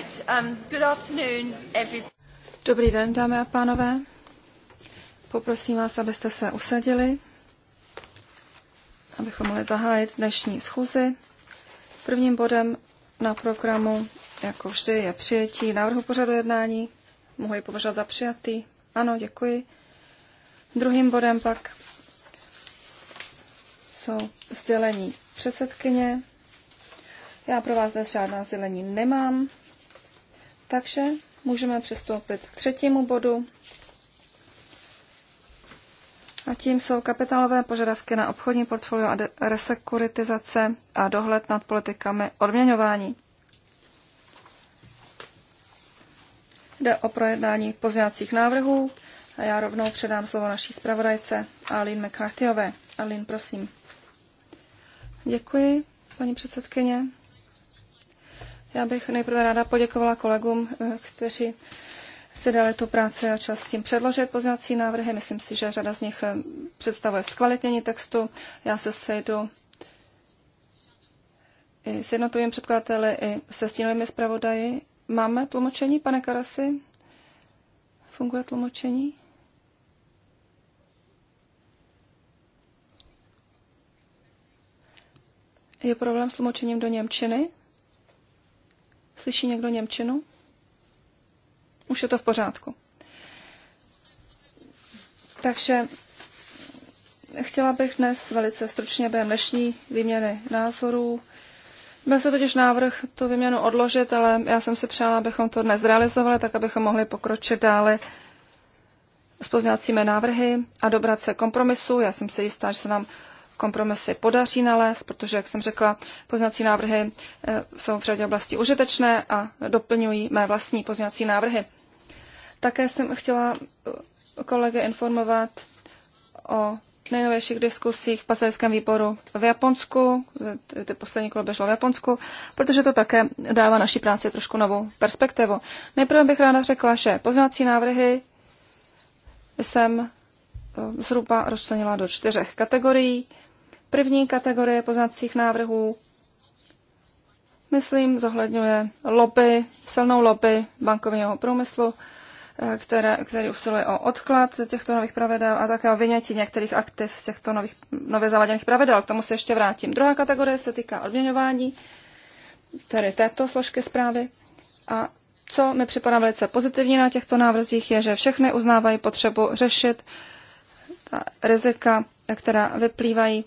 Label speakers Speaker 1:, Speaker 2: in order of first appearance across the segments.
Speaker 1: Right, um, good afternoon, everybody. Dobrý den, dámy a pánové. Poprosím vás, abyste se usadili, abychom mohli zahájit dnešní schůzi. Prvním bodem na programu, jako vždy, je přijetí návrhu pořadu jednání. Mohu ji považovat za přijatý? Ano, děkuji. Druhým bodem pak jsou sdělení předsedkyně. Já pro vás dnes žádná sdělení nemám, takže můžeme přistoupit k třetímu bodu. A tím jsou kapitálové požadavky na obchodní portfolio a resekuritizace a dohled nad politikami odměňování. Jde o projednání pozněcích návrhů a já rovnou předám slovo naší zpravodajce Aline McCarthyové. Aline, prosím. Děkuji, paní předsedkyně. Já bych nejprve ráda poděkovala kolegům, eh, kteří si dali tu práci a čas tím předložit pozvací návrhy. Myslím si, že řada z nich eh, představuje zkvalitnění textu. Já se sejdu i s jednotlivými předkladateli, i se stínovými zpravodaji. Máme tlumočení, pane Karasi? Funguje tlumočení? Je problém s tlumočením do Němčiny? Slyší někdo Němčinu? Už je to v pořádku. Takže chtěla bych dnes velice stručně během dnešní výměny názorů. Byl se totiž návrh tu výměnu odložit, ale já jsem si přála, abychom to dnes realizovali, tak abychom mohli pokročit dále s pozněvacími návrhy a dobrat se kompromisu. Já jsem si jistá, že se nám kompromisy podaří nalézt, protože, jak jsem řekla, poznací návrhy eh, jsou v řadě oblasti užitečné a doplňují mé vlastní poznací návrhy. Také jsem chtěla eh, kolegy informovat o nejnovějších diskusích v pasajském výboru v Japonsku, eh, ty poslední kolo běželo v Japonsku, protože to také dává naší práci trošku novou perspektivu. Nejprve bych ráda řekla, že pozměňovací návrhy jsem zhruba rozčlenila do čtyřech kategorií. První kategorie poznacích návrhů, myslím, zohledňuje lobby, silnou lobby bankovního průmyslu, eh, které, který usiluje o odklad těchto nových pravidel a také o vynětí některých aktiv z těchto nových, nově zavaděných pravidel. K tomu se ještě vrátím. Druhá kategorie se týká odměňování, tedy této složky zprávy. A co mi připadá velice pozitivní na těchto návrzích, je, že všechny uznávají potřebu řešit ta rizika, která vyplývají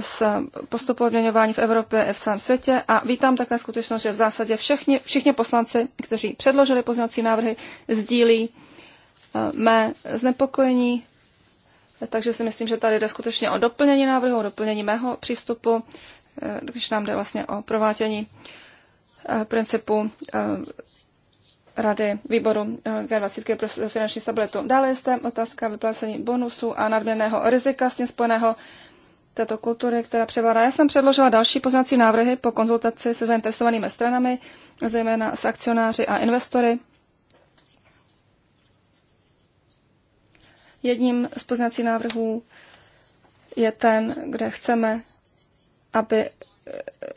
Speaker 1: s postupu odměňování v Evropě i v celém světě a vítám také skutečnost, že v zásadě všichni, všichni poslanci, kteří předložili poznací návrhy, sdílí eh, mé znepokojení, takže si myslím, že tady jde skutečně o doplnění návrhu, o doplnění mého přístupu, eh, když nám jde vlastně o provádění eh, principu Rady výboru G20 pro finanční stabilitu. Dále je zde otázka vyplácení bonusu a nadměrného rizika s tím spojeného této kultury, která převládá. Já jsem předložila další poznací návrhy po konzultaci se zainteresovanými stranami, zejména s akcionáři a investory. Jedním z poznací návrhů je ten, kde chceme, aby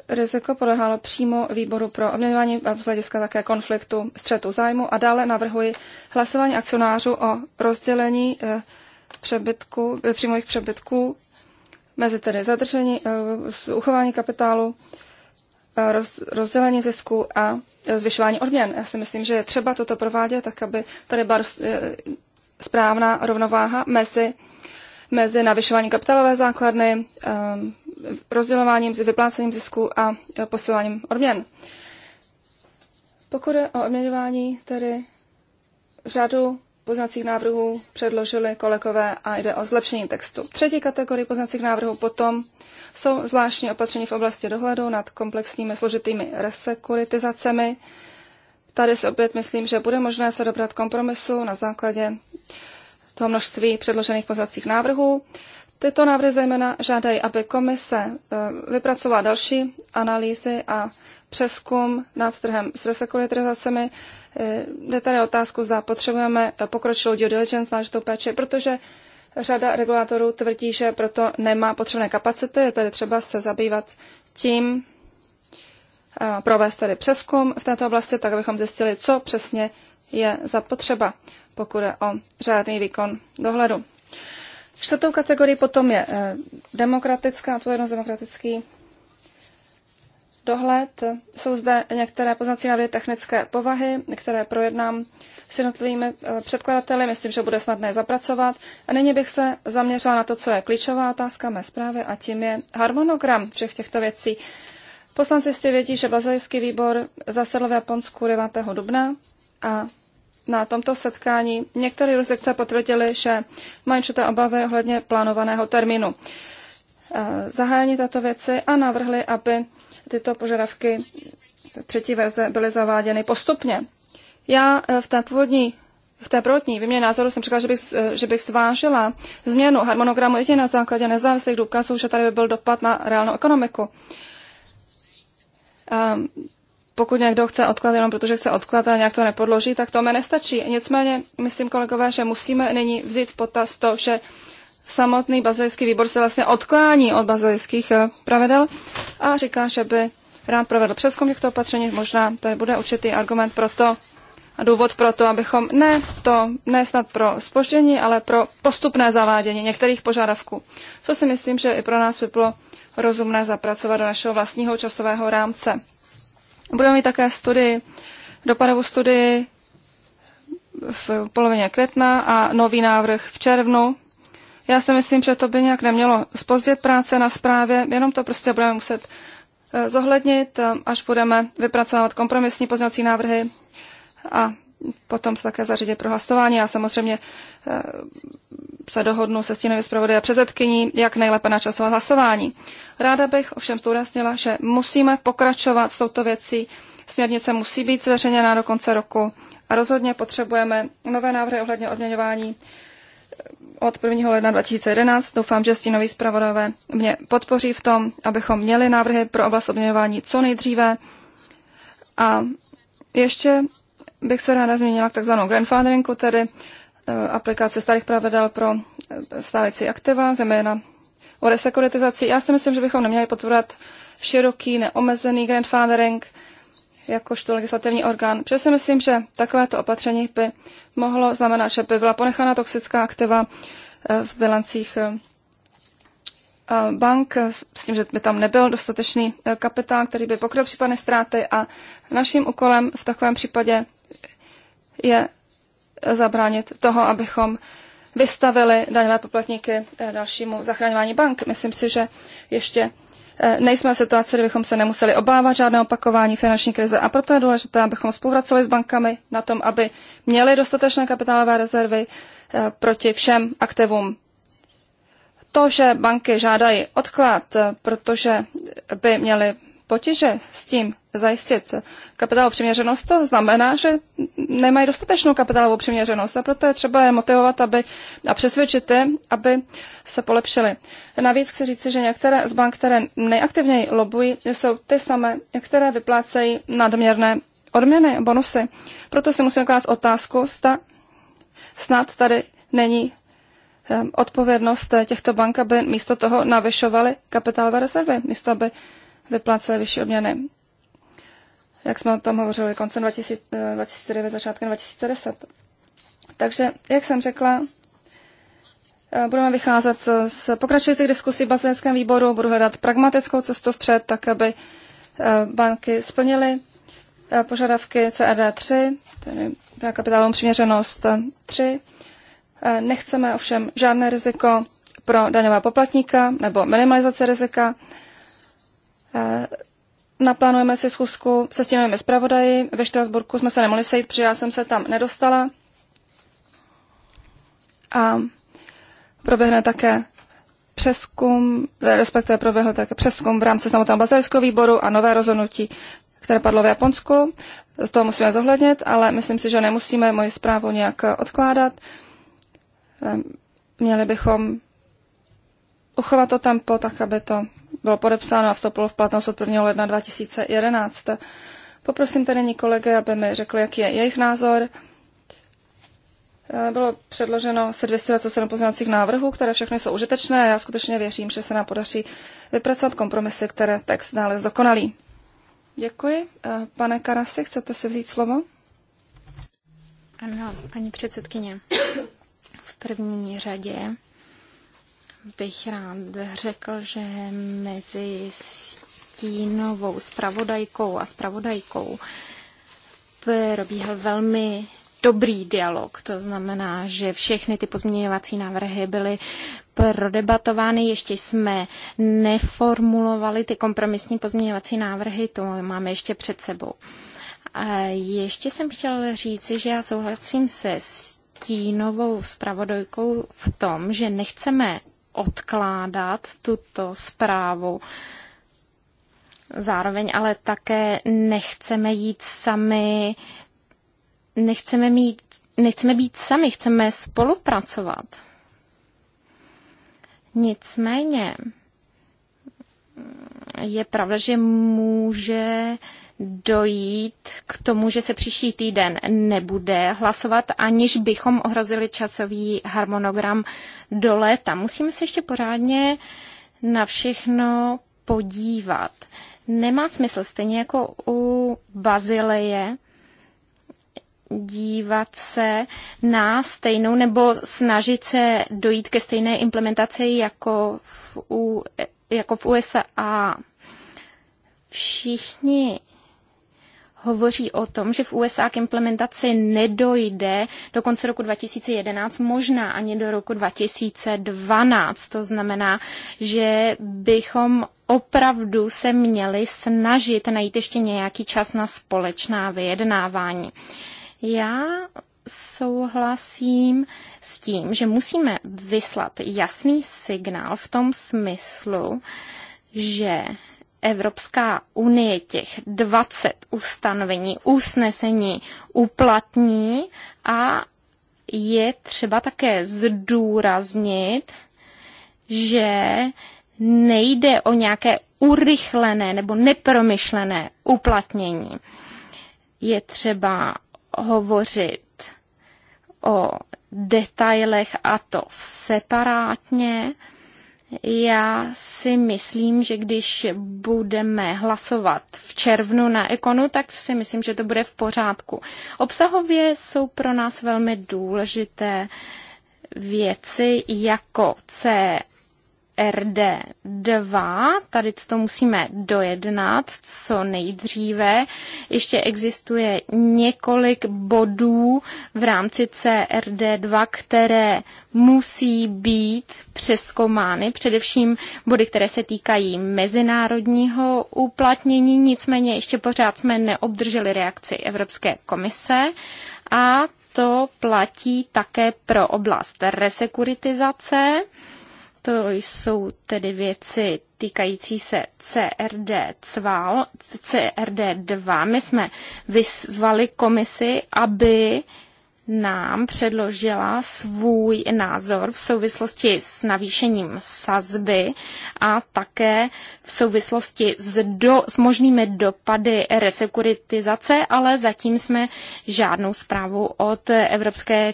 Speaker 1: riziko podlehalo přímo výboru pro obměňování a z hlediska také konfliktu střetu zájmu a dále navrhuji hlasování akcionářů o rozdělení eh, přebytku, eh, přímých přebytků mezi tedy zadržení, eh, uchování kapitálu, eh, rozdělení zisku a eh, zvyšování odměn. Já si myslím, že je třeba toto provádět tak, aby tady byla správná rovnováha mezi, mezi navyšováním kapitálové základny, rozdělováním, vyplácením zisku a posiláním odměn. Pokud je o odměňování, tedy řadu poznacích návrhů předložili kolegové a jde o zlepšení textu. Třetí kategorie poznacích návrhů potom jsou zvláštní opatření v oblasti dohledu nad komplexními složitými resekuritizacemi. Tady si opět myslím, že bude možné se dobrat kompromisu na základě toho množství předložených poznacích návrhů. Tyto návrhy zejména žádají, aby komise eh, vypracovala další analýzy a přeskum nad trhem s resekuritizacemi. Eh, jde tady otázku, zda potřebujeme pokročilou due diligence náležitou péči, protože řada regulatorů tvrdí, že proto nemá potřebné kapacity, je tedy třeba se zabývat tím, eh, provést tedy přeskum v této oblasti, tak abychom zjistili, co přesně je zapotřeba, pokud je o řádný výkon dohledu. Čtvrtou kategorii potom je eh, demokratická odpovědnost, demokratický dohled. Jsou zde některé poznací návrhy technické povahy, které projednám s jednotlivými eh, předkladateli. Myslím, že bude snadné zapracovat. A nyní bych se zaměřila na to, co je klíčová otázka mé zprávy a tím je harmonogram všech těchto věcí. Poslanci jistě vědí, že bazilijský výbor zasedl v Japonsku 9. dubna a na tomto setkání některé jurisdikce potvrdily, že mají určité obavy ohledně plánovaného termínu. Eh, zahájení této věci a navrhli, aby tyto požadavky třetí verze byly zaváděny postupně. Já eh, v té původní v té prvotní výměně názoru jsem říkala, že bych, eh, že bych zvážila změnu harmonogramu jedině na základě nezávislých důkazů, že tady by byl dopad na reálnou ekonomiku. Ehm, pokud někdo chce odklad jenom protože chce odklad a nějak to nepodloží, tak to mi nestačí. Nicméně, myslím, kolegové, že musíme nyní vzít v potaz to, že samotný bazilický výbor se vlastně odklání od bazilických eh, pravidel a říká, že by rád provedl přeskum těchto opatření. Možná to bude určitý argument pro to a důvod pro to, abychom ne, to, ne snad pro spoždění, ale pro postupné zavádění některých požadavků. Co si myslím, že i pro nás by bylo rozumné zapracovat do našeho vlastního časového rámce. Budeme mít také studii, dopadovou studii v polovině května a nový návrh v červnu. Já si myslím, že to by nějak nemělo spozdět práce na zprávě, jenom to prostě budeme muset eh, zohlednit, eh, až budeme vypracovávat kompromisní pozměňovací návrhy a potom se také zařídit pro hlasování. a samozřejmě eh, se dohodnu se stínovým zpravodaj a předsedkyní, jak nejlépe načasovat hlasování. Ráda bych ovšem zdůraznila, že musíme pokračovat s touto věcí. Směrnice musí být zveřejněná do konce roku a rozhodně potřebujeme nové návrhy ohledně odměňování eh, od 1. ledna 2011. Doufám, že stínoví zpravodové mě podpoří v tom, abychom měli návrhy pro oblast odměňování co nejdříve. A ještě bych se ráda změnila k takzvanou grandfatheringu, tedy eh, aplikace starých pravidel pro eh, stávající aktiva, zejména o resekuritizaci. Já si myslím, že bychom neměli potvrdat široký, neomezený grandfathering jakožto legislativní orgán, protože si myslím, že takovéto opatření by mohlo znamenat, že by byla ponechána toxická aktiva eh, v bilancích bank, s tím, že by tam nebyl dostatečný kapitál, který by pokryl případné ztráty a naším úkolem v takovém případě je zabránit toho, abychom vystavili daňové poplatníky eh, dalšímu zachraňování bank. Myslím si, že ještě eh, nejsme v situaci, kdybychom se nemuseli obávat žádné opakování finanční krize a proto je důležité, abychom spolupracovali s bankami na tom, aby měli dostatečné kapitálové rezervy eh, proti všem aktivům. To, že banky žádají odklad, protože by měly potíže s tím zajistit kapitálovou přiměřenost, to znamená, že nemají dostatečnou kapitálovou přiměřenost a proto je třeba je motivovat aby, a přesvědčit je, aby se polepšili. Navíc chci říci, že některé z bank, které nejaktivněji lobují, jsou ty samé, které vyplácejí nadměrné odměny, bonusy. Proto si musíme klást otázku, zda snad tady není eh, odpovědnost eh, těchto bank, aby místo toho navyšovaly kapitálové rezervy, místo aby vyplácely vyšší odměny. Jak jsme o tom hovořili koncem 2009, eh, začátkem 2010. Takže, jak jsem řekla, eh, budeme vycházet z pokračujících diskusí v bazilickém výboru, budu hledat pragmatickou cestu vpřed, tak aby eh, banky splnily požadavky CRD e 3, tedy kapitálovou přiměřenost 3. Nechceme ovšem žádné riziko pro daňová poplatníka nebo minimalizace rizika. Eh, naplánujeme si schůzku se stínovými zpravodaji. Ve Štrasburku jsme se nemohli sejít, protože já jsem se tam nedostala. A proběhne také přeskum, eh, respektive proběhl také přeskum v rámci samotného bazilského výboru a nové rozhodnutí, které padlo v Japonsku. To musíme zohlednit, ale myslím si, že nemusíme moji zprávu nějak odkládat. Měli bychom uchovat to tempo tak, aby to bylo podepsáno a vstoupilo v platnost od 1. ledna 2011. Poprosím tedy nyní kolegy, aby mi řekli, jaký je jejich názor. Eh, bylo předloženo se 227 pozměňovacích návrhů, které všechny jsou užitečné a já skutečně věřím, že se nám podaří vypracovat kompromisy, které text dále zdokonalí. Děkuji. Eh, pane Karasi, chcete si vzít slovo?
Speaker 2: Ano, paní předsedkyně. V první řadě bych rád řekl, že mezi stínovou spravodajkou a spravodajkou probíhal velmi dobrý dialog. To znamená, že všechny ty pozměňovací návrhy byly prodebatovány. Ještě jsme neformulovali ty kompromisní pozměňovací návrhy, to máme ještě před sebou. A ještě jsem chtěl říci, že já souhlasím se s stínovou spravodajkou v tom, že nechceme odkládat tuto zprávu. Zároveň ale také nechceme jít sami, nechceme, mít, nechceme být sami, chceme spolupracovat. Nicméně je pravda, že může dojít k tomu, že se příští týden nebude hlasovat, aniž bychom ohrozili časový harmonogram do léta. Musíme se ještě pořádně na všechno podívat. Nemá smysl, stejně jako u Bazileje, dívat se na stejnou nebo snažit se dojít ke stejné implementaci jako v, U, jako v USA. Všichni hovoří o tom, že v USA k implementaci nedojde do konce roku 2011, možná ani do roku 2012. To znamená, že bychom opravdu se měli snažit najít ještě nějaký čas na společná vyjednávání. Já souhlasím s tím, že musíme vyslat jasný signál v tom smyslu, že Evropská unie těch 20 ustanovení, usnesení uplatní a je třeba také zdůraznit, že nejde o nějaké urychlené nebo nepromyšlené uplatnění. Je třeba hovořit o detailech a to separátně já si myslím, že když budeme hlasovat v červnu na Ekonu, tak si myslím, že to bude v pořádku. Obsahově jsou pro nás velmi důležité věci jako C RD2, tady to musíme dojednat co nejdříve. Ještě existuje několik bodů v rámci CRD2, které musí být přeskomány, především body, které se týkají mezinárodního uplatnění, nicméně ještě pořád jsme neobdrželi reakci Evropské komise a to platí také pro oblast resekuritizace. To jsou tedy věci týkající se CRD, cval, CRD 2. My jsme vyzvali komisi, aby nám předložila svůj názor v souvislosti s navýšením sazby a také v souvislosti s, do, s možnými dopady resekuritizace, ale zatím jsme žádnou zprávu od Evropské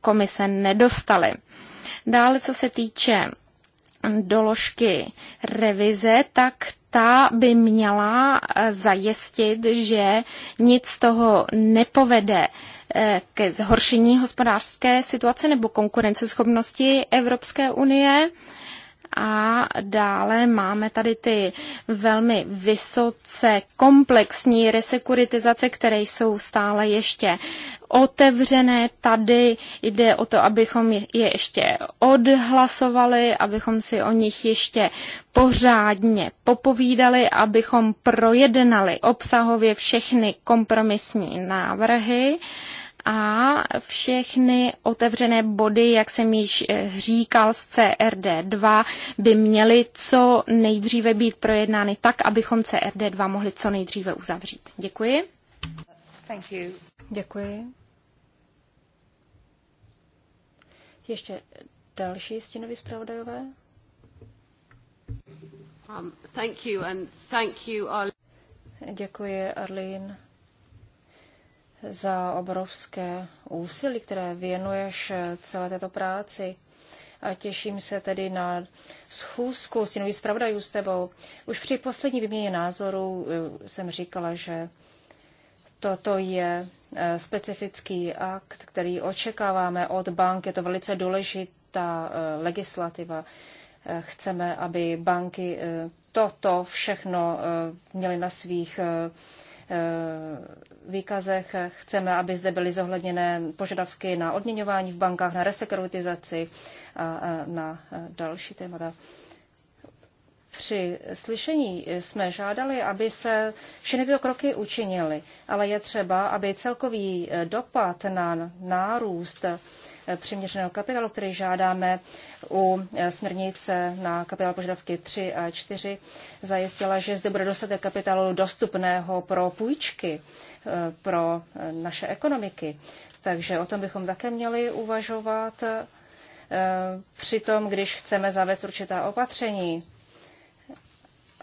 Speaker 2: komise nedostali. Dále, co se týče doložky revize, tak ta by měla eh, zajistit, že nic z toho nepovede eh, ke zhoršení hospodářské situace nebo konkurenceschopnosti Evropské unie. A dále máme tady ty velmi vysoce komplexní resekuritizace, které jsou stále ještě otevřené tady. Jde o to, abychom je ještě odhlasovali, abychom si o nich ještě pořádně popovídali, abychom projednali obsahově všechny kompromisní návrhy a všechny otevřené body, jak jsem již eh, říkal z CRD2, by měly co nejdříve být projednány tak, abychom CRD2 mohli co nejdříve uzavřít. Děkuji.
Speaker 3: Thank you. Děkuji. Ještě další stěnový zpravodajové. Um, thank you and thank you, Arlene. Děkuji, Arlene, za obrovské úsilí, které věnuješ eh, celé této práci. A těším se tedy na schůzku stínových zpravodajů s tebou. Už při poslední výměně názorů eh, jsem říkala, že toto je Eh, specifický akt, který očekáváme od bank. Je to velice důležitá eh, legislativa. Eh, chceme, aby banky toto všechno měly na svých výkazech. Chceme, aby zde byly zohledněné požadavky na odměňování v bankách, na resekuritizaci a na další témata. Při slyšení jsme žádali, aby se všechny tyto kroky učinily, ale je třeba, aby celkový eh, dopad na nárůst eh, přiměřeného kapitálu, který žádáme u eh, směrnice na kapitál požadavky 3 a 4, zajistila, že zde bude dostatek kapitálu dostupného pro půjčky pro naše ekonomiky. Takže o tom bychom také měli uvažovat přitom, když chceme zavést určitá opatření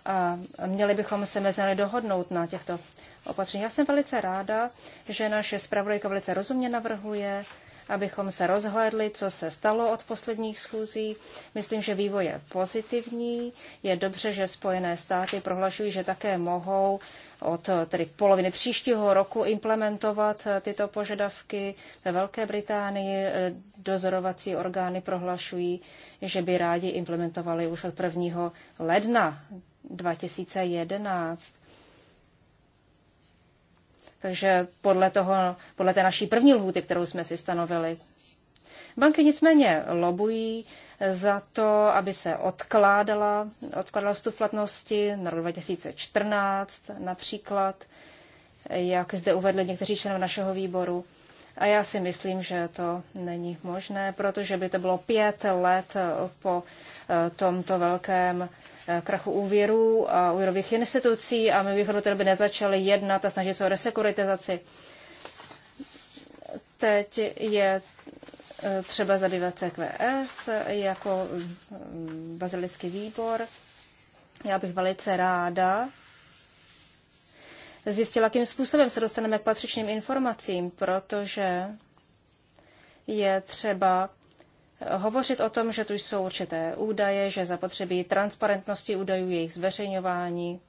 Speaker 3: a měli bychom se mezi námi dohodnout na těchto opatření. Já jsem velice ráda, že naše zpravodajka velice rozumně navrhuje, abychom se rozhlédli, co se stalo od posledních schůzí. Myslím, že vývoj je pozitivní. Je dobře, že Spojené státy prohlašují, že také mohou od tedy poloviny příštího roku implementovat tyto požadavky. Ve Velké Británii eh, dozorovací orgány prohlašují, že by rádi implementovali už od 1. ledna 2011. Takže podle, toho, podle té naší první lhůty, kterou jsme si stanovili. Banky nicméně lobují za to, aby se odkládala, odkládala vstup platnosti na rok 2014 například, jak zde uvedli někteří členové našeho výboru. A já si myslím, že to není možné, protože by to bylo pět let po eh, tomto velkém Eh, krachu úvěrů a úvěrových institucí a my bychom do té doby nezačali jednat a snažit se o resekuritizaci. Teď je eh, třeba zabývat CQS jako mm, bazilický výbor. Já bych velice ráda zjistila, jakým způsobem se dostaneme k patřičným informacím, protože je třeba hovořit o tom, že tu jsou určité údaje, že zapotřebí transparentnosti údajů, jejich zveřejňování.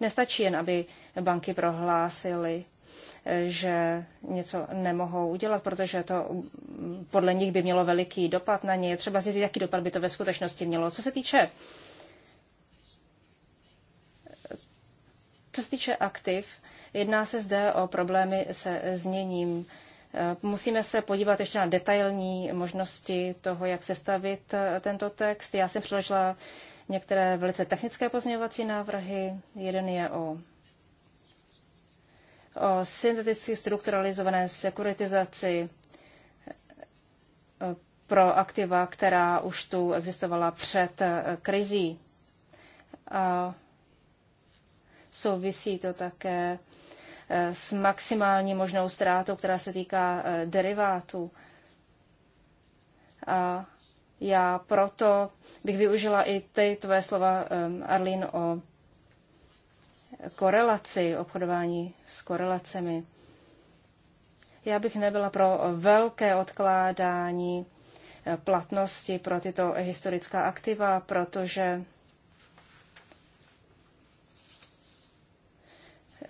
Speaker 3: Nestačí jen, aby banky prohlásily, že něco nemohou udělat, protože to podle nich by mělo veliký dopad na ně. Je třeba zjistit, jaký dopad by to ve skutečnosti mělo. Co se týče co se týče aktiv, jedná se zde o problémy se zněním Eh, musíme se podívat ještě na detailní možnosti toho, jak sestavit eh, tento text. Já jsem přiložila některé velice technické pozměňovací návrhy. Jeden je o, o synteticky strukturalizované sekuritizaci eh, pro aktiva, která už tu existovala před krizí. A souvisí to také s maximální možnou ztrátou, která se týká eh, derivátů. A já proto bych využila i ty tvoje slova, ehm, Arlín, o korelaci, obchodování s korelacemi. Já bych nebyla pro velké odkládání eh, platnosti pro tyto historická aktiva, protože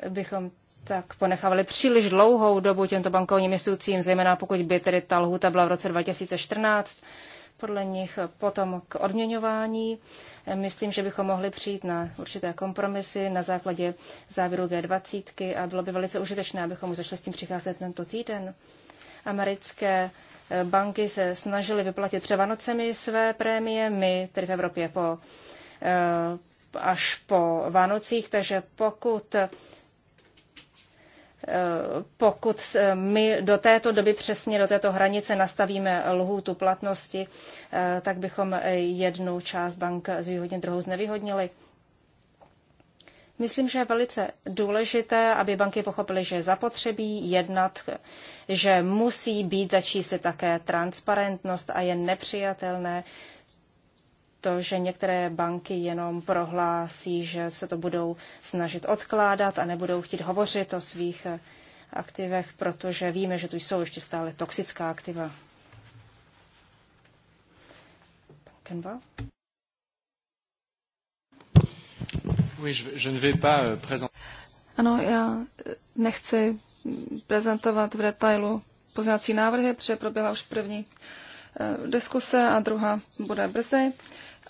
Speaker 3: bychom tak ponechávali příliš dlouhou dobu těmto bankovním institucím, zejména pokud by tedy ta lhuta byla v roce 2014, podle nich potom k odměňování. Myslím, že bychom mohli přijít na určité kompromisy na základě závěru G20 a bylo by velice užitečné, abychom už začali s tím přicházet tento týden. Americké eh, banky se snažily vyplatit třeba Vánocemi své prémie, my tedy v Evropě po, eh, až po Vánocích, takže pokud pokud my do této doby přesně do této hranice nastavíme lhůtu platnosti, eh, tak bychom jednu část bank zvýhodnit, druhou znevýhodnili. Myslím, že je velice důležité, aby banky pochopily, že je zapotřebí jednat, že musí být se také transparentnost a je nepřijatelné, to, že některé banky jenom prohlásí, že se to budou snažit odkládat a nebudou chtít hovořit o svých eh, aktivech, protože víme, že tu jsou ještě stále toxická aktiva. Kenba?
Speaker 1: Euh, ano, já eh, nechci prezentovat v detailu pozměňovací návrhy, protože proběhla už první eh, diskuse a druhá bude brzy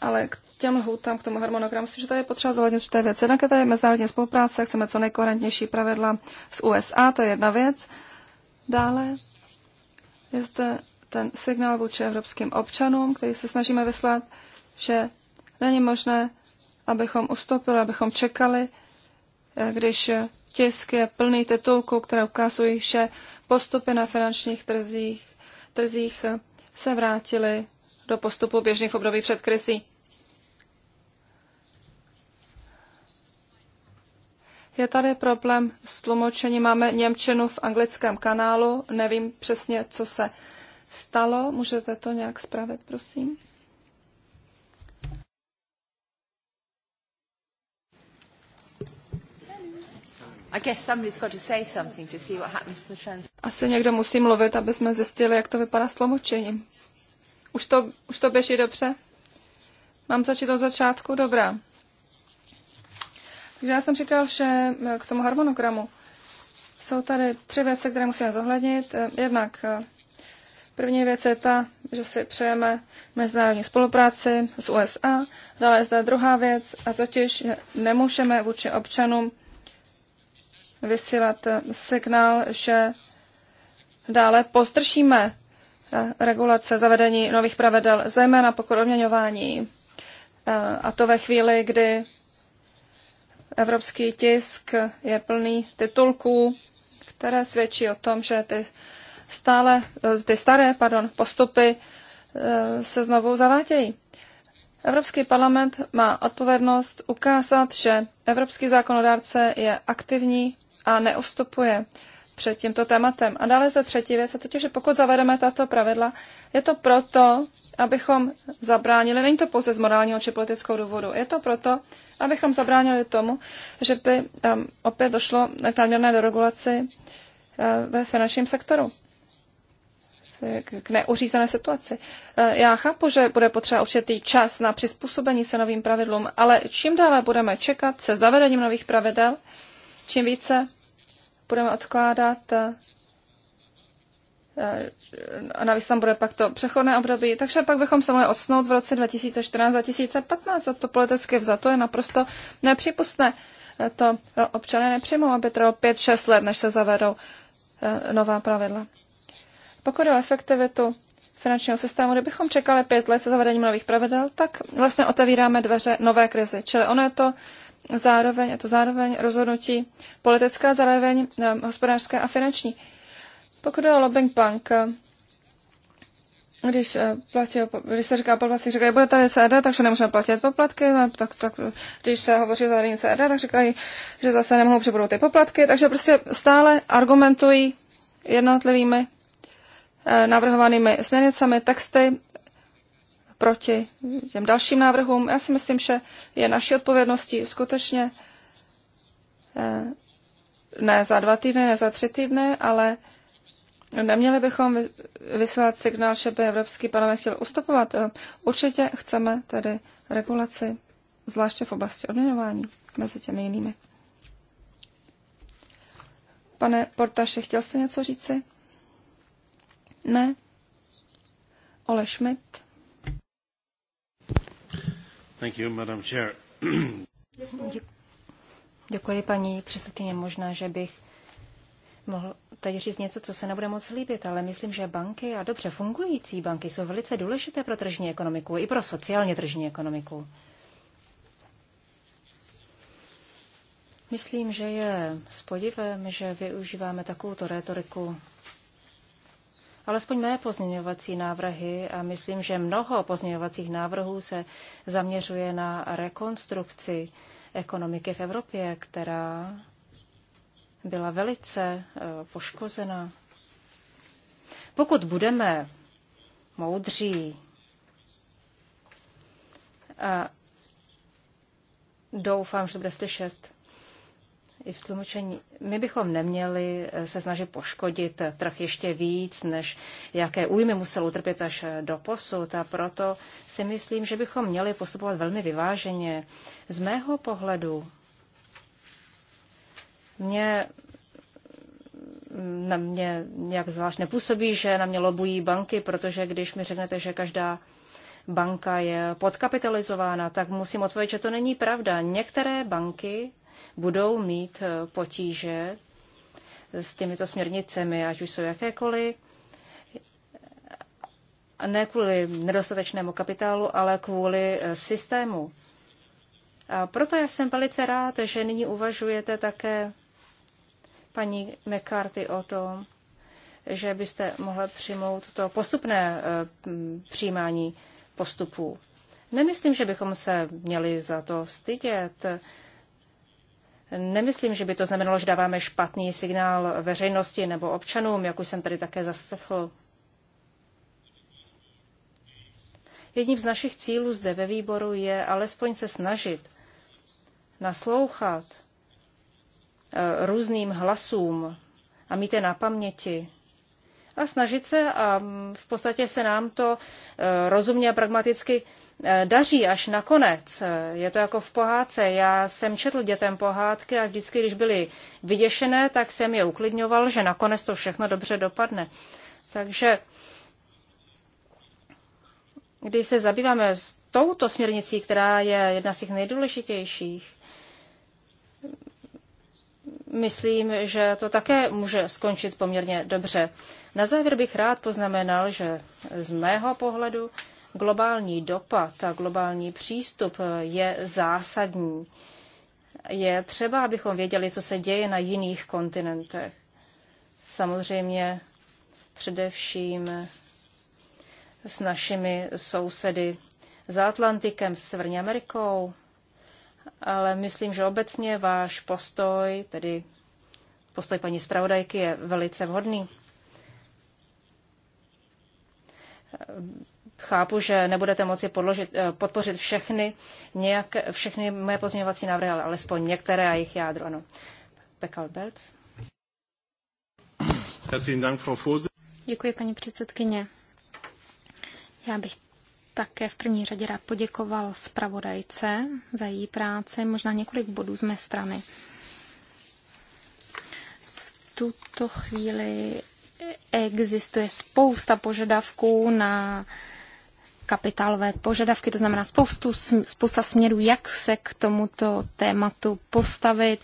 Speaker 1: ale k těm lhoutám, k tomu harmonogramu, myslím, že tady je potřeba zohlednit určité věci. Jednak je tady mezinárodní spolupráce, chceme co nejkoherentnější pravidla z USA, to je jedna věc. Dále je zde ten signál vůči evropským občanům, který se snažíme vyslat, že není možné, abychom ustoupili, abychom čekali, eh, když tisk je plný titulků, které ukazují, že postupy na finančních trzích, trzích eh, se vrátily do postupu běžných období před krizí. Je tady problém s tlumočením. Máme Němčinu v anglickém kanálu. Nevím přesně, co se stalo. Můžete to nějak spravit, prosím? Asi někdo musí mluvit, aby jsme zjistili, jak to vypadá s tlumočením. Už to, už to běží dobře? Mám začít od začátku? Dobrá. Takže já jsem říkal, že eh, k tomu harmonogramu jsou tady tři věci, které musíme zohlednit. Eh, jednak eh, první věc je ta, že si přejeme mezinárodní spolupráci s USA. Dále je zde druhá věc, a totiž nemůžeme vůči občanům vysílat signál, že dále postršíme regulace zavedení nových pravidel, zejména pokud odměňování. A to ve chvíli, kdy Evropský tisk je plný titulků, které svědčí o tom, že ty, stále, eh, ty staré pardon, postupy eh, se znovu zavádějí. Evropský parlament má odpovědnost ukázat, že evropský zákonodárce je aktivní a neustupuje před tímto tématem. A dále za třetí věc, a totiž, že pokud zavedeme tato pravidla, je to proto, abychom zabránili, není to pouze z morálního či politického důvodu, je to proto, abychom zabránili tomu, že by um, opět došlo k nadměrné deregulaci uh, ve finančním sektoru k neuřízené situaci. Uh, já chápu, že bude potřeba určitý čas na přizpůsobení se novým pravidlům, ale čím dále budeme čekat se zavedením nových pravidel, čím více budeme odkládat eh, eh, a navíc tam bude pak to přechodné období, takže pak bychom se mohli odsnout v roce 2014-2015 a to politicky vzato je naprosto nepřípustné. Eh, to občané nepřijmou, aby trvalo 5-6 let, než se zavedou nová pravidla. Pokud o efektivitu finančního systému, kdybychom čekali pět let se zavedením nových pravidel, tak vlastně otevíráme dveře nové krizi. Čili ono je to zároveň, a to zároveň rozhodnutí politické, zároveň eh, hospodářské a finanční. Pokud je o lobbying punk, eh, když, eh, platí, když se říká poplatky, říkají, bude tady CD, e takže nemůžeme platit poplatky, tak, tak, když se hovoří o zavedení CD, e tak říkají, že zase nemohou přebudou ty poplatky, takže prostě stále argumentují jednotlivými navrhovanými směrnicami, texty proti těm dalším návrhům. Já si myslím, že je naší odpovědností skutečně eh, ne za dva týdny, ne za tři týdny, ale neměli bychom vysílat signál, že by Evropský parlament chtěl ustupovat. Eh, určitě chceme tedy regulaci, zvláště v oblasti odměňování mezi těmi jinými. Pane Portaše, chtěl jste něco říci? Ne? Ole Schmidt? Thank you, Madam Chair.
Speaker 3: Děkuji. paní předsedkyně. Možná, že bych mohl tady říct něco, co se nebude moc líbit, ale myslím, že banky a dobře fungující banky jsou velice důležité pro tržní ekonomiku i pro sociálně tržní ekonomiku. Myslím, že je s podivem, že využíváme takovouto retoriku alespoň mé pozměňovací návrhy a myslím, že mnoho pozměňovacích návrhů se zaměřuje na rekonstrukci ekonomiky v Evropě, která byla velice eh, poškozena. Pokud budeme moudří a doufám, že to bude slyšet i v tlumočení. My bychom neměli eh, se snažit poškodit trh ještě víc, než jaké újmy musel utrpět až eh, do posud. A proto si myslím, že bychom měli postupovat velmi vyváženě. Z mého pohledu mě mm, na mě nějak zvlášť nepůsobí, že na mě lobují banky, protože když mi řeknete, že každá banka je podkapitalizována, tak musím odpovědět, že to není pravda. Některé banky budou mít eh, potíže s těmito směrnicemi, ať už jsou jakékoliv, ne kvůli nedostatečnému kapitálu, ale kvůli eh, systému. A proto já jsem velice rád, že nyní uvažujete také paní McCarthy o tom, že byste mohla přijmout to postupné eh, přijímání postupů. Nemyslím, že bychom se měli za to stydět. Nemyslím, že by to znamenalo, že dáváme špatný signál veřejnosti nebo občanům, jak už jsem tady také zaslechl. Jedním z našich cílů zde ve výboru je alespoň se snažit naslouchat eh, různým hlasům a mít je na paměti a snažit se a v podstatě se nám to e, rozumně a pragmaticky e, daří až nakonec. E, je to jako v pohádce. Já jsem četl dětem pohádky a vždycky, když byly vyděšené, tak jsem je uklidňoval, že nakonec to všechno dobře dopadne. Takže když se zabýváme s touto směrnicí, která je jedna z těch nejdůležitějších, myslím, že to také může skončit poměrně dobře. Na závěr bych rád poznamenal, že z mého pohledu globální dopad a globální přístup je zásadní. Je třeba, abychom věděli, co se děje na jiných kontinentech. Samozřejmě především s našimi sousedy za Atlantikem, Severní Amerikou, ale myslím, že obecně váš postoj, tedy postoj paní zpravodajky, je velice vhodný. Chápu, že nebudete moci podložit, eh, podpořit všechny, nějak, všechny moje pozměňovací návrhy, ale alespoň některé a jejich jádro. Ano.
Speaker 2: Pekal Belc. Děkuji, paní předsedkyně. Já bych také v první řadě rád poděkoval zpravodajce za její práci, možná několik bodů z mé strany. V tuto chvíli existuje spousta požadavků na kapitálové požadavky, to znamená spoustu, spousta směrů, jak se k tomuto tématu postavit.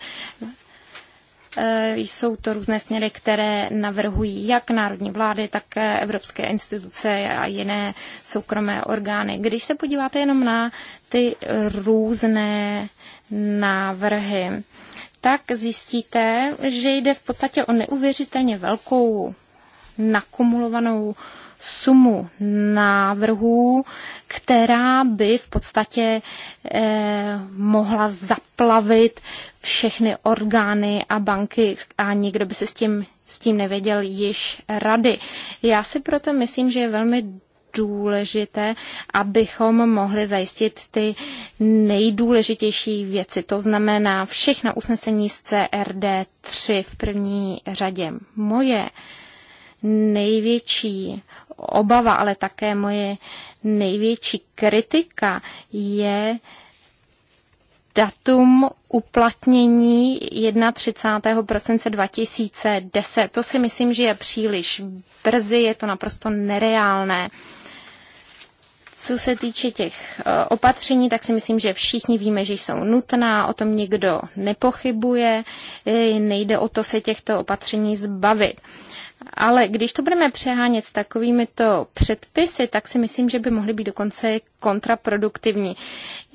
Speaker 2: Eh, jsou to různé směry, které navrhují jak národní vlády, tak eh, evropské instituce a jiné soukromé orgány. Když se podíváte jenom na ty různé návrhy, tak zjistíte, že jde v podstatě o neuvěřitelně velkou nakumulovanou uh, sumu návrhů, která by v podstatě eh, mohla zaplavit všechny orgány a banky a nikdo by se s tím, s tím nevěděl již rady. Já si proto myslím, že je velmi důležité, abychom mohli zajistit ty nejdůležitější věci. To znamená všechna usnesení z CRD 3 v první řadě. Moje největší obava, ale také moje největší kritika je datum uplatnění 31. prosince 2010. To si myslím, že je příliš brzy, je to naprosto nereálné. Co se týče těch e, opatření, tak si myslím, že všichni víme, že jsou nutná, o tom nikdo nepochybuje, e, nejde o to se těchto opatření zbavit. Ale když to budeme přehánět s takovými to předpisy, tak si myslím, že by mohly být dokonce kontraproduktivní.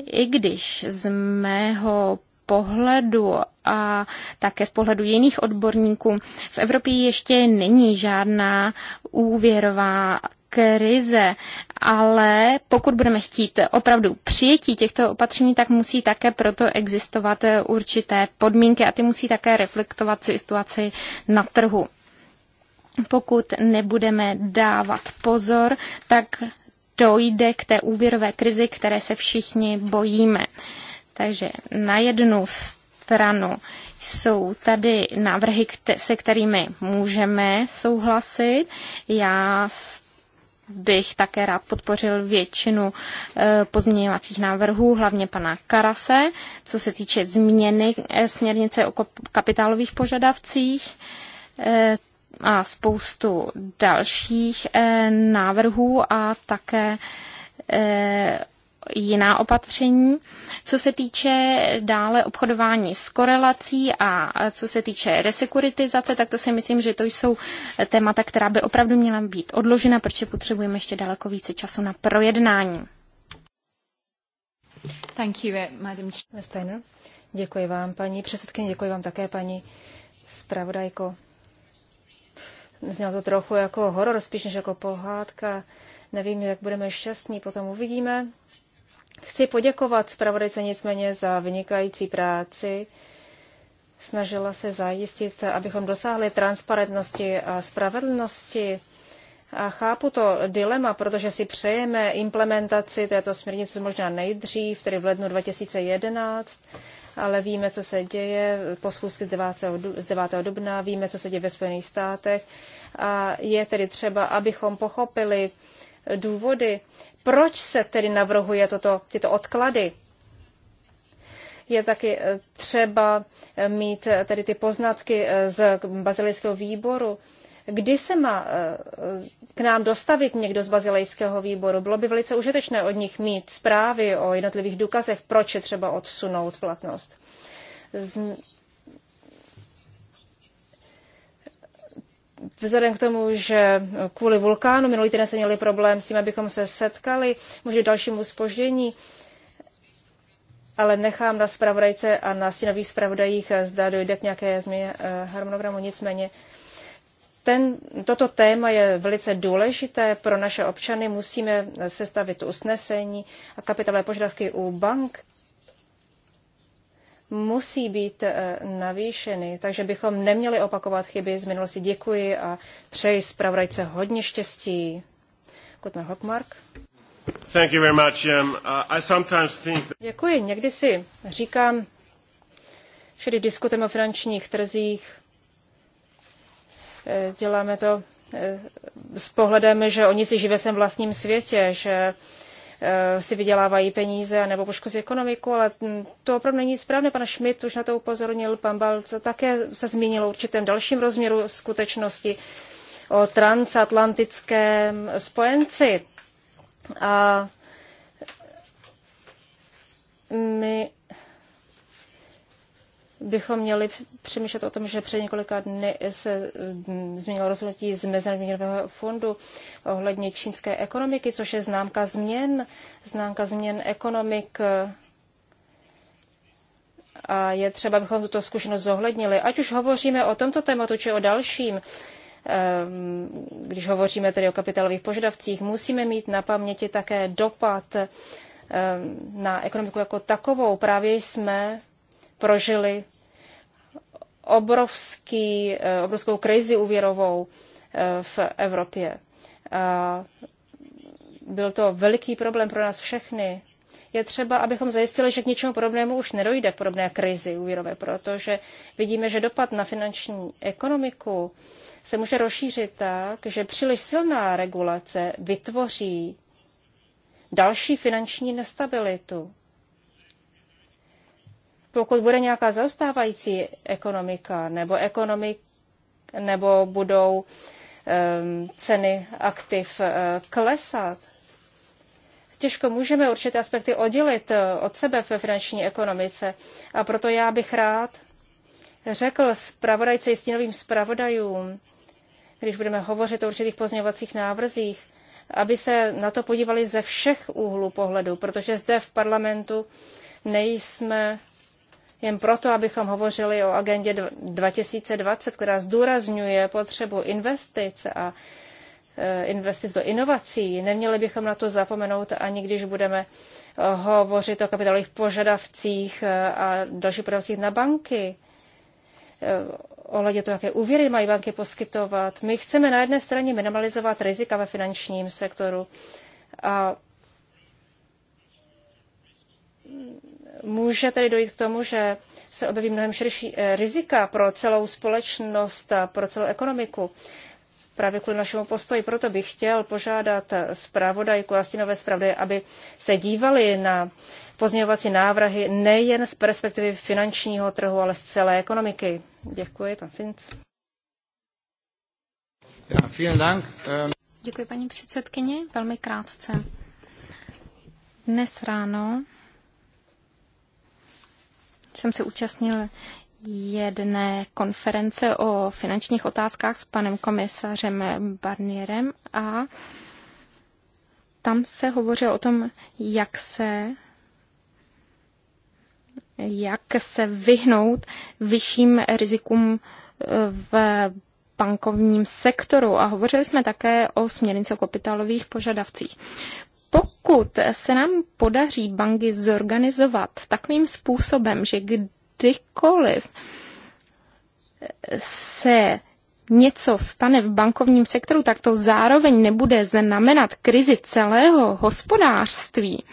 Speaker 2: I když z mého pohledu a také z pohledu jiných odborníků v Evropě ještě není žádná úvěrová krize, ale pokud budeme chtít opravdu přijetí těchto opatření, tak musí také proto existovat určité podmínky a ty musí také reflektovat situaci na trhu pokud nebudeme dávat pozor, tak dojde k té úvěrové krizi, které se všichni bojíme. Takže na jednu stranu jsou tady návrhy, se kterými můžeme souhlasit. Já bych také rád podpořil většinu eh, pozměňovacích návrhů, hlavně pana Karase, co se týče změny eh, směrnice o kapitálových požadavcích eh, a spoustu dalších eh, návrhů a také eh, jiná opatření. Co se týče dále obchodování s korelací a co se týče resekuritizace, tak to si myslím, že to jsou témata, která by opravdu měla být odložena, protože potřebujeme ještě daleko více času na projednání.
Speaker 3: Thank you, eh, Madam Steiner. Děkuji vám, paní předsedkyně, děkuji vám také, paní zpravodajko. Znělo to trochu jako horor, spíš než jako pohádka. Nevím, jak budeme šťastní, potom uvidíme. Chci poděkovat zpravodajce nicméně za vynikající práci. Snažila se zajistit, abychom dosáhli transparentnosti a spravedlnosti. A chápu to dilema, protože si přejeme implementaci této směrnice možná nejdřív, tedy v lednu 2011 ale víme, co se děje po schůzky z 9. 9. dubna, víme, co se děje ve Spojených státech a je tedy třeba, abychom pochopili důvody, proč se tedy navrhuje toto, tyto odklady. Je taky eh, třeba eh, mít eh, tady ty poznatky z bazilického výboru, kdy se má eh, k nám dostavit někdo z bazilejského výboru. Bylo by velice užitečné od nich mít zprávy o jednotlivých důkazech, proč je třeba odsunout platnost. Z... Vzhledem k tomu, že kvůli vulkánu minulý týden se měli problém s tím, abychom se setkali, může dalšímu spoždění, ale nechám na zpravodajce a na stínových zpravodajích, eh, zda dojde k nějaké změně eh, harmonogramu. Nicméně ten, toto téma je velice důležité pro naše občany. Musíme sestavit usnesení a kapitalové požadavky u bank musí být eh, navýšeny, takže bychom neměli opakovat chyby z minulosti. Děkuji a přeji zpravodajce hodně štěstí. Kutman Hockmark.
Speaker 1: Thank you very much. Um, uh, I sometimes
Speaker 3: think that... Děkuji. Někdy si říkám, že když diskutujeme o finančních trzích, Eh, děláme to eh, s pohledem, že oni si ve svém vlastním světě, že eh, si vydělávají peníze nebo poškozí ekonomiku, ale mm, to opravdu není správné. Pan Schmidt už na to upozornil, pan Balc také se zmínil o určitém dalším rozměru skutečnosti o transatlantickém spojenci. A my bychom měli přemýšlet o tom, že před několika dny se mm, změnilo rozhodnutí z Mezinárodního fondu ohledně čínské ekonomiky, což je známka změn, známka změn ekonomik a je třeba, bychom tuto zkušenost zohlednili. Ať už hovoříme o tomto tématu, či o dalším, ehm, když hovoříme tedy o kapitálových požadavcích, musíme mít na paměti také dopad ehm, na ekonomiku jako takovou. Právě jsme prožili obrovský, eh, obrovskou krizi úvěrovou eh, v Evropě. A byl to veliký problém pro nás všechny. Je třeba, abychom zajistili, že k něčemu podobnému už nedojde k podobné krizi úvěrové, protože vidíme, že dopad na finanční ekonomiku se může rozšířit tak, že příliš silná regulace vytvoří další finanční nestabilitu pokud bude nějaká zaostávající ekonomika nebo, ekonomik, nebo budou um, ceny aktiv uh, klesat, těžko můžeme určité aspekty oddělit eh, od sebe ve finanční ekonomice. A proto já bych rád řekl zpravodajce i stínovým zpravodajům, když budeme hovořit o určitých pozměňovacích návrzích, aby se na to podívali ze všech úhlů pohledu, protože zde v parlamentu nejsme jen proto, abychom hovořili o agendě 2020, která zdůrazňuje potřebu investic a e, investic do inovací. Neměli bychom na to zapomenout ani když budeme e, hovořit o kapitálových požadavcích e, a dalších požadavcích na banky ohledně toho, jaké úvěry mají banky poskytovat. My chceme na jedné straně minimalizovat rizika ve finančním sektoru a Může tedy dojít k tomu, že se objeví mnohem širší eh, rizika pro celou společnost a pro celou ekonomiku. Právě kvůli našemu postoji proto bych chtěl požádat zpravodajku a stínové zpravodaje, aby se dívali na pozměňovací návrhy nejen z perspektivy finančního trhu, ale z celé ekonomiky.
Speaker 2: Děkuji, pan Finc.
Speaker 3: Ähm,
Speaker 2: Děkuji, paní předsedkyně. Velmi krátce. Dnes ráno jsem se účastnil jedné konference o finančních otázkách s panem komisařem Barnierem a tam se hovořilo o tom, jak se jak se vyhnout vyšším rizikům eh, v bankovním sektoru a hovořili jsme také o směrnici o kapitálových požadavcích pokud se nám podaří banky zorganizovat takovým způsobem, že kdykoliv se něco stane v bankovním sektoru, tak to zároveň nebude znamenat krizi celého hospodářství.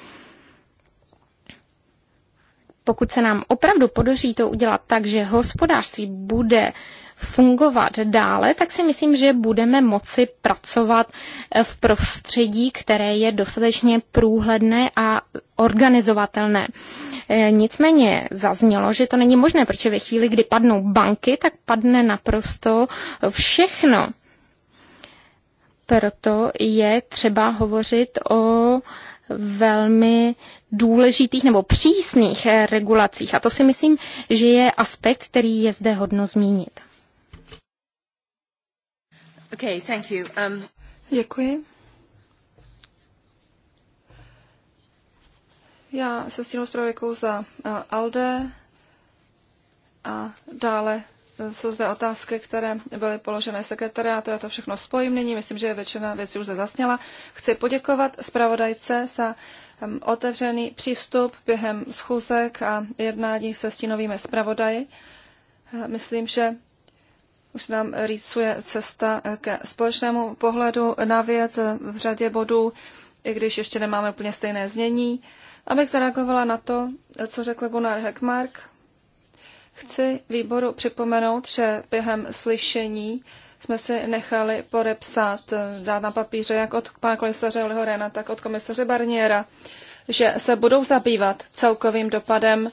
Speaker 2: Pokud se nám opravdu podaří to udělat tak, že hospodářství bude fungovat dále, tak si myslím, že budeme moci pracovat eh, v prostředí, které je dostatečně průhledné a organizovatelné. Eh, nicméně zaznělo, že to není možné, protože ve chvíli, kdy padnou banky, tak padne naprosto všechno. Proto je třeba hovořit o velmi důležitých nebo přísných eh, regulacích. A to si myslím, že je aspekt, který je zde hodno zmínit.
Speaker 1: Um, Děkuji. Já se tím zpravodajkou za eh, ALDE a dále eh, jsou zde otázky, které byly položené sekretariátu. Já to všechno spojím nyní. Myslím, že je většina věcí už zasněla. Chci poděkovat zpravodajce za otevřený přístup během schůzek a jednání se stínovými zpravodaji. Eh, myslím, že už se nám rýsuje cesta ke společnému pohledu na věc v řadě bodů, i když ještě nemáme úplně stejné znění. Abych zareagovala na to, co řekl Gunnar Heckmark, chci výboru připomenout, že během slyšení jsme si nechali podepsat, dát na papíře, jak od pana komisaře Lihorena, tak od komisaře Barniera, že se budou zabývat celkovým dopadem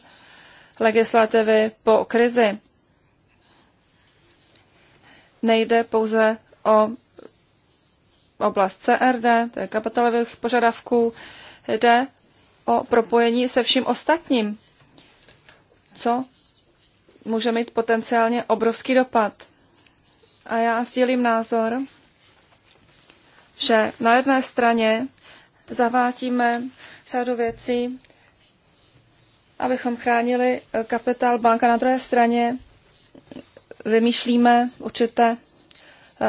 Speaker 1: legislativy po krizi nejde pouze o oblast CRD, je kapitalových požadavků, jde o propojení se vším ostatním, co může mít potenciálně obrovský dopad. A já sdílím názor, že na jedné straně zavádíme řadu věcí, abychom chránili kapitál banka, na druhé straně vymýšlíme určité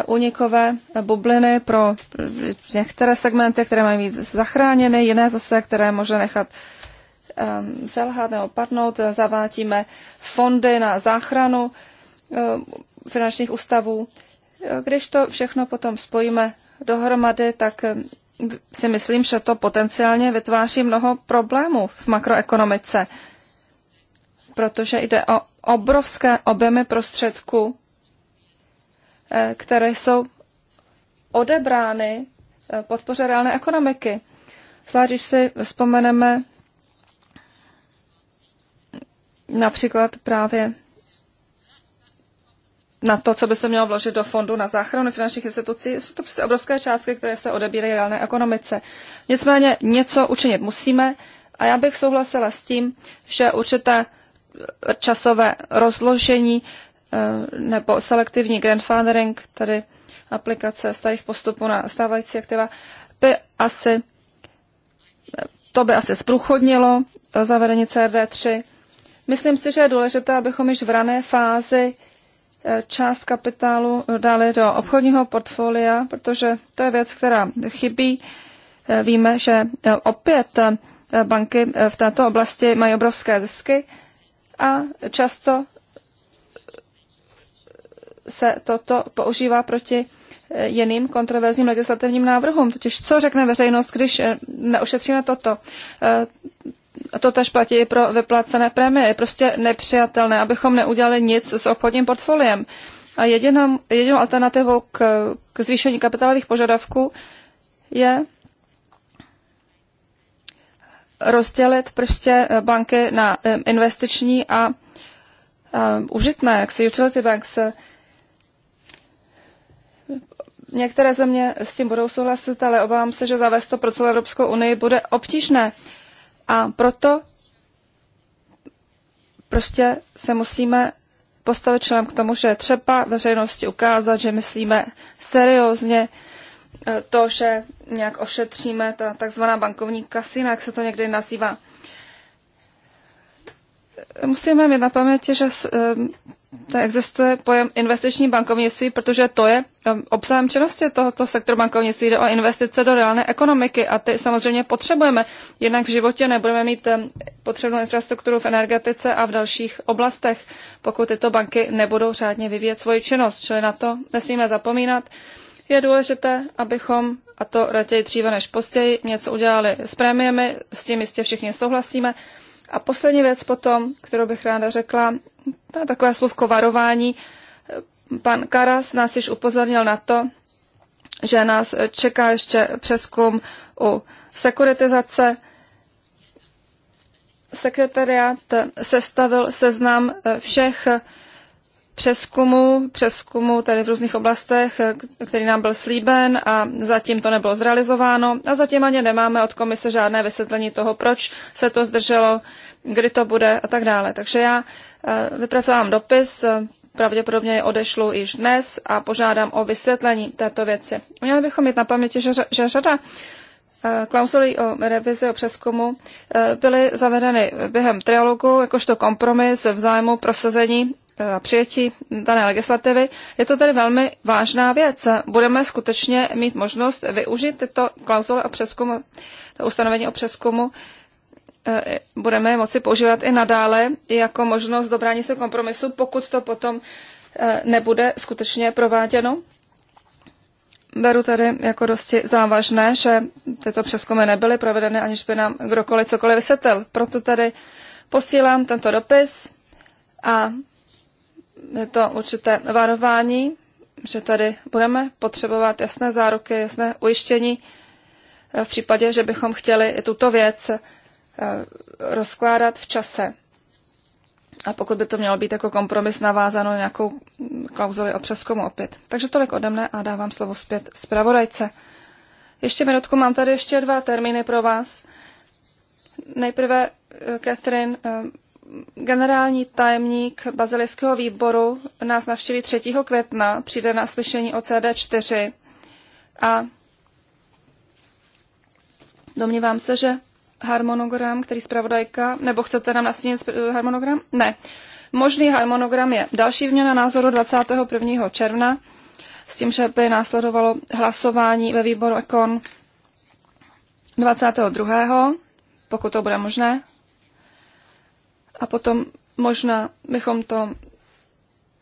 Speaker 1: unikové eh, eh, bubliny pro eh, některé segmenty, které mají být zachráněny, jiné zase, které může nechat ehm, selhat nebo padnout. Zavátíme fondy na záchranu finančních ústavů. Když to všechno potom spojíme dohromady, tak si myslím, že to potenciálně vytváří mnoho problémů v makroekonomice protože jde o obrovské objemy prostředků, eh, které jsou odebrány eh, podpoře reálné ekonomiky. Zvlášť, když si vzpomeneme například právě na to, co by se mělo vložit do fondu na záchranu finančních institucí, jsou to přece obrovské částky, které se odebírají reálné ekonomice. Nicméně něco učinit musíme a já bych souhlasila s tím, že určité časové rozložení eh, nebo selektivní grandfathering, tedy aplikace starých postupů na stávající aktiva, by asi, to by asi zprůchodnilo zavedení CRD3. Myslím si, že je důležité, abychom již v rané fázi eh, část kapitálu dali do obchodního portfolia, protože to je věc, která chybí. Eh, víme, že opět banky v této oblasti mají obrovské zisky a často se toto používá proti eh, jiným kontroverzním legislativním návrhům. Totiž co řekne veřejnost, když eh, neošetříme toto? Eh, to tež platí i pro vyplacené prémie. Je prostě nepřijatelné, abychom neudělali nic s obchodním portfoliem. A jedinou, jedinou alternativou k, k zvýšení kapitálových požadavků je rozdělit prostě eh, banky na eh, investiční a eh, užitné, jak se utility banks. Některé země s tím budou souhlasit, ale obávám se, že zavést to pro celou Evropskou unii bude obtížné. A proto prostě se musíme postavit členem k tomu, že třeba veřejnosti ukázat, že myslíme seriózně E, to, že nějak ošetříme ta takzvaná bankovní kasina, jak se to někdy nazývá. Musíme mít na paměti, že e, tady existuje pojem investiční bankovnictví, protože to je e, obsahem činnosti tohoto sektoru bankovnictví. Jde o investice do reálné ekonomiky a ty samozřejmě potřebujeme. Jednak v životě nebudeme mít potřebnou infrastrukturu v energetice a v dalších oblastech, pokud tyto banky nebudou řádně vyvíjet svoji činnost. Čili na to nesmíme zapomínat. Je důležité, abychom, a to raději dříve než později, něco udělali s prémiemi, s tím jistě všichni souhlasíme. A poslední věc potom, kterou bych ráda řekla, to je takové slovko varování. Pan Karas nás již upozornil na to, že nás čeká ještě přeskum u sekuritizace. Sekretariát sestavil seznam všech přeskumu, přeskumu tedy v různých oblastech, který nám byl slíben a zatím to nebylo zrealizováno a zatím ani nemáme od komise žádné vysvětlení toho, proč se to zdrželo, kdy to bude a tak dále. Takže já eh, vypracovám dopis, eh, pravděpodobně je odešlu již dnes a požádám o vysvětlení této věci. Měli bychom mít na paměti, že, řada eh, klauzuly o revizi, o přeskumu byly zavedeny během trialogu jakožto kompromis v zájmu prosazení a eh, přijetí dané legislativy. Je to tedy velmi vážná věc. Budeme skutečně mít možnost využít tyto klauzule o přeskumu, to ustanovení o přeskumu, eh, budeme je moci používat i nadále jako možnost dobrání se kompromisu, pokud to potom eh, nebude skutečně prováděno. Beru tedy jako dosti závažné, že tyto přeskumy nebyly provedeny, aniž by nám kdokoliv cokoliv vysvětlil. Proto tedy posílám tento dopis a je to určité varování, že tady budeme potřebovat jasné záruky, jasné ujištění eh, v případě, že bychom chtěli i tuto věc eh, rozkládat v čase. A pokud by to mělo být jako kompromis navázáno na nějakou klauzuli o přeskumu opět. Takže tolik ode mne a dávám slovo zpět zpravodajce. Ještě minutku, mám tady ještě dva termíny pro vás. Nejprve, eh, Catherine, generální tajemník bazilického výboru nás navštíví 3. května, přijde na slyšení o CD4 a domnívám se, že harmonogram, který zpravodajka, nebo chcete nám nastínit harmonogram? Ne. Možný harmonogram je další vměna názoru 21. června s tím, že by následovalo hlasování ve výboru Ekon 22. pokud to bude možné, a potom možná bychom to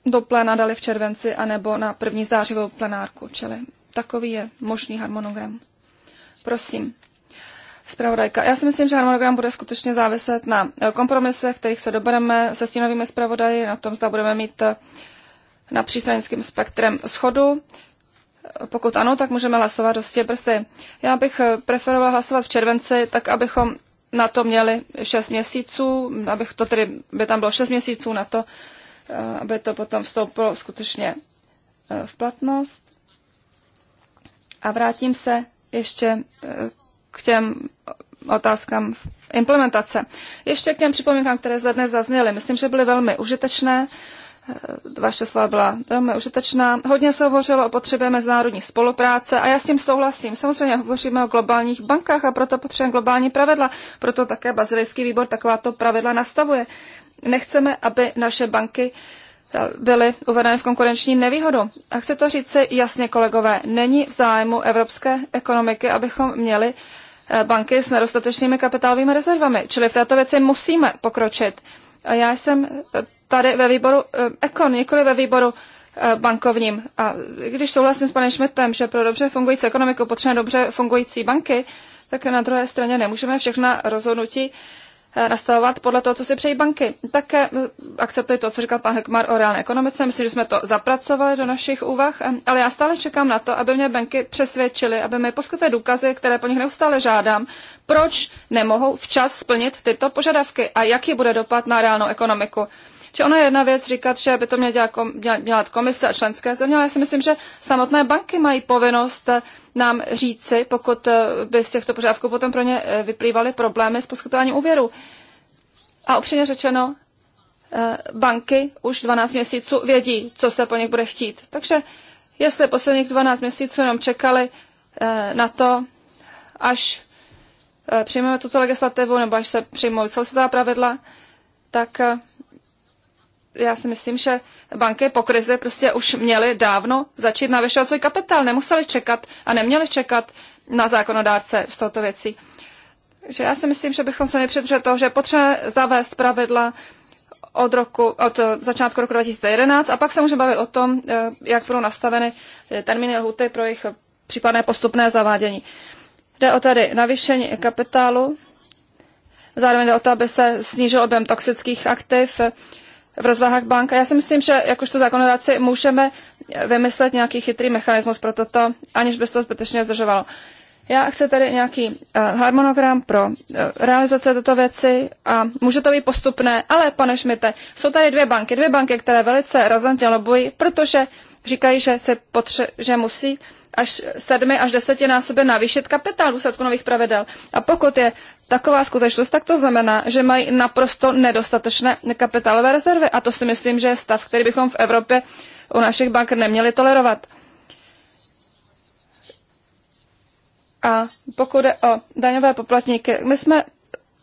Speaker 1: do pléna dali v červenci anebo na první zářivou plenárku, čili takový je možný harmonogram. Prosím. Spravodajka. Já si myslím, že harmonogram bude skutečně záviset na eh, kompromisech, kterých se dobereme se stínovými zpravodaji, na tom, zda budeme mít eh, na přístranickým spektrem schodu. Eh, pokud ano, tak můžeme hlasovat dosti brzy. Já bych preferovala hlasovat v červenci, tak abychom na to měli 6 měsíců, abych to tedy, by tam bylo 6 měsíců na to, eh, aby to potom vstoupilo skutečně eh, v platnost. A vrátím se ještě eh, k těm otázkám implementace. Ještě k těm připomínkám, které zde dnes zazněly. Myslím, že byly velmi užitečné. Eh, vaše slova byla velmi užitečná. Hodně se hovořilo o potřebě mezinárodní spolupráce a já s tím souhlasím. Samozřejmě hovoříme o globálních bankách a proto potřebujeme globální pravidla. Proto také bazilijský výbor takováto pravidla nastavuje. Nechceme, aby naše banky eh, byly uvedeny v konkurenční nevýhodu. A chci to říct si jasně, kolegové, není v zájmu evropské ekonomiky, abychom měli eh, banky s nedostatečnými kapitálovými rezervami. Čili v této věci musíme pokročit. A Já jsem eh, tady ve výboru Ekon, eh, nikoli ve výboru eh, bankovním. A když souhlasím s panem Šmetem, že pro dobře fungující ekonomiku potřebujeme dobře fungující banky, tak na druhé straně nemůžeme všechna rozhodnutí Eh, nastavovat podle toho, co si přejí banky. Také eh, akceptuji to, co říkal pan Hekmar o reálné ekonomice. Myslím, že jsme to zapracovali do našich úvah, eh, ale já stále čekám na to, aby mě banky přesvědčily, aby mi poskytly důkazy, které po nich neustále žádám, proč nemohou včas splnit tyto požadavky a jaký bude dopad na reálnou ekonomiku. Či ona je jedna věc říkat, že by to měla dělat, kom, měla dělat komise a členské země, ale já si myslím, že samotné banky mají povinnost nám říci, pokud eh, by z těchto požadavků potom pro ně eh, vyplývaly problémy s poskytováním úvěru. A upřímně řečeno, eh, banky už 12 měsíců vědí, co se po nich bude chtít. Takže jestli posledních 12 měsíců jenom čekali na to, až přijmeme tuto legislativu nebo až se přijmou celosvětová pravidla, tak já si myslím, že banky po krizi prostě už měly dávno začít navyšovat svůj kapitál. Nemuseli čekat a neměli čekat na zákonodárce s tohoto věcí. Takže já si myslím, že bychom se nepředřeli toho, že potřebujeme zavést pravidla od, roku, od eh, začátku roku 2011 a pak se můžeme bavit o tom, eh, jak budou nastaveny eh, termíny lhuty pro jejich případné postupné zavádění. Jde o tady navýšení kapitálu, zároveň jde o to, aby se snížil objem toxických aktiv, v rozvahách bank. já si myslím, že jakožto zákonodáci můžeme vymyslet nějaký chytrý mechanismus pro toto, aniž by se to zbytečně zdržovalo. Já chci tady nějaký uh, harmonogram pro uh, realizace této věci a může to být postupné, ale pane Šmite, jsou tady dvě banky, dvě banky, které velice razantně lobují, protože říkají, že, se potře- že musí až sedmi až desetinásobně navýšit kapitál v důsledku nových pravidel. A pokud je taková skutečnost, tak to znamená, že mají naprosto nedostatečné kapitálové rezervy. A to si myslím, že je stav, který bychom v Evropě u našich bank neměli tolerovat. A pokud je o daňové poplatníky, my jsme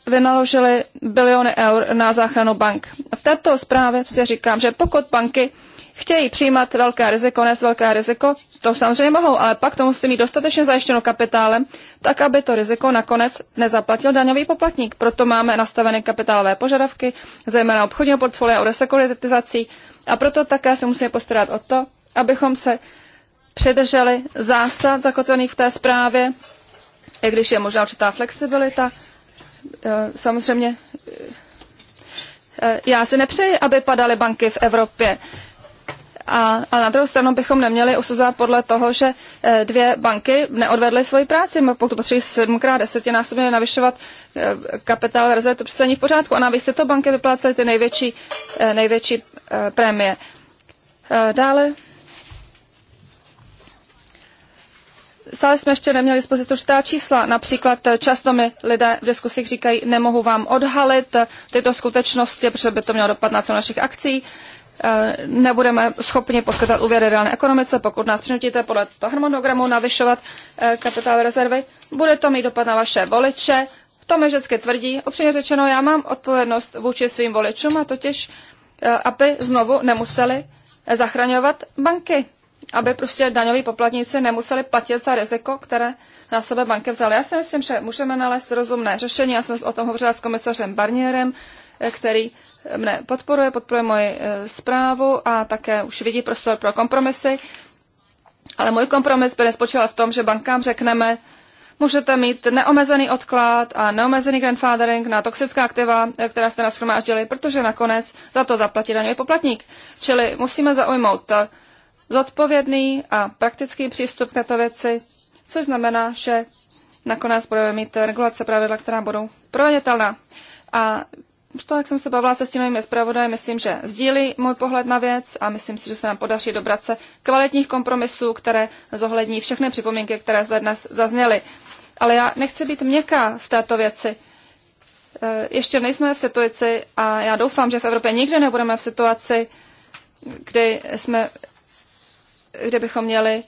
Speaker 1: vynaložili biliony eur na záchranu bank. V této zprávě si říkám, že pokud banky chtějí přijímat velké riziko, nes velké riziko, to samozřejmě mohou, ale pak to musí mít dostatečně zajištěno kapitálem, tak aby to riziko nakonec nezaplatil daňový poplatník. Proto máme nastaveny kapitálové požadavky, zejména obchodního portfolia o resekuritizací a proto také se musíme postarat o to, abychom se předrželi zásad zakotvených v té zprávě, i když je možná určitá flexibilita. E, samozřejmě e, e, já si nepřeji, aby padaly banky v Evropě. A, a na druhou stranu bychom neměli usuzovat podle toho, že eh, dvě banky neodvedly svoji práci. Pokud potřebují sedmkrát, desetinásobně navyšovat eh, kapitál rezerv, to přece není v pořádku. A navíc tyto banky vyplácely ty největší, eh, největší prémie. Dále stále jsme ještě neměli dispozici určitá čísla. Například často mi lidé v diskusích říkají, nemohu vám odhalit tyto skutečnosti, protože by to mělo dopad na co našich akcí. Eh, nebudeme schopni poskytovat úvěry reálné ekonomice, pokud nás přinutíte podle toho harmonogramu navyšovat eh, kapitálové rezervy. Bude to mít dopad na vaše voliče. To mi vždycky tvrdí. Upřímně řečeno, já mám odpovědnost vůči svým voličům a totiž, eh, aby znovu nemuseli zachraňovat banky. Aby prostě daňoví poplatníci nemuseli platit za riziko, které na sebe banky vzaly. Já si myslím, že můžeme nalézt rozumné řešení. Já jsem o tom hovořila s komisařem Barnierem, který mne podporuje, podporuje moji e, zprávu a také už vidí prostor pro kompromisy. Ale můj kompromis by nespočíval v tom, že bankám řekneme, můžete mít neomezený odklad a neomezený grandfathering na toxická aktiva, e, která jste nashromáždili, protože nakonec za to zaplatí daňový poplatník. Čili musíme zaujmout e, zodpovědný a praktický přístup k této věci, což znamená, že nakonec budeme mít regulace pravidla, která budou proveditelná. A z toho, jak jsem se bavila se stínovými zpravodaji, myslím, že sdílí můj pohled na věc a myslím si, že se nám podaří dobrat se kvalitních kompromisů, které zohlední všechny připomínky, které zde dnes zazněly. Ale já nechci být měkká v této věci. E, ještě nejsme v situaci a já doufám, že v Evropě nikdy nebudeme v situaci, kdy, jsme, kdy bychom měli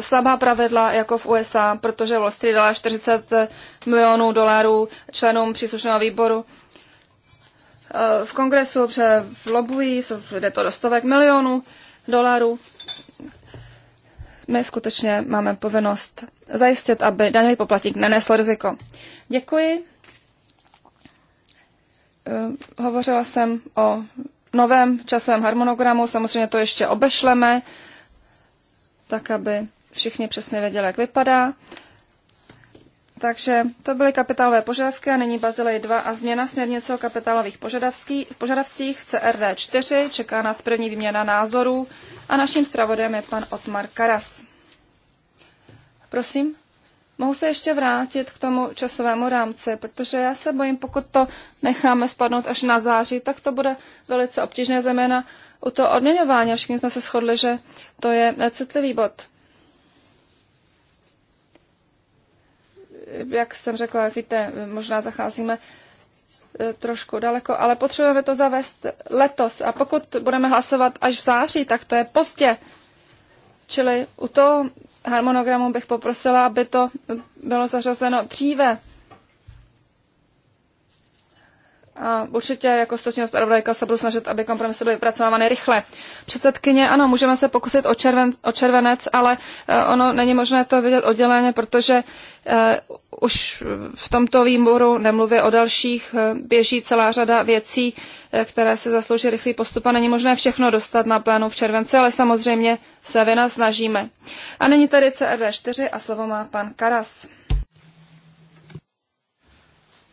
Speaker 1: slabá pravidla jako v USA, protože Wall Street dala 40 milionů dolarů členům příslušného výboru eh, v kongresu, protože lobují, jde to do stovek milionů dolarů. My skutečně máme povinnost zajistit, aby daňový poplatník nenesl riziko. Děkuji. Eh, hovořila jsem o novém časovém harmonogramu, samozřejmě to ještě obešleme tak aby všichni přesně věděli, jak vypadá. Takže to byly kapitálové požadavky a nyní Bazilej 2 a změna směrnice o kapitálových požadavcích CRD 4. Čeká nás první výměna názorů a naším zpravodajem je pan Otmar Karas. Prosím. Mohu se ještě vrátit k tomu časovému rámci, protože já se bojím, pokud to necháme spadnout až na září, tak to bude velice obtížné, zejména u toho odměňování. Všichni jsme se shodli, že to je citlivý bod. Jak jsem řekla, jak víte, možná zacházíme e, trošku daleko, ale potřebujeme to zavést letos. A pokud budeme hlasovat až v září, tak to je pozdě. Čili u toho harmonogramu bych poprosila, aby to bylo zařazeno dříve a určitě jako stočního zpravodajka se budu snažit, aby kompromisy byly vypracovány rychle. Předsedkyně, ano, můžeme se pokusit o, červen, o červenec, ale eh, ono není možné to vidět odděleně, protože uh, už v tomto výboru, nemluvě o dalších, eh, běží celá řada věcí, které se zaslouží rychlý postup a není možné všechno dostat na plénu v červenci, ale samozřejmě se vina snažíme. A není tady CRD 4 a slovo má pan Karas.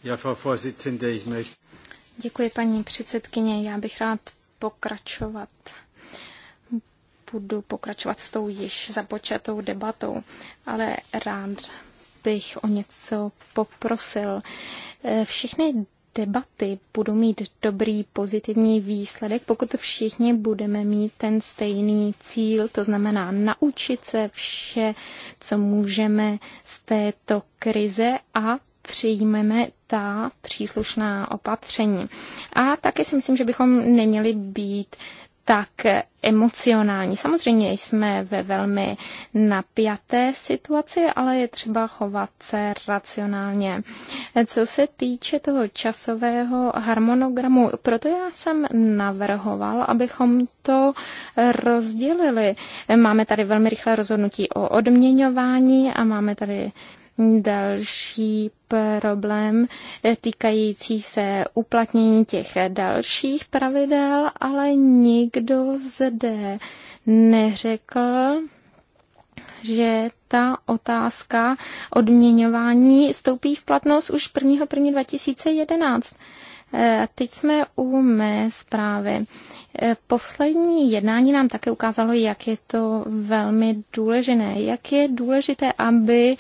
Speaker 1: Ja, Frau Vorsitzende, ich möchte
Speaker 2: Děkuji, paní předsedkyně. Já bych rád pokračovat. Budu pokračovat s tou již započatou debatou, ale rád bych o něco poprosil. E, všechny debaty budou mít dobrý pozitivní výsledek, pokud všichni budeme mít ten stejný cíl, to znamená naučit se vše, co můžeme z této krize a přijmeme ta příslušná opatření. A taky si myslím, že bychom neměli být tak emocionální. Samozřejmě jsme ve velmi napjaté situaci, ale je třeba chovat se racionálně. Co se týče toho časového harmonogramu, proto já jsem navrhoval, abychom to rozdělili. Máme tady velmi rychlé rozhodnutí o odměňování a máme tady další problém týkající se uplatnění těch dalších pravidel, ale nikdo zde neřekl, že ta otázka odměňování stoupí v platnost už 1.1.2011. 2011. A teď jsme u mé zprávy. E, poslední jednání nám také ukázalo, jak je to velmi důležité, jak je důležité, aby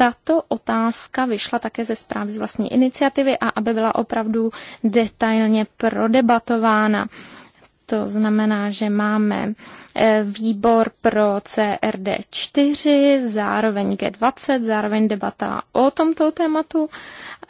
Speaker 2: tato otázka vyšla také ze zprávy z vlastní iniciativy a aby byla opravdu detailně prodebatována. To znamená, že máme eh, výbor pro CRD4, zároveň G20, zároveň debata o tomto tématu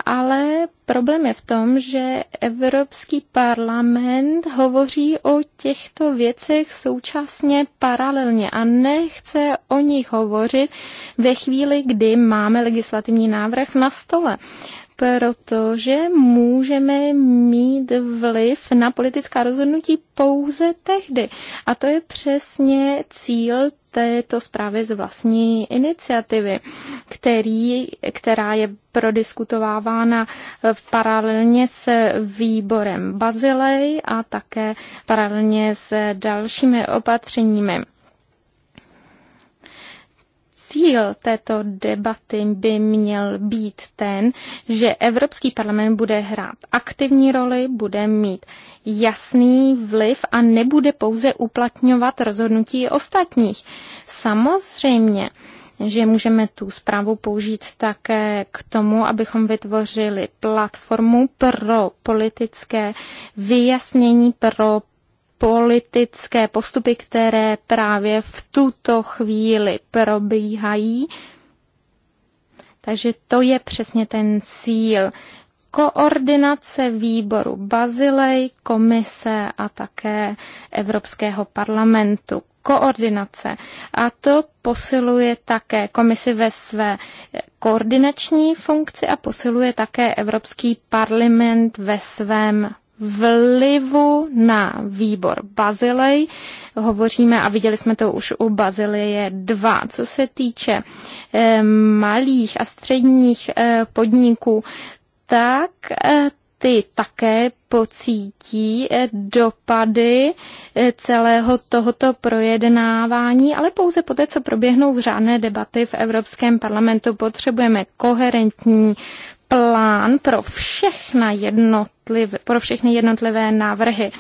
Speaker 2: ale problém je v tom, že Evropský parlament hovoří o těchto věcech současně paralelně a nechce o nich hovořit ve chvíli, kdy máme legislativní návrh na stole. Uh, protože můžeme mít vliv na politická rozhodnutí pouze tehdy. A to je přesně cíl této zprávy z vlastní iniciativy, který, která je prodiskutovávána paralelně s výborem Bazilej a také paralelně s dalšími opatřeními cíl této debaty by měl být ten, že Evropský parlament bude hrát aktivní roli, bude mít jasný vliv a nebude pouze uplatňovat rozhodnutí ostatních. Samozřejmě, že můžeme tu zprávu použít také k tomu, abychom vytvořili platformu pro politické vyjasnění, pro politické postupy, které právě v tuto chvíli probíhají. Takže to je přesně ten cíl. Koordinace výboru Bazilej, komise a také Evropského parlamentu. Koordinace. A to posiluje také komisi ve své koordinační funkci a posiluje také Evropský parlament ve svém vlivu na výbor Bazilej. Hovoříme a viděli jsme to už u Bazileje 2. Co se týče eh, malých a středních eh, podniků, tak eh, ty také pocítí dopady celého tohoto projednávání, ale pouze poté, co proběhnou řádné debaty v Evropském parlamentu, potřebujeme koherentní plán pro, všechna jednotliv, pro všechny jednotlivé návrhy.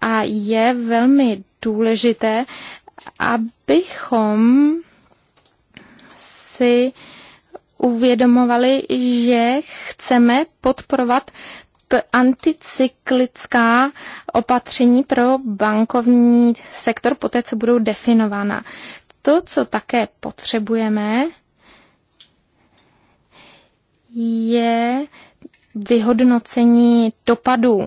Speaker 2: A je velmi důležité, abychom si uvědomovali, že chceme podporovat anticyklická opatření pro bankovní sektor, poté co budou definována. To, co také potřebujeme, je vyhodnocení dopadů.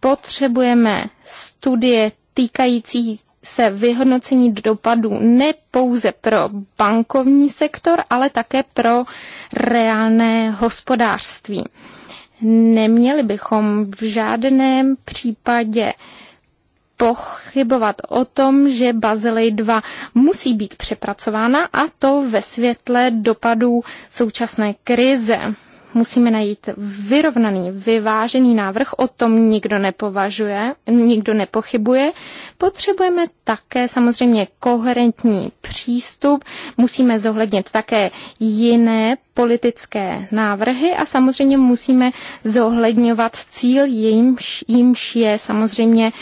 Speaker 2: Potřebujeme studie týkající se vyhodnocení dopadů ne pouze pro bankovní sektor, ale také pro reálné hospodářství. Neměli bychom v žádném případě pochybovat o tom, že Bazilej 2 musí být přepracována a to ve světle dopadů současné krize musíme najít vyrovnaný, vyvážený návrh, o tom nikdo nepovažuje, nikdo nepochybuje. Potřebujeme také samozřejmě koherentní přístup, musíme zohlednit také jiné politické návrhy a samozřejmě musíme zohledňovat cíl, jimž, jimž je samozřejmě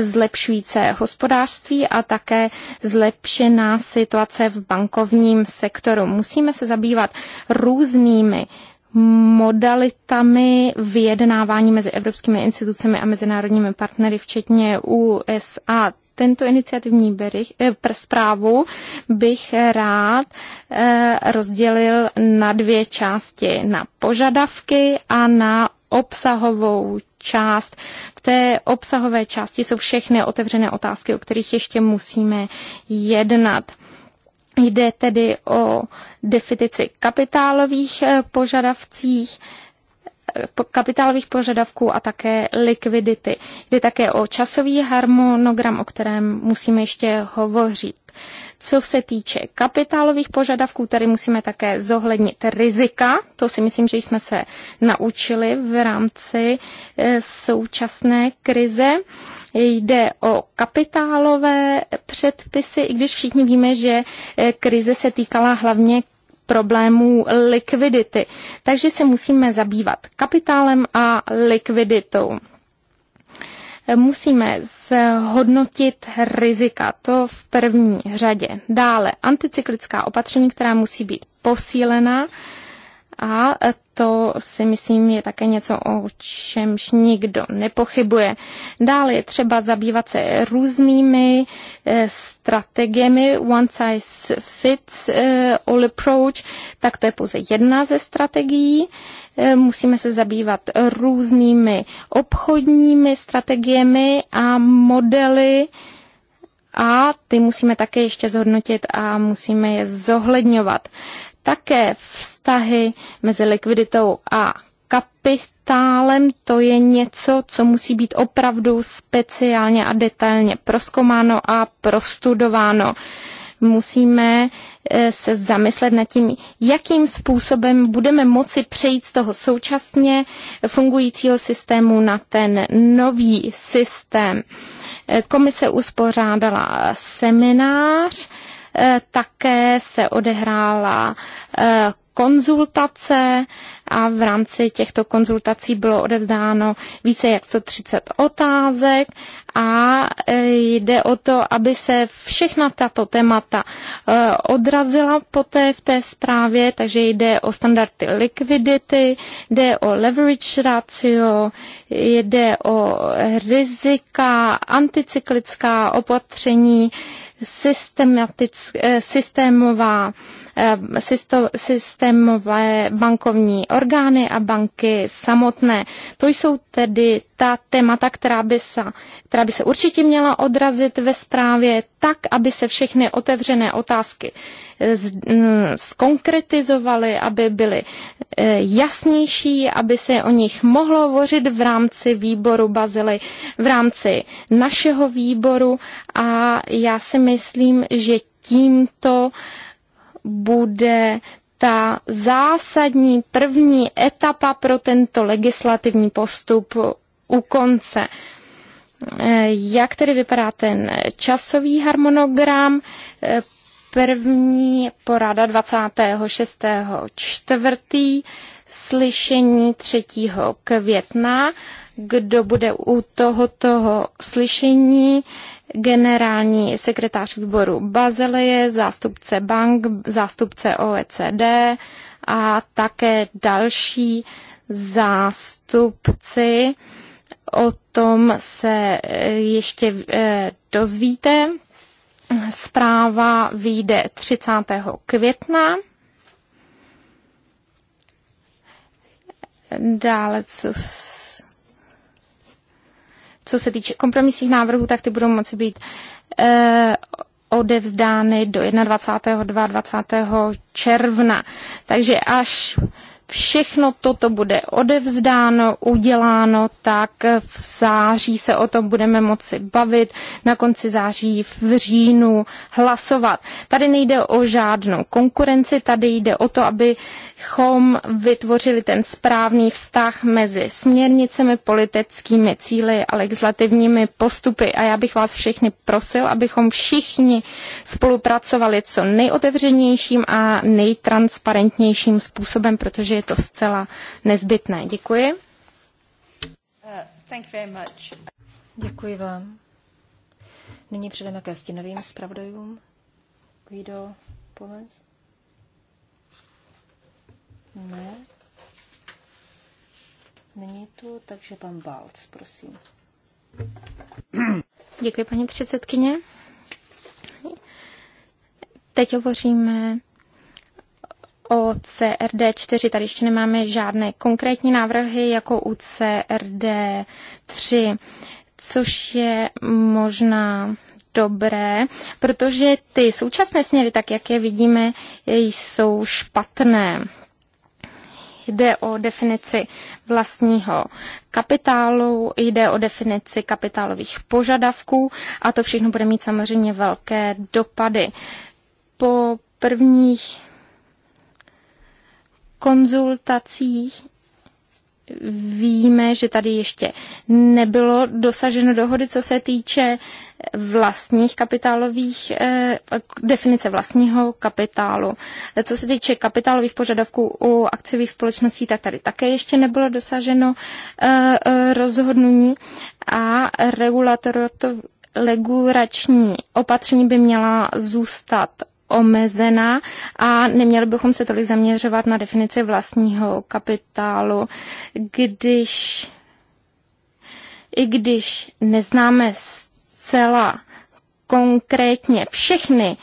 Speaker 2: zlepšující hospodářství a také zlepšená situace v bankovním sektoru. Musíme se zabývat různými modalitami vyjednávání mezi evropskými institucemi a mezinárodními partnery, včetně USA. Tento iniciativní berich, eh, pr zprávu bych rád eh, rozdělil na dvě části, na požadavky a na obsahovou část. V té obsahové části jsou všechny otevřené otázky, o kterých ještě musíme jednat. Jde tedy o definici kapitálových eh, požadavcích, eh, kapitálových požadavků a také likvidity. Jde také o časový harmonogram, o kterém musíme ještě hovořit. Co se týče kapitálových požadavků, tady musíme také zohlednit rizika. To si myslím, že jsme se naučili v rámci eh, současné krize jde o kapitálové předpisy, i když všichni víme, že eh, krize se týkala hlavně problémů likvidity. Takže se musíme zabývat kapitálem a likviditou. Musíme zhodnotit rizika, to v první řadě. Dále anticyklická opatření, která musí být posílena a to si myslím je také něco, o čemž nikdo nepochybuje. Dále je třeba zabývat se různými eh, strategiemi. One size fits eh, all approach, tak to je pouze jedna ze strategií eh, musíme se zabývat různými obchodními strategiemi a modely a ty musíme také ještě zhodnotit a musíme je zohledňovat také vztahy mezi likviditou a kapitálem, to je něco, co musí být opravdu speciálně a detailně proskománo a prostudováno. Musíme eh, se zamyslet nad tím, jakým způsobem budeme moci přejít z toho současně fungujícího systému na ten nový systém. Eh, komise uspořádala seminář, Eh, také se odehrála eh, konzultace a v rámci těchto konzultací bylo odevzdáno více jak 130 otázek a eh, jde o to, aby se všechna tato témata odrazila poté v té zprávě, takže jde o standardy likvidity, jde o leverage ratio, jde o rizika, anticyklická opatření, Eh, systémová Eh, systémové bankovní orgány a banky samotné. To jsou tedy ta témata, která by se, která by se určitě měla odrazit ve zprávě tak, aby se všechny otevřené otázky eh, mm, skonkretizovaly, aby byly eh, jasnější, aby se o nich mohlo hovořit v rámci výboru Bazily, v rámci našeho výboru a já si myslím, že tímto uh, bude ta zásadní první etapa pro tento legislativní postup u konce. Eh, jak tedy vypadá ten časový harmonogram? Eh, první porada 26. čtvrtý, slyšení 3. května. Kdo bude u tohoto slyšení? generální sekretář výboru Bazileje, zástupce bank, zástupce OECD a také další zástupci. O tom se eh, ještě eh, dozvíte. Zpráva vyjde 30. května. Dále, co co se týče kompromisních návrhů, tak ty budou moci být eh, odevzdány do 21. 22. června. Takže až Všechno toto bude odevzdáno, uděláno, tak v září se o tom budeme moci bavit, na konci září v říjnu hlasovat. Tady nejde o žádnou konkurenci, tady jde o to, abychom vytvořili ten správný vztah mezi směrnicemi, politickými cíly a legislativními postupy. A já bych vás všechny prosil, abychom všichni spolupracovali co nejotevřenějším a nejtransparentnějším způsobem, protože je to zcela nezbytné. Děkuji.
Speaker 3: Děkuji vám. Nyní předáme ke stinovým zpravodajům. Guido, pomoc? Ne. Není tu, takže pan Balc, prosím.
Speaker 2: Děkuji, paní předsedkyně. Teď hovoříme o CRD4 tady ještě nemáme žádné konkrétní návrhy, jako u CRD3, což je možná dobré, protože ty současné směry, tak jak je vidíme, jsou špatné. Jde o definici vlastního kapitálu, jde o definici kapitálových požadavků a to všechno bude mít samozřejmě velké dopady. Po prvních konzultacích víme, že tady ještě nebylo dosaženo dohody, co se týče vlastních kapitálových, eh, definice vlastního kapitálu. Co se týče kapitálových požadavků u akciových společností, tak tady také ještě nebylo dosaženo eh, eh, rozhodnutí a regulator legurační opatření by měla zůstat omezená a neměli bychom se tolik zaměřovat na definici vlastního kapitálu, když i když neznáme zcela konkrétně všechny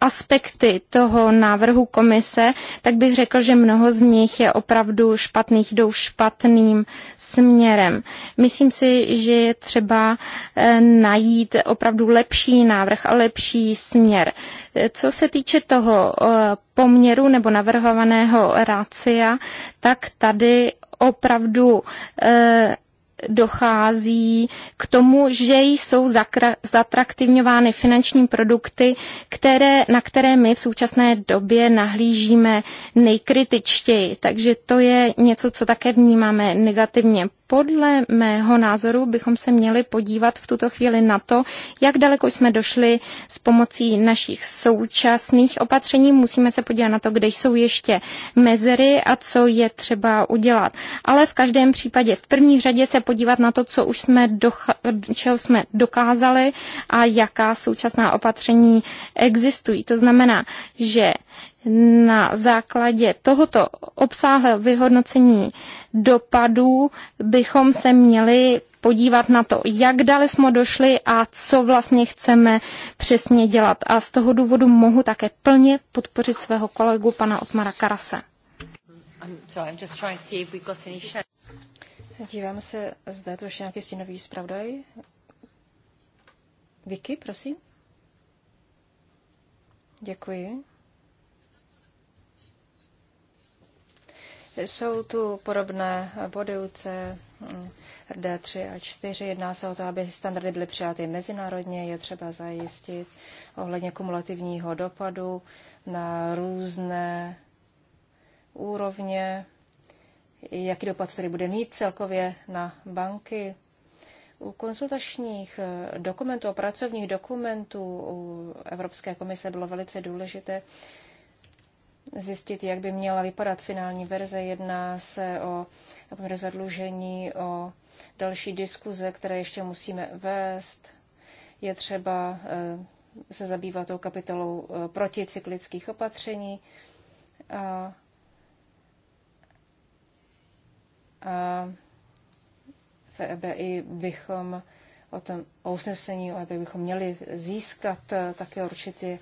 Speaker 2: aspekty toho návrhu komise, tak bych řekl, že mnoho z nich je opravdu špatných, jdou špatným směrem. Myslím si, že je třeba eh, najít opravdu lepší návrh a lepší směr. Eh, co se týče toho eh, poměru nebo navrhovaného rácia, tak tady opravdu dochází k tomu, že jsou zatraktivňovány finanční produkty, které, na které my v současné době nahlížíme nejkritičtěji. Takže to je něco, co také vnímáme negativně podle mého názoru bychom se měli podívat v tuto chvíli na to, jak daleko jsme došli s pomocí našich současných opatření. Musíme se podívat na to, kde jsou ještě mezery a co je třeba udělat. Ale v každém případě v první řadě se podívat na to, co už jsme čeho jsme dokázali a jaká současná opatření existují. To znamená, že na základě tohoto obsáhlého vyhodnocení dopadů bychom se měli podívat na to, jak dále jsme došli a co vlastně chceme přesně dělat. A z toho důvodu mohu také plně podpořit svého kolegu pana Otmara Karase.
Speaker 3: Dívám se, zda je to ještě nějaký stěnový zpravodaj. Vicky, prosím. Děkuji. Jsou tu podobné body UC D 3 a 4. Jedná se o to, aby standardy byly přijaty mezinárodně. Je třeba zajistit ohledně kumulativního dopadu na různé úrovně, jaký dopad tedy bude mít celkově na banky. U konzultačních dokumentů pracovních dokumentů u Evropské komise bylo velice důležité, zjistit, jak by měla vypadat finální verze. Jedná se o například, zadlužení, o další diskuze, které ještě musíme vést. Je třeba eh, se zabývat tou kapitolou eh, proticyklických opatření. A, a v EBI bychom o tom o usnesení aby e bychom měli získat eh, také určitě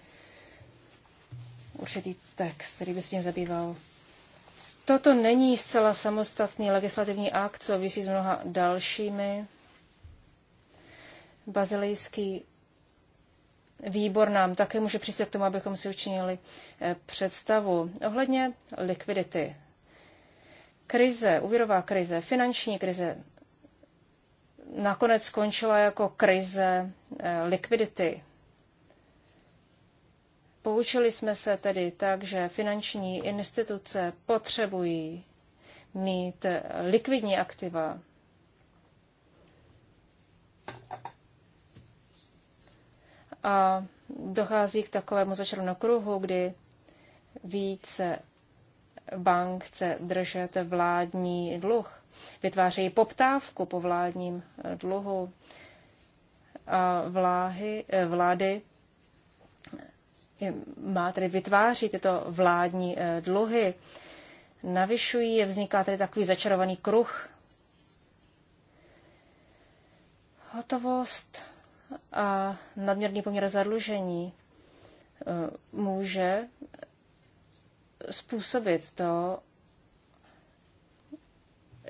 Speaker 3: určitý text, který by se tím zabýval. Toto není zcela samostatný legislativní akt, souvisí s mnoha dalšími. Bazilejský výbor nám také může přispět k tomu, abychom si učinili eh, představu. Ohledně likvidity. Krize, úvěrová krize, finanční krize nakonec skončila jako krize eh, likvidity. Poučili jsme se tedy tak, že finanční instituce potřebují mít likvidní aktiva. A dochází k takovému začarnou kruhu, kdy více bank chce držet vládní dluh. Vytvářejí poptávku po vládním dluhu. A vláhy, eh, vlády má tedy vytváří tyto vládní eh, dluhy, navyšují, vzniká tedy takový začarovaný kruh. Hotovost a nadměrný poměr zadlužení eh, může způsobit to,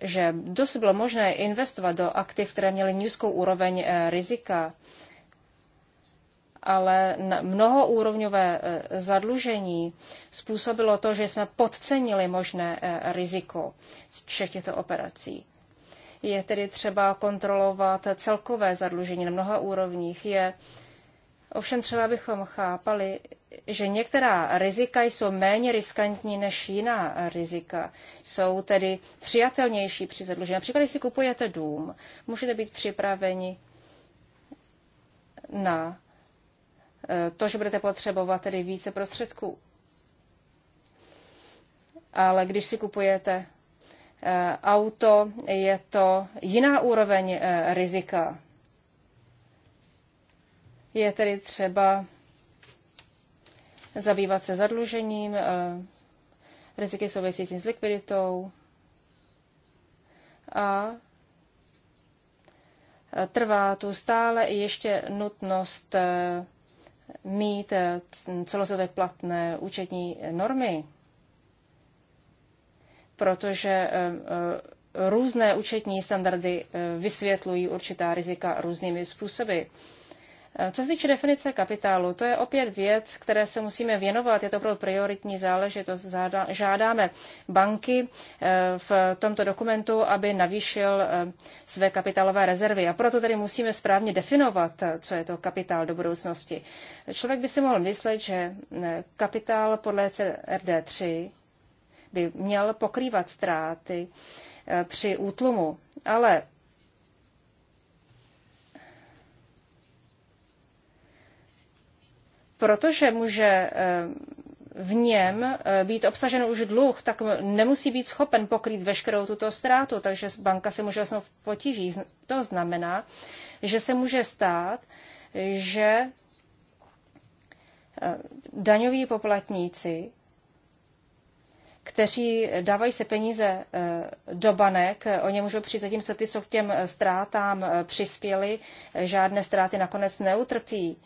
Speaker 3: že dosud bylo možné investovat do aktiv, které měly nízkou úroveň eh, rizika, ale mnohoúrovňové eh, zadlužení způsobilo to, že jsme podcenili možné eh, riziko všech těchto operací. Je tedy třeba kontrolovat celkové zadlužení na mnoha úrovních. Je ovšem třeba, bychom chápali, že některá rizika jsou méně riskantní než jiná rizika. Jsou tedy přijatelnější při zadlužení. Například, když si kupujete dům, můžete být připraveni na to, že budete potřebovat tedy více prostředků. Ale když si kupujete eh, auto, je to jiná úroveň eh, rizika. Je tedy třeba zabývat se zadlužením, eh, riziky související s likviditou a trvá tu stále ještě nutnost mít eh, celosvětově platné účetní normy, protože eh, eh, různé účetní standardy vysvětlují určitá rizika různými způsoby. Eh, co se týče definice kapitálu, to je opět věc, které se musíme věnovat. Je to opravdu prioritní záležitost. Žádáme banky eh, v tomto dokumentu, aby navýšil eh, své kapitálové rezervy. A proto tedy musíme správně definovat, co je to kapitál do budoucnosti. Člověk by si mohl myslet, že kapitál podle CRD3 by měl pokrývat ztráty při útlumu. Ale protože může eh, v něm eh, být obsažen už dluh, tak nemusí být schopen pokrýt veškerou tuto ztrátu, takže banka se může v potíží. To znamená, že se může stát, že eh, daňoví poplatníci, kteří dávají se peníze do banek, oni můžou přijít zatím, co ty, co k těm ztrátám přispěli, žádné ztráty nakonec neutrpí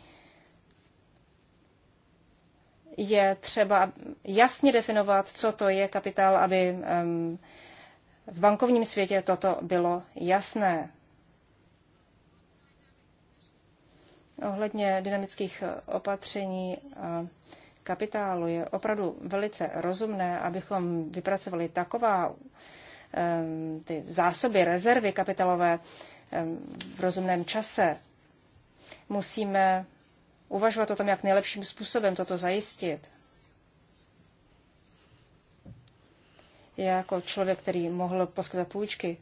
Speaker 3: je třeba jasně definovat, co to je kapitál, aby v bankovním světě toto bylo jasné. Ohledně dynamických eh, opatření a kapitálu je opravdu velice rozumné, abychom vypracovali taková ty zásoby, rezervy kapitalové v rozumném čase. Musíme uvažovat o tom, jak nejlepším způsobem toto zajistit. Já jako člověk, který mohl poskytovat půjčky,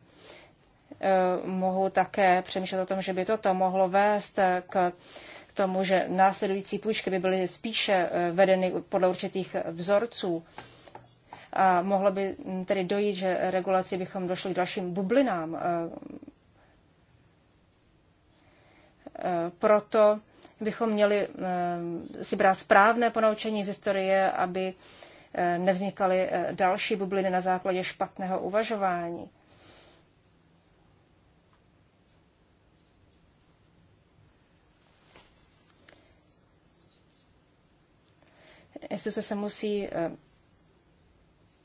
Speaker 3: eh, mohu také přemýšlet o tom, že by toto mohlo vést k tomu, že následující půjčky by byly spíše eh, vedeny podle určitých vzorců. A mohlo by hm, tedy dojít, že regulaci bychom došli k dalším bublinám. Eh, proto bychom měli eh, si brát správné ponaučení z historie, aby eh, nevznikaly eh, další bubliny na základě špatného uvažování. Instituce se musí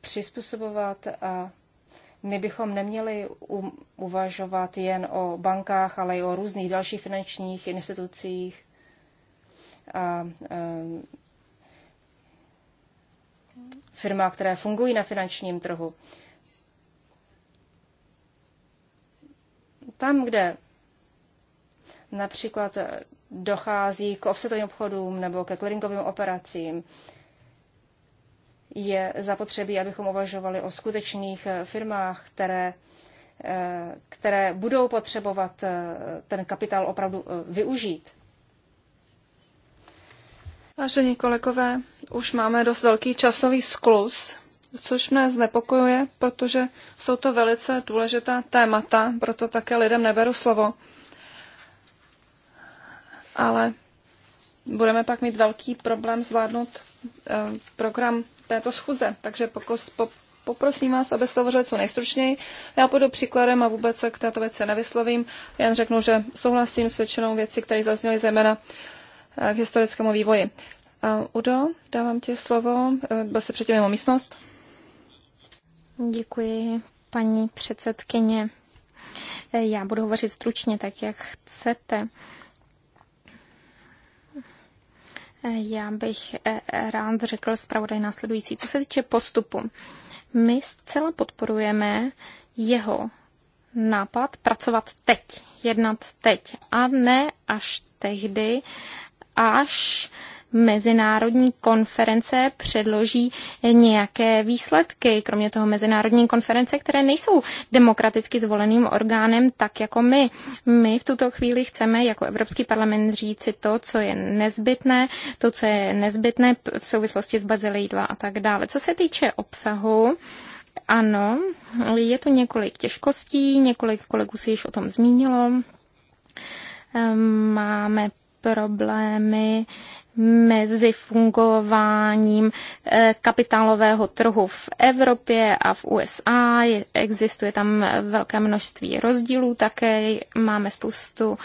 Speaker 3: přizpůsobovat a my bychom neměli um, uvažovat jen o bankách, ale i o různých dalších finančních institucích, a firma, které fungují na finančním trhu. Tam, kde například dochází k offsetovým obchodům nebo ke clearingovým operacím, je zapotřebí, abychom uvažovali o skutečných firmách, které, eh, které budou potřebovat eh, ten kapitál opravdu eh, využít.
Speaker 1: Vážení kolegové, už máme dost velký časový sklus, což mne znepokojuje, protože jsou to velice důležitá témata, proto také lidem neberu slovo. Ale budeme pak mít velký problém zvládnout eh, program této schůze, takže pokus, po, poprosím vás, abyste hovořili co nejstručněji. Já půjdu příkladem a vůbec se k této věci nevyslovím. Jen řeknu, že souhlasím s většinou věcí, které zazněly zejména Eh, k historickému vývoji. Udo, dávám ti slovo. Eh, byl se předtím mimo místnost.
Speaker 2: Děkuji, paní předsedkyně. Eh, já budu hovořit stručně, tak jak chcete. Já bych rád řekl zpravodaj následující. Co se týče postupu, my zcela podporujeme jeho nápad pracovat teď, jednat teď a ne až tehdy, až mezinárodní konference předloží nějaké výsledky. Kromě toho mezinárodní konference, které nejsou demokraticky zvoleným orgánem, tak jako my. My v tuto chvíli chceme jako Evropský parlament říci to, co je nezbytné, to, co je nezbytné v souvislosti s Bazilej 2 a tak dále. Co se týče obsahu, ano, je to několik těžkostí, několik kolegů si již o tom zmínilo. Ehm, máme problémy mezi fungováním eh, kapitálového trhu v Evropě a v USA. Existuje tam velké množství rozdílů, také máme spoustu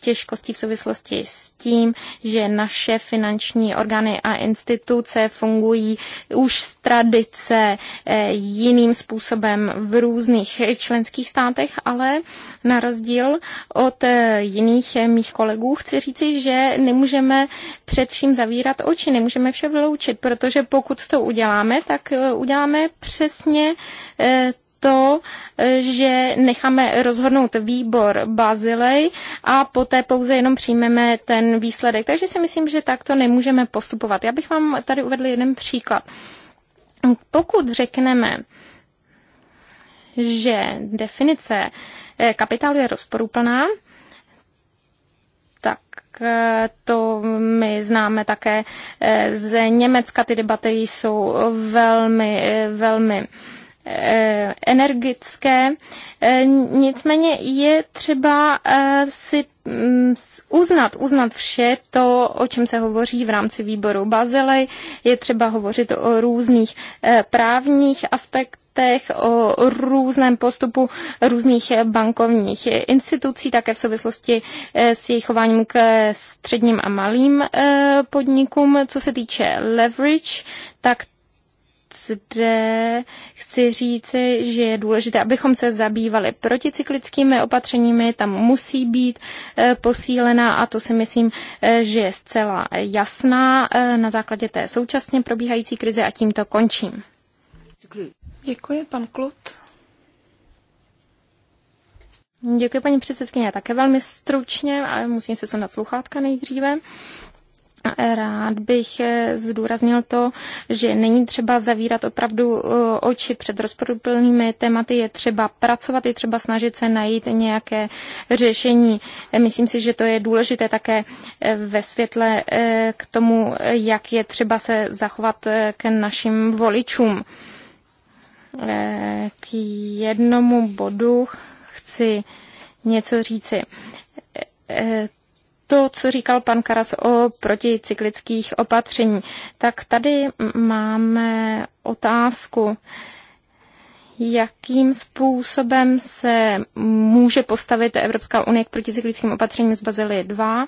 Speaker 2: těžkostí v souvislosti s tím, že naše finanční orgány a instituce fungují už z tradice eh, jiným způsobem v různých členských státech, ale na rozdíl od eh, jiných mých kolegů chci říci, že nemůžeme před vším zavírat oči, nemůžeme vše vyloučit, protože pokud to uděláme, tak eh, uděláme přesně eh, to, eh, že necháme rozhodnout výbor Bazilej a poté pouze jenom přijmeme ten výsledek. Takže si myslím, že takto nemůžeme postupovat. Já bych vám tady uvedl jeden příklad. Pokud řekneme, že definice kapitálu je rozporuplná, Eh, to my známe také eh, z Německa. Ty debaty jsou velmi, eh, velmi energické. Nicméně je třeba si mm, uznat, uznat vše to, o čem se hovoří v rámci výboru Bazilej. Je třeba hovořit o různých právních aspektech letech o různém postupu různých bankovních institucí, také v souvislosti eh, s jejich chováním k středním a malým eh, podnikům. Co se týče leverage, tak zde chci říci, že je důležité, abychom se zabývali proticyklickými opatřeními, tam musí být eh, posílená a to si myslím, že je zcela jasná na základě té současně probíhající krize a tímto končím. Děkuji, pan Klut. Děkuji, paní předsedkyně. Také velmi stručně, ale musím se sundat sluchátka nejdříve. Rád bych eh, zdůraznil to, že není třeba zavírat opravdu eh, oči před rozporuplnými tématy, je třeba pracovat, je třeba snažit se najít nějaké řešení. Eh, myslím si, že to je důležité také ve světle k tomu, jak je třeba se zachovat k našim voličům k jednomu bodu chci něco říci. E, to, co říkal pan Karas o proticyklických opatření, tak tady máme otázku, jakým způsobem se může postavit Evropská unie k proticyklickým opatřením z Bazily 2,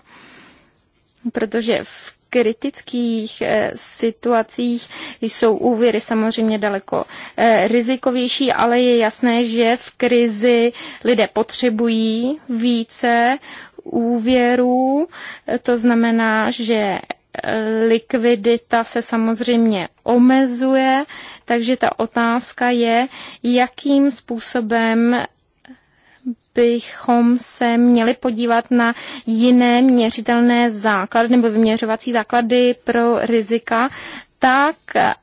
Speaker 2: protože v kritických eh, situacích jsou úvěry samozřejmě daleko eh, rizikovější, ale je jasné, že v krizi lidé potřebují více úvěrů. Eh, to znamená, že likvidita se samozřejmě omezuje, takže ta otázka je, jakým způsobem bychom se měli podívat na jiné měřitelné základy nebo vyměřovací základy pro rizika, tak,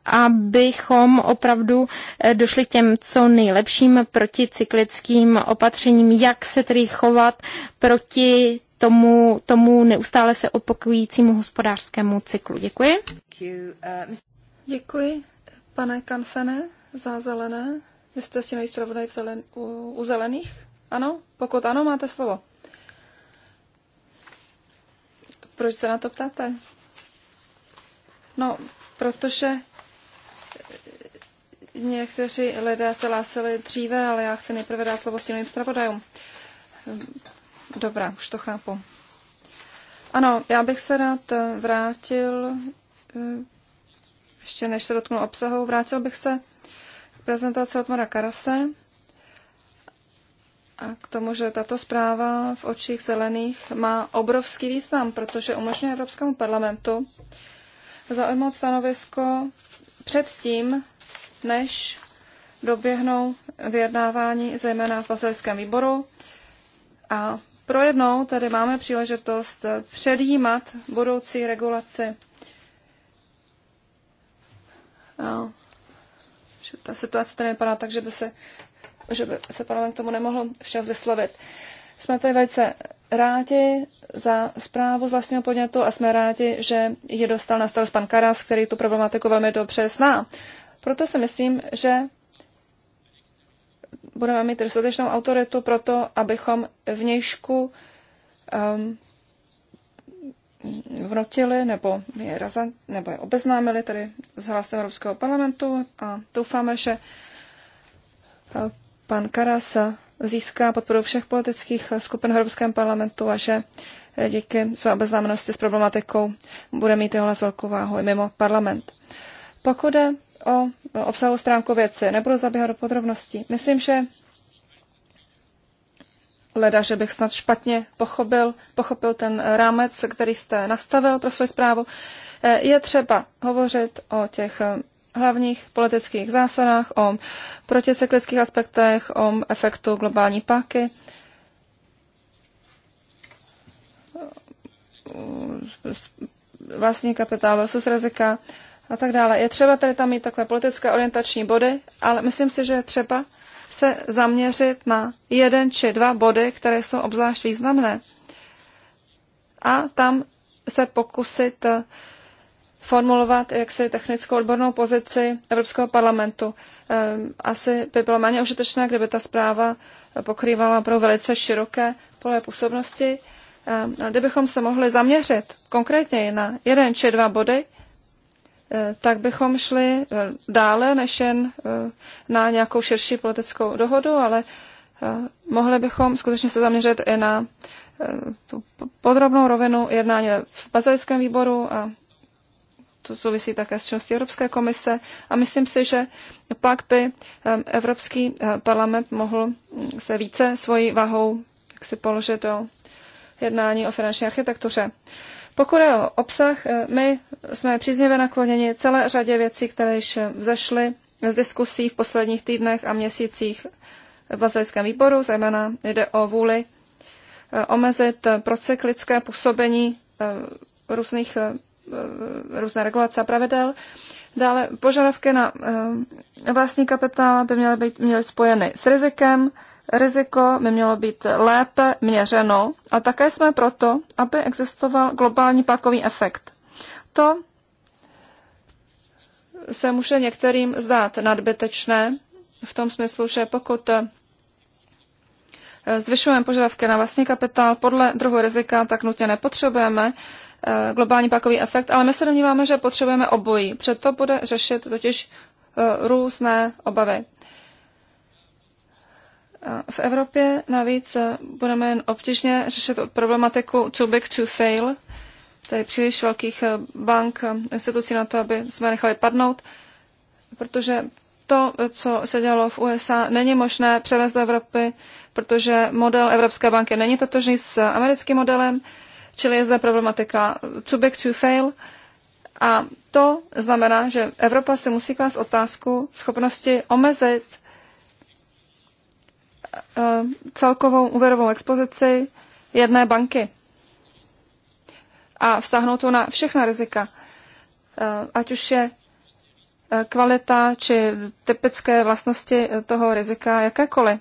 Speaker 2: abychom opravdu eh, došli k těm co nejlepším proticyklickým opatřením, jak se tedy chovat proti tomu, tomu neustále se opakujícímu hospodářskému cyklu. Děkuji.
Speaker 1: Děkuji, pane Kanfene, za zelené. Vy jste si nejspravodaj u, u zelených? Ano? Pokud ano, máte slovo. Proč se na to ptáte? No, protože někteří lidé se lásili dříve, ale já chci nejprve dát slovo stínovým stravodajům. Dobrá, už to chápu. Ano, já bych se rád vrátil, eh, ještě než se dotknu obsahu, vrátil bych se k prezentaci od Mara Karase a k tomu, že tato zpráva v očích zelených má obrovský význam, protože umožňuje Evropskému parlamentu zaujmout stanovisko předtím, než doběhnou vyjednávání, zejména v Vazelském výboru. A pro jednou tady máme příležitost předjímat budoucí regulaci. A ta situace tady vypadá tak, že by se že by se parlament k tomu nemohl včas vyslovit. Jsme tady velice rádi za zprávu z vlastního podnětu a jsme rádi, že ji dostal na starost pan Karas, který tu problematiku velmi dobře zná. Proto si myslím, že budeme mít dostatečnou autoritu pro to, abychom vnějšku um, vnutili nebo je, razant, nebo je obeznámili tady s hlasem Evropského parlamentu a doufáme, že pan Karas získá podporu všech politických skupin v Evropském parlamentu a že eh, díky své obeznámenosti s problematikou bude mít jeho hlas velkou váhu i mimo parlament. Pokud jde o obsahovou stránku věci, nebudu zabíhat do podrobností. Myslím, že leda, že bych snad špatně pochopil, pochopil ten rámec, který jste nastavil pro svou zprávu. Eh, je třeba hovořit o těch eh, hlavních politických zásadách, o proticyklických aspektech, o efektu globální páky. vlastní kapitál versus rizika a tak dále. Je třeba tady tam mít takové politické orientační body, ale myslím si, že je třeba se zaměřit na jeden či dva body, které jsou obzvlášť významné. A tam se pokusit formulovat jaksi technickou odbornou pozici Evropského parlamentu. Ehm, asi by bylo méně užitečné, kdyby ta zpráva pokrývala pro velice široké pole působnosti. Ehm, kdybychom se mohli zaměřit konkrétně na jeden či dva body, eh, tak bychom šli eh, dále než jen eh, na nějakou širší politickou dohodu, ale mohli bychom skutečně se zaměřit i na tu podrobnou rovinu jednání v bazilickém výboru a to souvisí také s činností Evropské komise a myslím si, že pak by Evropský eh, parlament mohl mm, se více svojí vahou jak si položit do jednání o finanční architektuře. Pokud je o obsah, eh, my jsme příznivě nakloněni celé řadě věcí, které již eh, vzešly z diskusí v posledních týdnech a měsících v bazilickém výboru, zejména jde o vůli omezit procyklické působení různých Eh, různé regulace a pravidel. Dále požadavky na eh, vlastní kapitál by měly být měly spojeny s rizikem, riziko by mělo být lépe měřeno a také jsme proto, aby existoval globální pakový efekt. To se může některým zdát nadbytečné v tom smyslu, že pokud eh, zvyšujeme požadavky na vlastní kapitál podle druhu rizika, tak nutně nepotřebujeme Eh, globální pakový efekt, ale my se domníváme, že potřebujeme obojí. Přeto bude řešit totiž eh, různé obavy. Eh, v Evropě navíc budeme jen obtížně řešit problematiku too big to fail, tedy příliš velkých bank, institucí na to, aby jsme nechali padnout, protože to, co se dělo v USA, není možné převést do Evropy, protože model Evropské banky není totožný s americkým modelem. Čili je zde problematika too big to fail a to znamená, že Evropa se musí klást otázku schopnosti omezit eh, celkovou úvěrovou expozici jedné banky a vztáhnout to na všechna rizika, eh, ať už je eh, kvalita či typické vlastnosti toho rizika jakékoliv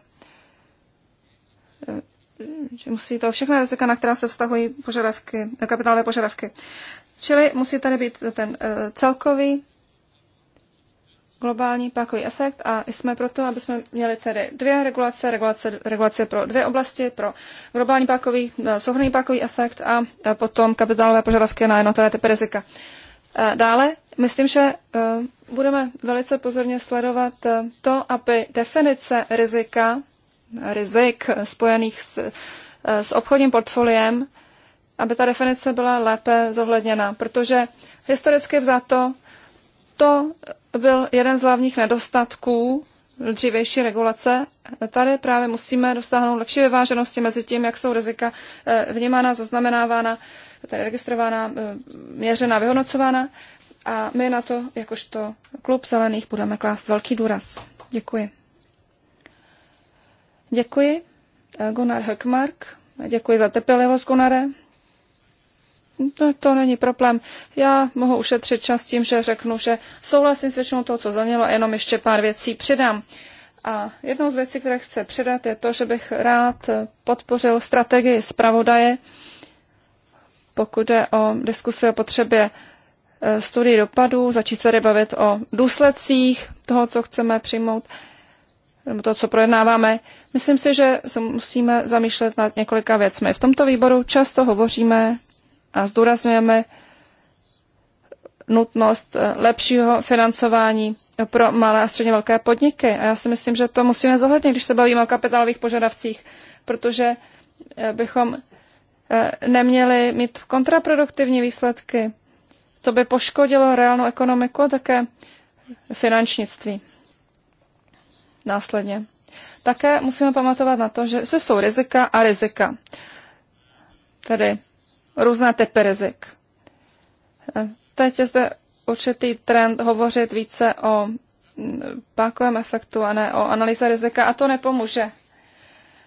Speaker 1: že musí to všechna rizika, na která se vztahují požadavky, eh, kapitálové požadavky. Čili musí tady být ten eh, celkový globální pákový efekt a jsme proto, aby jsme měli tedy dvě regulace, regulace, regulace pro dvě oblasti, pro globální pákový, eh, souhrný pákový efekt a potom kapitálové požadavky na jednotlivé typy rizika. Dále, myslím, že budeme velice pozorně sledovat to, aby definice rizika rizik spojených s, s obchodním portfoliem, aby ta definice byla lépe zohledněna, protože historicky vzato to byl jeden z hlavních nedostatků dřívější regulace. Tady právě musíme dosáhnout lepší vyváženosti mezi tím, jak jsou rizika eh, vnímána, zaznamenávána, tady registrována, eh, měřena, vyhodnocována. A my na to, jakožto klub zelených, budeme klást velký důraz. Děkuji. Děkuji, eh, Gunnar Höckmark. Děkuji za trpělivost, Gunnare. No, to není problém. Já mohu ušetřit čas tím, že řeknu, že souhlasím s většinou toho, co zaznělo, jenom ještě pár věcí přidám. A jednou z věcí, které chci přidat, je to, že bych rád podpořil strategii zpravodaje, pokud je o diskusi o potřebě eh, studii dopadů, začít se bavit o důsledcích toho, co chceme přijmout nebo to, co projednáváme, myslím si, že se musíme zamýšlet nad několika věcmi. V tomto výboru často hovoříme a zdůrazňujeme nutnost eh, lepšího financování pro malé a středně velké podniky. A já si myslím, že to musíme zohlednit, když se bavíme o kapitálových požadavcích, protože eh, bychom eh, neměli mít kontraproduktivní výsledky. To by poškodilo reálnou ekonomiku a také finančnictví následně. Také musíme pamatovat na to, že jsou rizika a rizika. Tedy různé typy rizik. E, Teď je zde určitý trend hovořit více o pákovém efektu a ne o analýze rizika a to nepomůže.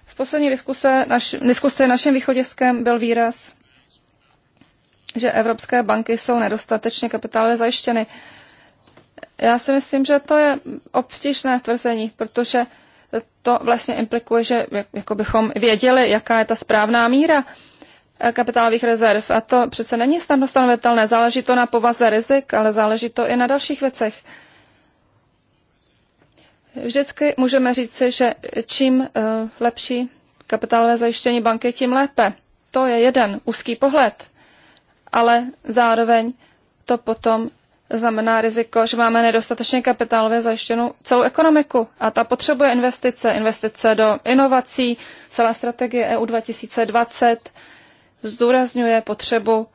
Speaker 1: V poslední diskuse, naš, diskuse našem východiskem byl výraz, že evropské banky jsou nedostatečně kapitálově zajištěny. Já si myslím, že to je obtížné tvrzení, protože to vlastně implikuje, že jako bychom věděli, jaká je ta správná míra eh, kapitálových rezerv. A to přece není snadno stanovitelné. Záleží to na povaze rizik, ale záleží to i na dalších věcech. Vždycky můžeme říci, že čím eh, lepší kapitálové zajištění banky, tím lépe. To je jeden úzký pohled, ale zároveň to potom znamená riziko, že máme nedostatečně kapitálově zajištěnou celou ekonomiku. A ta potřebuje investice, investice do inovací, celá strategie EU 2020 zdůrazňuje potřebu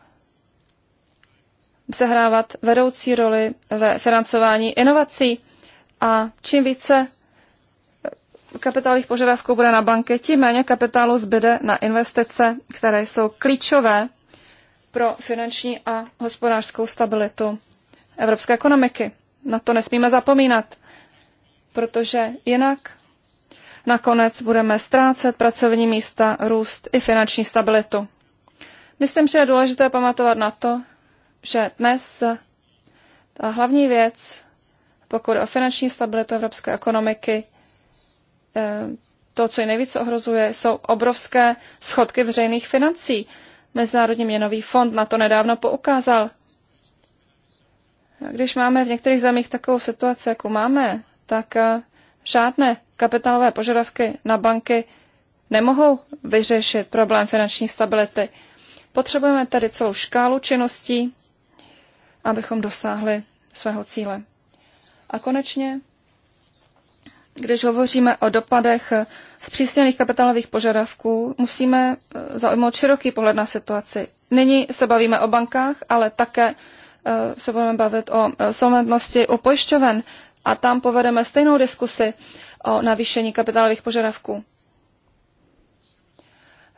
Speaker 1: sehrávat vedoucí roli ve financování inovací. A čím více kapitálových požadavků bude na banky, tím méně kapitálu zbyde na investice, které jsou klíčové pro finanční a hospodářskou stabilitu evropské ekonomiky. Na to nesmíme zapomínat, protože jinak nakonec budeme ztrácet pracovní místa, růst i finanční stabilitu. Myslím, že je důležité pamatovat na to, že dnes ta hlavní věc, pokud o finanční stabilitu evropské ekonomiky, eh, to, co ji nejvíce ohrozuje, jsou obrovské schodky veřejných financí. Mezinárodní měnový fond na to nedávno poukázal. Když máme v některých zemích takovou situaci, jakou máme, tak eh, žádné kapitálové požadavky na banky nemohou vyřešit problém finanční stability. Potřebujeme tedy celou škálu činností, abychom dosáhli svého cíle. A konečně, když hovoříme o dopadech eh, zpřísněných kapitálových požadavků, musíme eh, zaujmout široký pohled na situaci. Nyní se bavíme o bankách, ale také Eh, se budeme bavit o eh, solventnosti u pojišťoven a tam povedeme stejnou diskusi o navýšení kapitálových požadavků.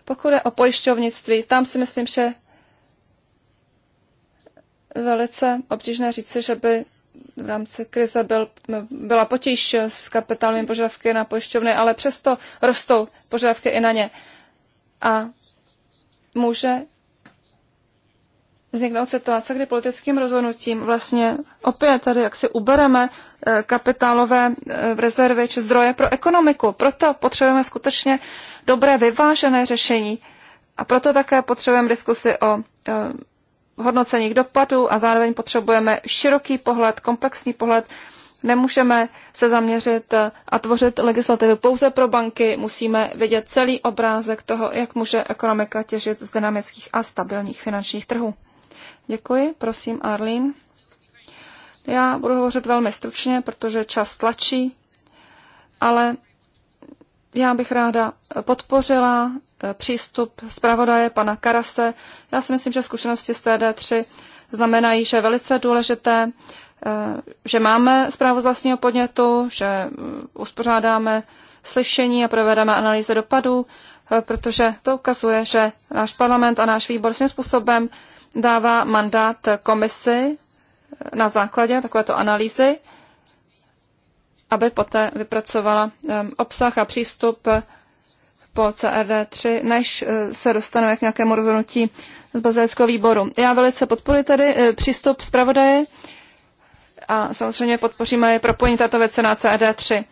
Speaker 1: Pokud je o pojišťovnictví, tam si myslím, že velice obtížné říci, že by v rámci krize byl, byla potíž s kapitálovými požadavky na pojišťovny, ale přesto rostou požadavky i na ně. A může vzniknout situace, kdy politickým rozhodnutím vlastně opět tady jak si ubereme eh, kapitálové eh, rezervy či zdroje pro ekonomiku. Proto potřebujeme skutečně dobré vyvážené řešení a proto také potřebujeme diskusy o eh, hodnocení dopadů a zároveň potřebujeme široký pohled, komplexní pohled. Nemůžeme se zaměřit a tvořit legislativu pouze pro banky, musíme vidět celý obrázek toho, jak může ekonomika těžit z dynamických a stabilních finančních trhů. Děkuji, prosím, Arlín. Já budu hovořit velmi stručně, protože čas tlačí, ale já bych ráda podpořila eh, přístup zpravodaje pana Karase. Já si myslím, že zkušenosti z TD3 znamenají, že je velice důležité, eh, že máme zprávu z vlastního podnětu, že eh, uspořádáme slyšení a provedeme analýzy dopadů, protože to ukazuje, že náš parlament a náš výbor svým způsobem dává mandát komisi eh, na základě takovéto analýzy, aby poté vypracovala eh, obsah a přístup eh, po CRD 3, než se dostaneme k nějakému rozhodnutí z bazilického výboru. Já velice podporuji tedy přístup zpravodaje a samozřejmě podpoříme i propojení této věci na CRD 3.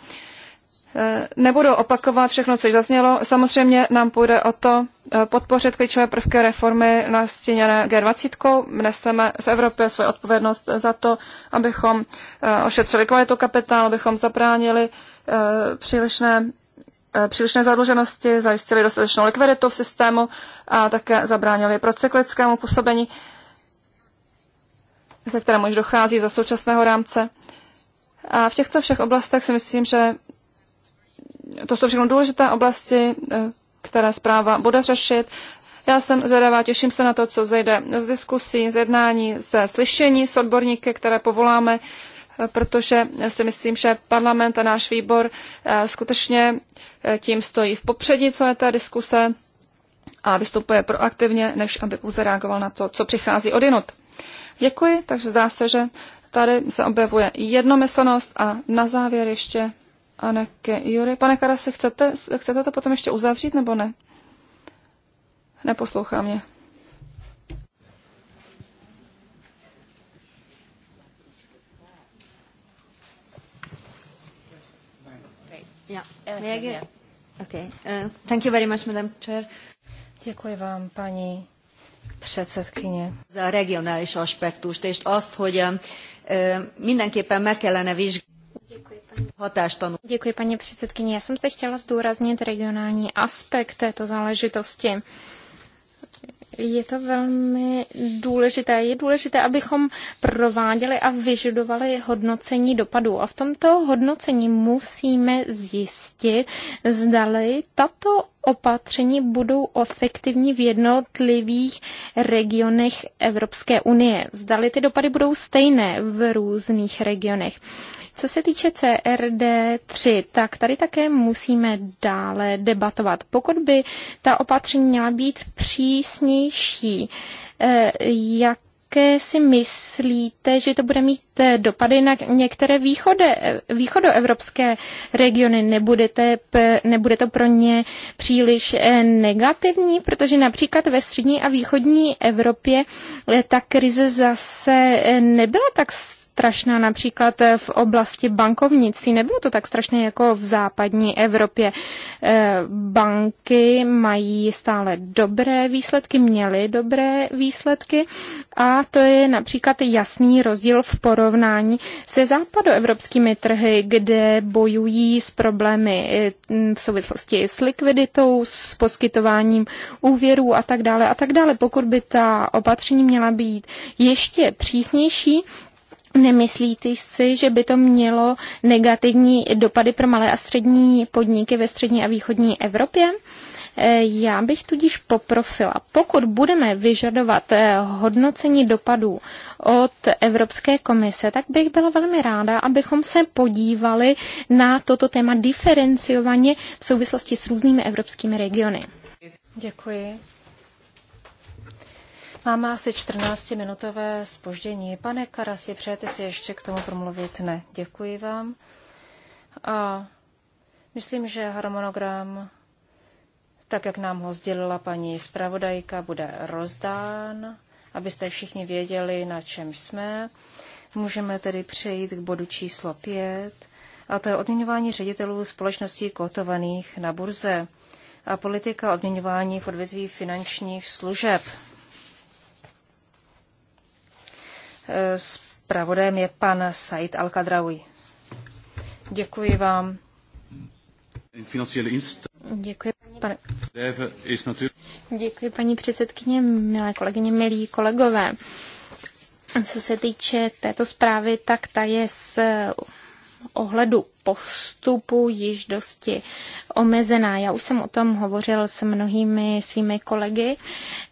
Speaker 1: Eh, nebudu opakovat všechno, co zaznělo. Samozřejmě nám půjde o to eh, podpořit klíčové prvky reformy nastěněné G20. Neseme v Evropě svoji odpovědnost za to, abychom eh, ošetřili kvalitu kapitálu, abychom zabránili přílišné přílišné zadluženosti, zajistili dostatečnou likviditu v systému a také zabránili procyklickému působení, ke kterému již dochází za současného rámce. A v těchto všech oblastech si myslím, že to jsou všechno důležité oblasti, eh, které zpráva bude řešit. Já jsem zvědavá, těším se na to, co zejde z diskusí, z jednání, ze slyšení s odborníky, které povoláme, eh, protože si myslím, že parlament a náš výbor eh, skutečně tím stojí v popředí celé té diskuse a vystupuje proaktivně, než aby pouze reagoval na to, co přichází od jinut. Děkuji, takže zdá se, že tady se objevuje jednomyslnost a na závěr ještě Aneke Jury. Pane Karase, chcete, chcete to potom ještě uzavřít nebo ne? Neposlouchá mě.
Speaker 3: Uh, Děkuji vám, paní předsedkyně. Za regionális
Speaker 2: aspektust, és azt, hogy mindenképpen meg kellene vizsgálni. Děkuji, paní předsedkyně. Já jsem zde chtěla zdůraznit regionální aspekt této záležitosti. Je to velmi důležité. Je důležité, abychom prováděli a vyžadovali hodnocení dopadů. A v tomto hodnocení musíme zjistit, zdali tato opatření budou efektivní v jednotlivých regionech Evropské unie. Zdali ty dopady budou stejné v různých regionech. Co se týče CRD3, tak tady také musíme dále debatovat. Pokud by ta opatření měla být přísnější, jak eh, jaké si myslíte, že to bude mít eh, dopady na některé východe, eh, východoevropské regiony? Nebudete, nebude to pro ně příliš negativní, protože například ve střední a východní Evropě ta krize zase nebyla tak strašná například v oblasti bankovnictví. Nebylo to tak strašné jako v západní Evropě. Eh, banky mají stále dobré výsledky, měly dobré výsledky a to je například jasný rozdíl v porovnání se západoevropskými trhy, kde bojují s problémy eh, v souvislosti s likviditou, s poskytováním úvěrů a tak dále a tak dále. Pokud by ta opatření měla být ještě přísnější, Nemyslíte si, že by to mělo negativní dopady pro malé a střední podniky ve střední a východní Evropě? Eh, já bych tudíž poprosila, pokud budeme vyžadovat eh, hodnocení dopadů od Evropské komise, tak bych byla velmi ráda, abychom se podívali na toto téma diferenciovaně v souvislosti s různými evropskými regiony.
Speaker 3: Děkuji. Máme asi 14-minutové spoždění. Pane Karasi, přejete si ještě k tomu promluvit? Ne, děkuji vám. A myslím, že harmonogram, tak jak nám ho sdělila paní zpravodajka, bude rozdán, abyste všichni věděli, na čem jsme. Můžeme tedy přejít k bodu číslo 5, a to je odměňování ředitelů společností kotovaných na burze a politika odměňování v odvětví finančních služeb. Spravodajem je pan Said Al-Kadraoui.
Speaker 2: Děkuji vám. Děkuji, pane. Děkuji, paní předsedkyně, milé kolegyně, milí kolegové. Co se týče této zprávy, tak ta je s ohledu postupu již dosti omezená. Já už jsem o tom hovořil s mnohými svými kolegy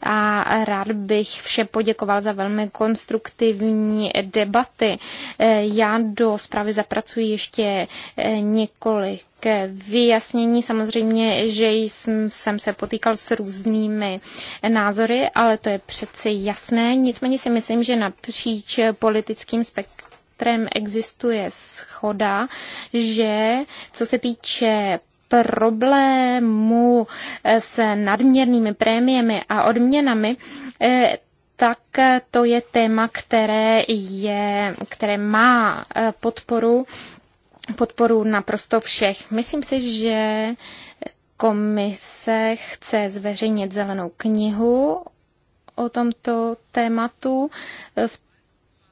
Speaker 2: a rád bych vše poděkoval za velmi konstruktivní debaty. Eh, já do zprávy zapracuji ještě eh, několik k vyjasnění. Samozřejmě, že jsem, jsem se potýkal s různými názory, ale to je přeci jasné. Nicméně si myslím, že napříč politickým spektrem kterém existuje schoda, že co se týče problému eh, s nadměrnými prémiemi a odměnami, eh, tak to je téma, které, je, které má eh, podporu, podporu naprosto všech. Myslím si, že komise chce zveřejnit zelenou knihu o tomto tématu v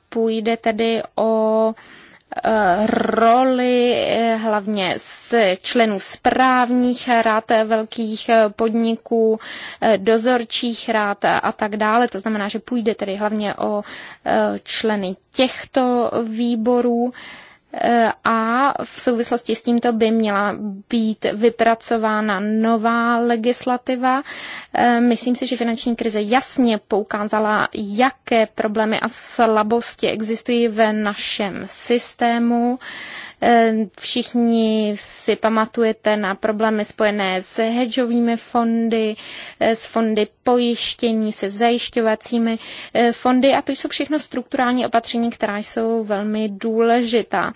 Speaker 2: půjde tedy o e, roli e, hlavně z členů správních rád velkých e, podniků, dozorčích rád a tak dále. To znamená, že půjde tedy hlavně o členy těchto výborů a v souvislosti s tímto by měla být vypracována nová legislativa. E, myslím si, že finanční krize jasně poukázala, jaké problémy a slabosti existují ve našem systému. Ehm, všichni si pamatujete na problémy spojené s hedžovými fondy, eh, s fondy pojištění, se zajišťovacími eh, fondy a to jsou všechno strukturální opatření, která jsou velmi důležitá.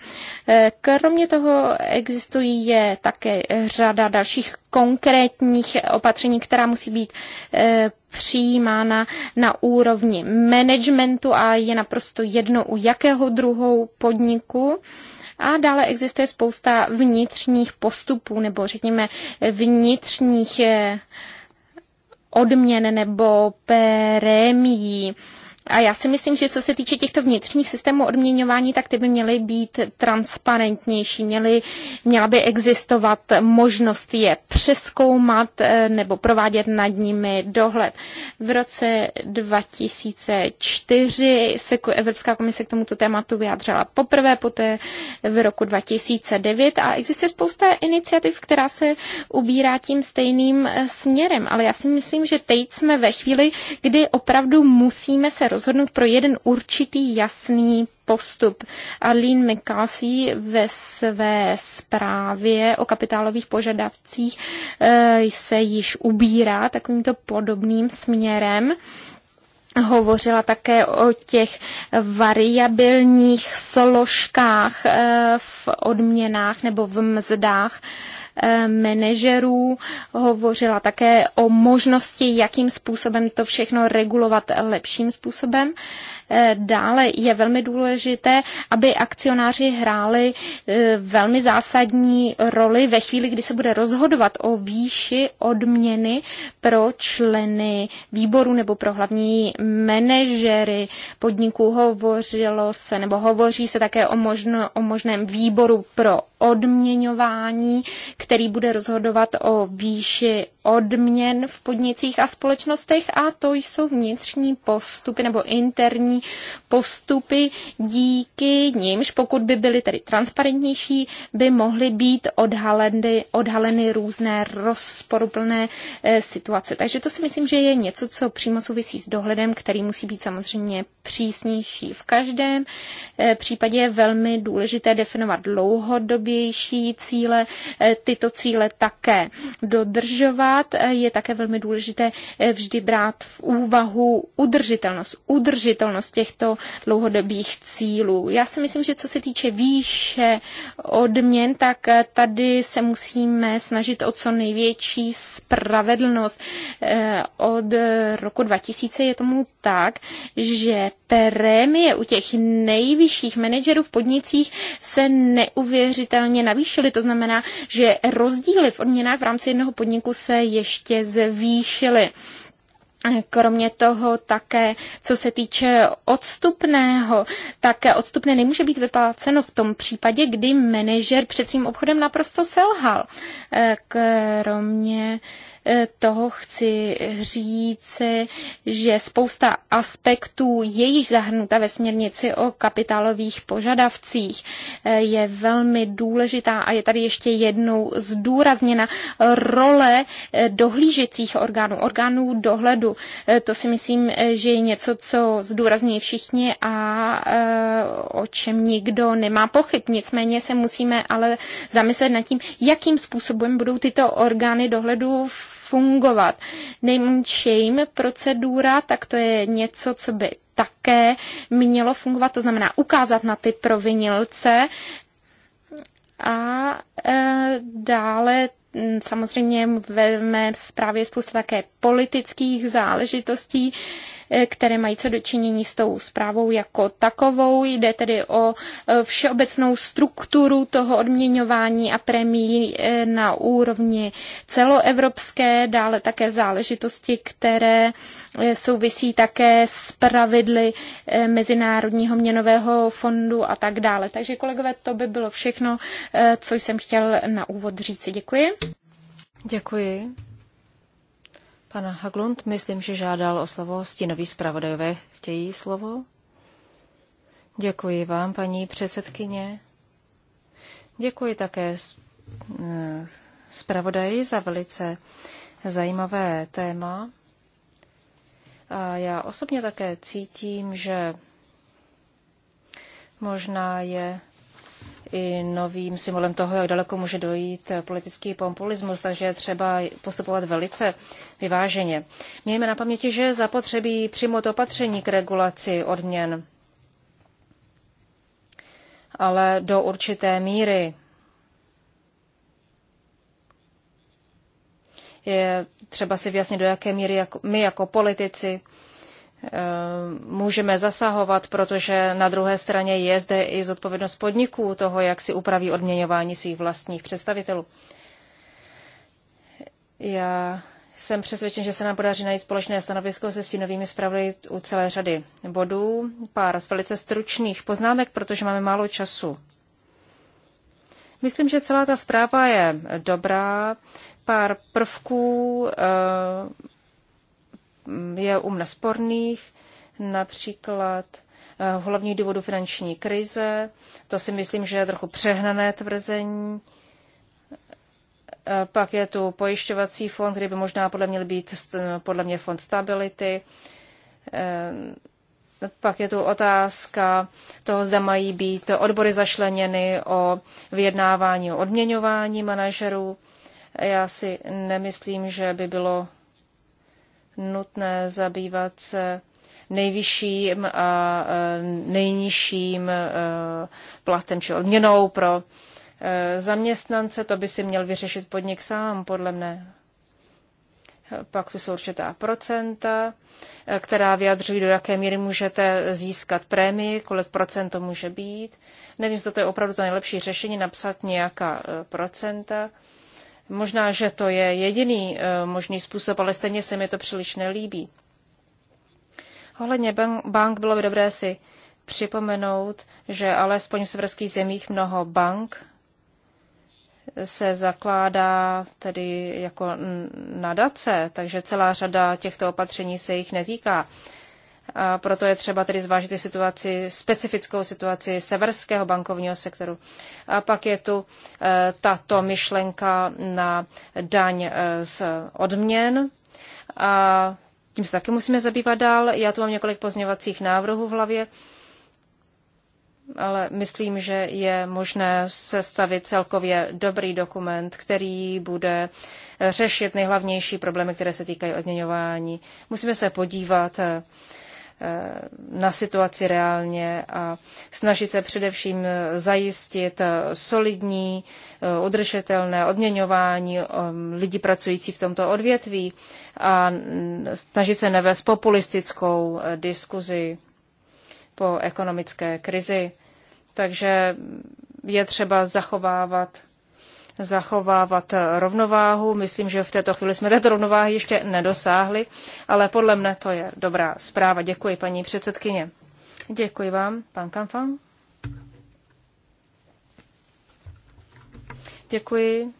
Speaker 2: Eh, kromě toho existují je také řada dalších konkrétních opatření, která musí být přijímána na úrovni managementu a je naprosto jedno u jakého druhou podniku a dále existuje spousta vnitřních postupů nebo řekněme vnitřních eh, odměn nebo prémií a já si myslím, že co se týče těchto vnitřních systémů odměňování, tak ty by měly být transparentnější, měly, měla by existovat možnost je přeskoumat eh, nebo provádět nad nimi dohled. V roce 2004 se Evropská komise k tomuto tématu vyjádřila poprvé, poté v roku 2009 a existuje spousta iniciativ, která se ubírá tím stejným eh, směrem, ale já si myslím, že teď jsme ve chvíli, kdy opravdu musíme se rozhodnout pro jeden určitý jasný postup. Arlene McCarthy ve své zprávě o kapitálových požadavcích eh, se již ubírá takovýmto podobným směrem hovořila také o těch variabilních složkách eh, v odměnách nebo v mzdách eh, manažerů, hovořila také o možnosti, jakým způsobem to všechno regulovat lepším způsobem. Eh, dále je velmi důležité, aby akcionáři hráli eh, velmi zásadní roli ve chvíli, kdy se bude rozhodovat o výši odměny pro členy výboru nebo pro hlavní manažery podniků. Hovořilo se nebo hovoří se také o, možno, o možném výboru pro odměňování, který bude rozhodovat o výši odměn v podnicích a společnostech a to jsou vnitřní postupy nebo interní legislativní postupy, díky nímž, pokud by byly tedy transparentnější, by mohly být odhaleny, odhaleny různé rozporuplné eh, situace. Takže to si myslím, že je něco, co přímo souvisí s dohledem, který musí být samozřejmě přísnější. V každém eh, případě je velmi důležité definovat dlouhodobější cíle, eh, tyto cíle také dodržovat. Eh, je také velmi důležité vždy brát v úvahu udržitelnost, udržitelnost těchto dlouhodobých cílů. Já si myslím, že co se týče výše odměn, tak tady se musíme snažit o co největší spravedlnost. Od roku 2000 je tomu tak, že prémie u těch nejvyšších manažerů v podnicích se neuvěřitelně navýšily. To znamená, že rozdíly v odměnách v rámci jednoho podniku se ještě zvýšily. Kromě toho také, co se týče odstupného, tak odstupné nemůže být vypláceno v tom případě, kdy manažer před svým obchodem naprosto selhal. Kromě Eh, toho chci říci, že spousta aspektů je již zahrnuta ve směrnici o kapitálových požadavcích. Eh, je velmi důležitá a je tady ještě jednou zdůrazněna role eh, dohlížecích orgánů, orgánů dohledu. To si myslím, že je něco, co zdůrazňují všichni a o čem nikdo nemá pochyb. Nicméně se musíme ale zamyslet nad tím, jakým způsobem budou tyto orgány dohledu v fungovat. Nejmenším procedura, tak to je něco, co by také mělo fungovat, to znamená ukázat na ty provinilce a e, dále samozřejmě ve mé zprávě spousta také politických záležitostí, Eh, které mají co dočinění s tou zprávou jako takovou. Jde tedy o eh, všeobecnou strukturu toho odměňování a premií eh, na úrovni celoevropské, dále také záležitosti, které souvisí také s pravidly Mezinárodního měnového fondu a tak dále. Takže kolegové, to by bylo všechno, co jsem chtěl na úvod říci. Děkuji. Děkuji.
Speaker 3: Pana Haglund, myslím, že žádal o slovo. Stinoví zpravodajové chtějí slovo? Děkuji vám, paní předsedkyně. Děkuji také eh, zpravodaji za velice zajímavé téma. A já osobně také cítím, že možná je i novým symbolem toho, jak daleko může dojít politický populismus, takže je třeba postupovat velice vyváženě. Mějme na paměti, že zapotřebí přijmout opatření k regulaci odměn, ale do určité míry. Je třeba si vyjasnit, do jaké míry my jako politici Eh, můžeme zasahovat, protože na druhé straně je zde i zodpovědnost podniků toho, jak si upraví odměňování svých vlastních představitelů. Já jsem přesvědčen, že se nám podaří najít společné stanovisko se stínovými zpravodaji u celé řady bodů. Pár velice stručných poznámek, protože máme málo času. Myslím, že celá ta zpráva je dobrá. Pár prvků eh, je u mne sporných, například eh, hlavní důvodu finanční krize. To si myslím, že je trochu přehnané tvrzení. Eh, pak je tu pojišťovací fond, který by možná podle mě měl být eh, podle mě fond stability. Pak je tu otázka toho, zda mají být odbory zašleněny o vyjednávání o odměňování manažerů. Já si nemyslím, že by bylo nutné zabývat se nejvyšším a e, nejnižším e, platem či odměnou pro e, zaměstnance. To by si měl vyřešit podnik sám, podle mne. Pak tu jsou určitá procenta, která vyjadřují, do jaké míry můžete získat prémii, kolik procent to může být. Nevím, zda to je opravdu to nejlepší řešení, napsat nějaká procenta. Možná, že to je jediný eh, možný způsob, ale stejně se mi to příliš nelíbí. Ohledně bank bylo by dobré si připomenout, že alespoň v severských zemích mnoho bank se zakládá tedy jako nadace, takže celá řada těchto opatření se jich netýká. A proto je třeba tedy zvážit situaci, specifickou situaci severského bankovního sektoru. A pak je tu e, tato myšlenka na daň e, z odměn. A tím se taky musíme zabývat dál. Já tu mám několik pozměňovacích návrhů v hlavě, ale myslím, že je možné sestavit celkově dobrý dokument, který bude řešit nejhlavnější problémy, které se týkají odměňování. Musíme se podívat e, Eh, na situaci reálně a snažit se především zajistit solidní, eh, udržitelné odměňování eh, lidí pracující v tomto odvětví a snažit se nevést populistickou diskuzi po ekonomické krizi. Takže je třeba zachovávat zachovávat rovnováhu. Myslím, že v této chvíli jsme této rovnováhy ještě nedosáhli, ale podle mne to je dobrá zpráva. Děkuji, paní předsedkyně. Děkuji vám, pan Kamfan. Děkuji.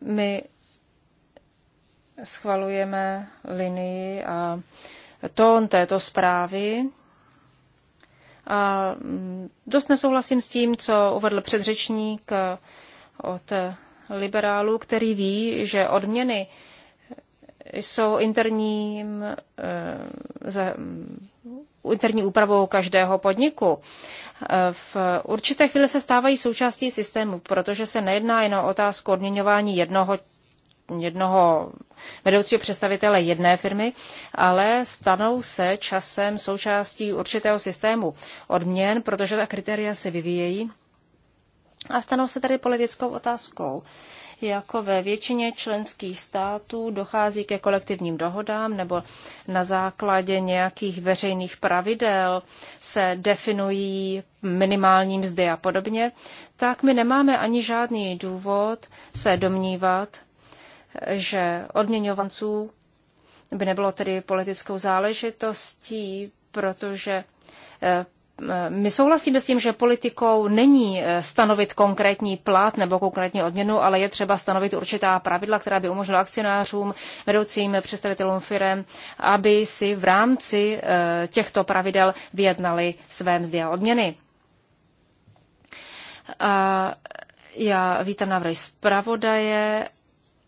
Speaker 3: My schvalujeme linii a tón této zprávy. Mm, dost nesouhlasím s tím, co uvedl předřečník eh, od eh, liberálů, který ví, že odměny eh, jsou interním, mm, interní úpravou každého podniku. V určité chvíli se stávají součástí systému, protože se nejedná jen o otázku odměňování jednoho jednoho vedoucího představitele jedné firmy, ale stanou se časem součástí určitého systému odměn, protože ta kritéria se vyvíjejí a stanou se tady politickou otázkou. Jako ve většině členských států dochází ke kolektivním dohodám nebo na základě nějakých veřejných pravidel se definují minimální mzdy a podobně, tak my nemáme ani žádný důvod se domnívat, že odměňovanců by nebylo tedy politickou záležitostí, protože eh, eh, my souhlasíme s tím, že politikou není eh, stanovit konkrétní plat nebo konkrétní odměnu, ale je třeba stanovit určitá pravidla, která by umožnila akcionářům, vedoucím představitelům firem, aby si v rámci těchto pravidel vyjednali své mzdy a odměny. A já vítám návrhy zpravodaje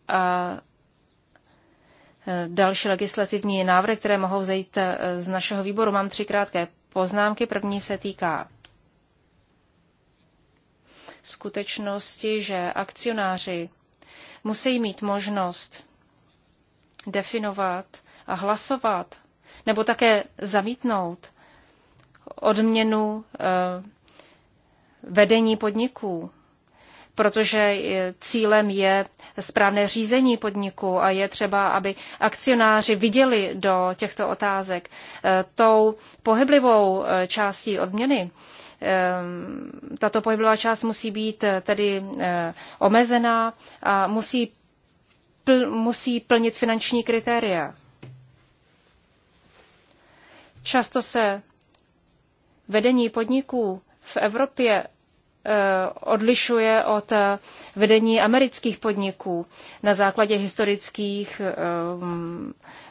Speaker 3: a e, další legislativní návrhy, které mohou zejít e, z našeho výboru. Mám tři krátké poznámky. První se týká skutečnosti, že akcionáři musí mít možnost definovat a hlasovat nebo také zamítnout odměnu e, vedení podniků, protože cílem je správné řízení podniku a je třeba, aby akcionáři viděli do těchto otázek. E, tou pohyblivou e, částí odměny e, tato pohyblivá část musí být tedy omezená a musí, pl, musí plnit finanční kritéria. Často se vedení podniků v Evropě Eh, odlišuje od eh, vedení amerických podniků na základě historických eh,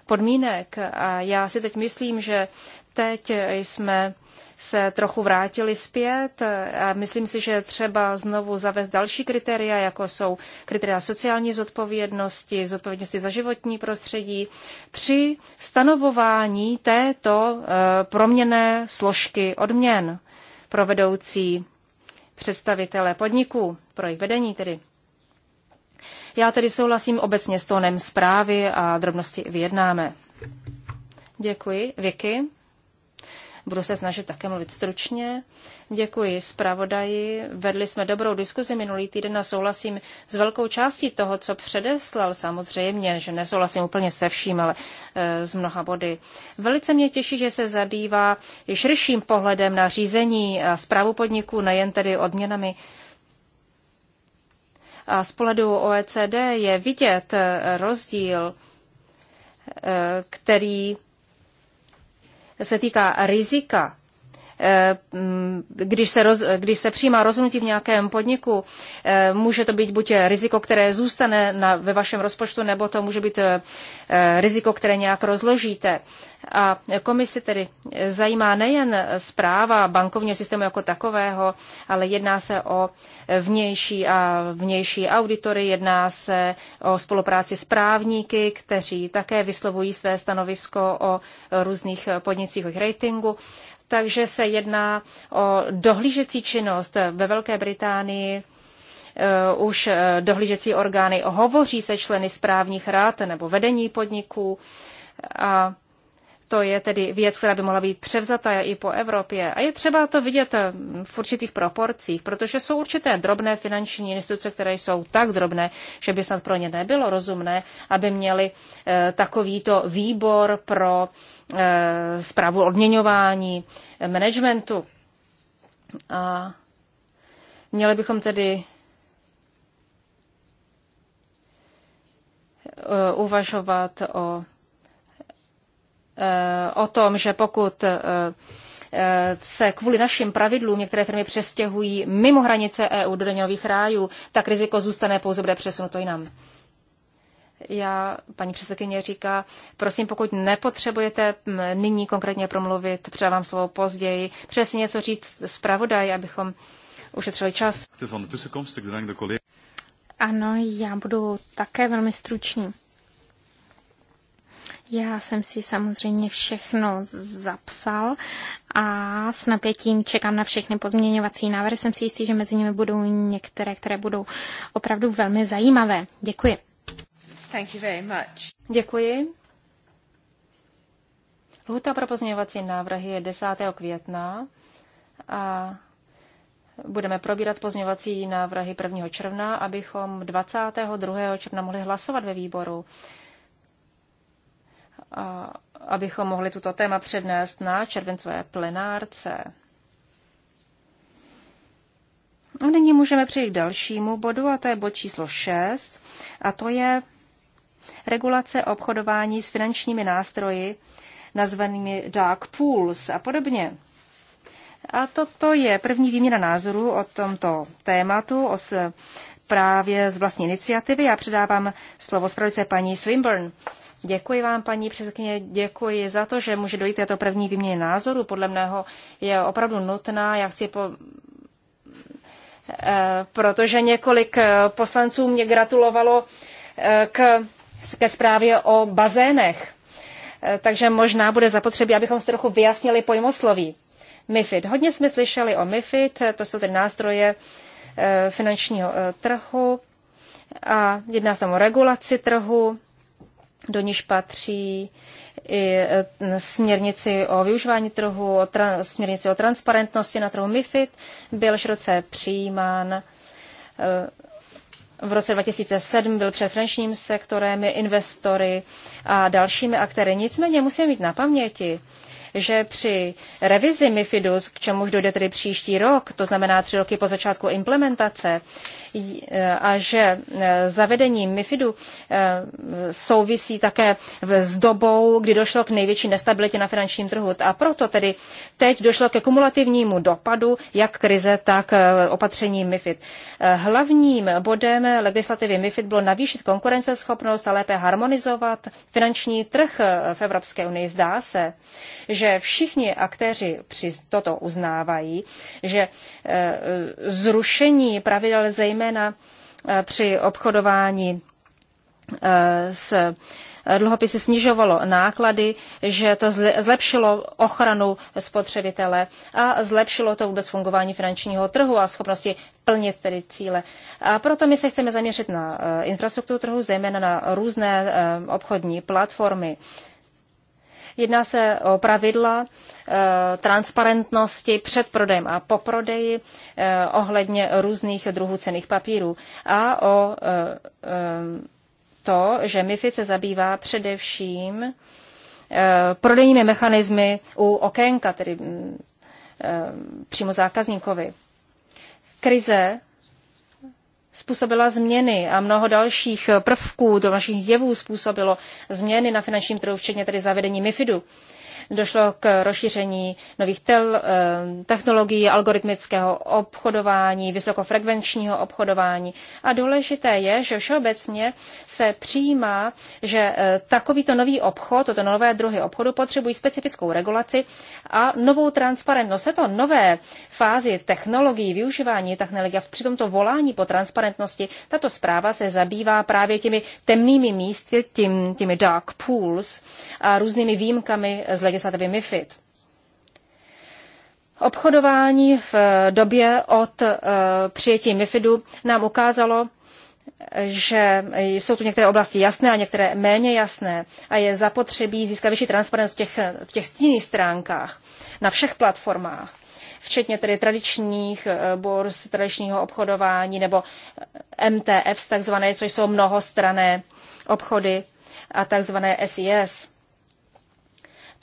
Speaker 3: podmínek. A já si teď myslím, že teď jsme se trochu vrátili zpět a myslím si, že třeba znovu zavést další kritéria, jako jsou kritéria sociální zodpovědnosti, zodpovědnosti za životní prostředí, při stanovování této proměné složky odměn pro vedoucí představitele podniků, pro jejich vedení tedy. Já tedy souhlasím obecně s tónem zprávy a drobnosti vyjednáme. Děkuji. Vicky? Budu se snažit také mluvit stručně. Děkuji zpravodaji. Vedli jsme dobrou diskuzi minulý týden a souhlasím s velkou částí toho, co předeslal. Samozřejmě, že nesouhlasím úplně se vším, ale e, z mnoha body. Velice mě těší, že se zabývá širším pohledem na řízení a zprávu podniků, nejen tedy odměnami. A z pohledu OECD je vidět eh, rozdíl, eh, který se týká rizika Eh, když se, roz, když se přijímá rozhodnutí v nějakém podniku, eh, může to být buď riziko, které zůstane na, ve vašem rozpočtu, nebo to může být eh, riziko, které nějak rozložíte. A komisi tedy zajímá nejen zpráva bankovního systému jako takového, ale jedná se o vnější a vnější auditory, jedná se o spolupráci s právníky, kteří také vyslovují své stanovisko o různých podnicích o ratingu takže se jedná o dohlížecí činnost ve Velké Británii. E, už e, dohlížecí orgány hovoří se členy správních rád nebo vedení podniků a to je tedy věc, která by mohla být převzata i po Evropě. A je třeba to vidět eh, v určitých proporcích, protože jsou určité drobné finanční instituce, které jsou tak drobné, že by snad pro ně nebylo rozumné, aby měli eh, takovýto výbor pro zprávu eh, odměňování managementu. A měli bychom tedy uvažovat o Eh, o tom, že pokud eh, eh, se kvůli našim pravidlům některé firmy přestěhují mimo hranice EU do daňových rájů, tak riziko zůstane pouze bude přesunuto jinam. Já, paní předsedkyně říká, prosím, pokud nepotřebujete mm, nyní konkrétně promluvit, předávám slovo později, přesně něco říct zpravodaj, abychom ušetřili čas.
Speaker 2: Ano, já budu také velmi stručný. Já jsem si samozřejmě všechno zapsal a s napětím čekám na všechny pozměňovací návrhy. Jsem si jistý, že mezi nimi budou některé, které budou opravdu velmi zajímavé. Děkuji. Thank you very
Speaker 3: much. Děkuji. Lhuta pro pozměňovací návrhy je 10. května a budeme probírat pozměňovací návrhy 1. června, abychom 22. června mohli hlasovat ve výboru abychom mohli tuto téma přednést na červencové plenárce. Nyní můžeme přejít k dalšímu bodu, a to je bod číslo 6, a to je regulace obchodování s finančními nástroji nazvanými dark pools a podobně. A toto je první výměna názorů o tomto tématu, o právě z vlastní iniciativy. Já předávám slovo zpravodajce paní Swinburne. Děkuji vám, paní předsedkyně, děkuji za to, že může dojít této první výměně názoru. Podle mého je opravdu nutná. Já chci po eh, protože několik eh, poslanců mě gratulovalo eh, k, ke zprávě o bazénech. Takže možná bude zapotřebí, abychom se trochu vyjasnili pojmosloví. MIFID. Hodně jsme slyšeli o MIFID, to jsou ty nástroje finančního trhu a jedná se o regulaci trhu do níž patří i e, směrnici o využívání trhu, o tra- směrnici o transparentnosti na trhu MIFID, byl široce přijímán. E, v roce 2007 byl před finančním sektorem, investory a dalšími aktéry. Nicméně musíme mít na paměti, že při revizi MIFIDu, k čemuž dojde tedy příští rok, to znamená tři roky po začátku implementace, a že e, zavedení MIFIDu e, souvisí také s dobou, kdy došlo k největší nestabilitě na finančním trhu. A proto tedy teď došlo ke kumulativnímu dopadu jak krize, tak e, opatření MIFID. Hlavním bodem legislativy MIFID bylo navýšit konkurenceschopnost a lépe harmonizovat finanční trh v Evropské unii. Zdá se, že všichni aktéři při toto uznávají, že zrušení pravidel zejména zejména eh, při obchodování eh, s eh, dluhopisy snižovalo náklady, že to zlepšilo ochranu spotřebitele a zlepšilo to vůbec fungování finančního trhu a schopnosti plnit tedy cíle. A proto my se chceme zaměřit na infrastrukturu trhu, zejména na různé obchodní platformy. Jedná se o pravidla eh, transparentnosti před prodejem a po prodeji eh, ohledně různých druhů cených papírů a o eh, to, že MIFID se zabývá především prodejními mechanismy u okénka, tedy mm, přímo zákazníkovi. Krize způsobila změny a mnoho dalších prvků do našich jevů způsobilo změny na finančním trhu, včetně tedy zavedení MIFIDu. Došlo k rozšíření nových tel, eh, technologií, algoritmického obchodování, vysokofrekvenčního obchodování. A důležité je, že všeobecně se přijímá, že eh, takovýto nový obchod, toto nové druhy obchodu potřebují specifickou regulaci a novou transparentnost. Je to nové fázi technologií, využívání technologií a při tomto volání po transparentnosti tato zpráva se zabývá právě těmi temnými místy, tím, těmi dark pools a různými výjimkami z legislativy legislativy MIFID. Obchodování v eh, době od eh, přijetí MIFIDu nám ukázalo, že jsou tu některé oblasti jasné a některé méně jasné a je zapotřebí získat vyšší transparentnost v těch, v těch stinných stránkách na všech platformách, včetně tedy tradičních eh, burs, tradičního obchodování nebo MTFs, takzvané, což jsou mnohostrané obchody a takzvané SIS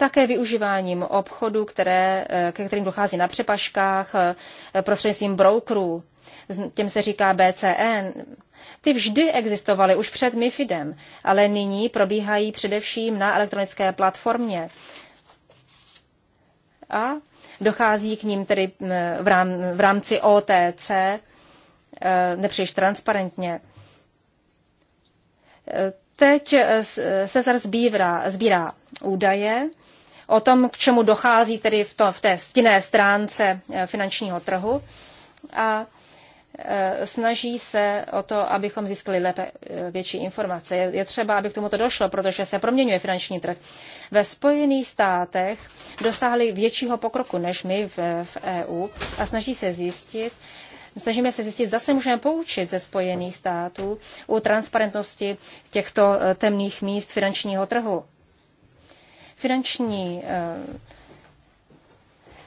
Speaker 3: také využíváním obchodů, které, eh, ke kterým dochází na přepaškách, eh, prostřednictvím brokerů, těm se říká BCN. Ty vždy existovaly už před MIFIDem, ale nyní probíhají především na elektronické platformě. A dochází k ním tedy eh, v, rám, v rámci OTC nepříliš transparentně. Teď Cezar sbírá, sbírá údaje o tom, k čemu dochází tedy v, to, v té stinné stránce eh, finančního trhu a eh, snaží se o to, abychom získali lépe eh, větší informace. Je, třeba, aby k tomuto došlo, protože se proměňuje finanční trh. Ve Spojených státech dosáhli většího pokroku než my v, v EU a snaží se zjistit, snažíme se zjistit, zase můžeme poučit ze Spojených států u transparentnosti těchto temných míst finančního trhu. Finanční eh,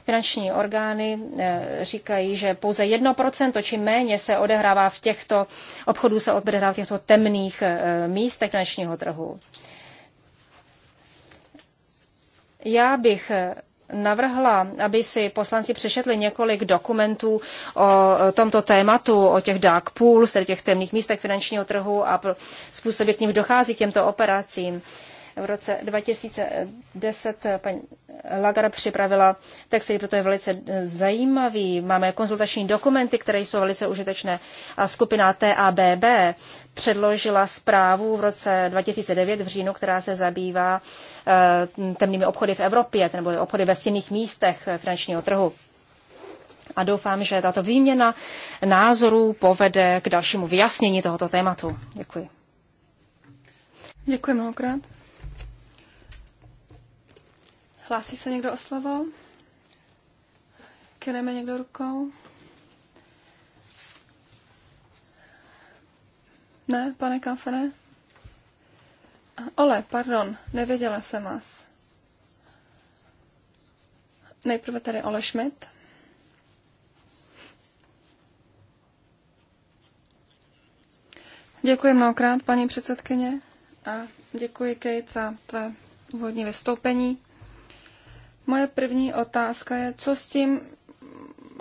Speaker 3: finanční orgány eh, říkají, že pouze 1% či méně se odehrává v těchto obchodů, se odehrává v těchto temných eh, místech finančního trhu. Já bych navrhla, aby si poslanci přešetli několik dokumentů o tomto tématu, o těch dark pools, tedy těch temných místech finančního trhu a způsobě k ním dochází k těmto operacím. V roce 2010 paní Lagarde připravila text, který proto je velice zajímavý. Máme konzultační dokumenty, které jsou velice užitečné. A skupina TABB předložila zprávu v roce 2009 v říjnu, která se zabývá eh, temnými obchody v Evropě, nebo obchody ve stěných místech eh, finančního trhu a doufám, že tato výměna názorů povede k dalšímu vyjasnění tohoto tématu. Děkuji.
Speaker 1: Děkuji mnohokrát. Hlásí se někdo o slovo? Kyneme někdo rukou? Ne, pane Kafene? Ole, pardon, nevěděla jsem vás. Nejprve tady Ole Schmidt. Děkuji mnohokrát, paní předsedkyně, a děkuji Kate za tvé úvodní vystoupení. Moje první otázka je, co s tím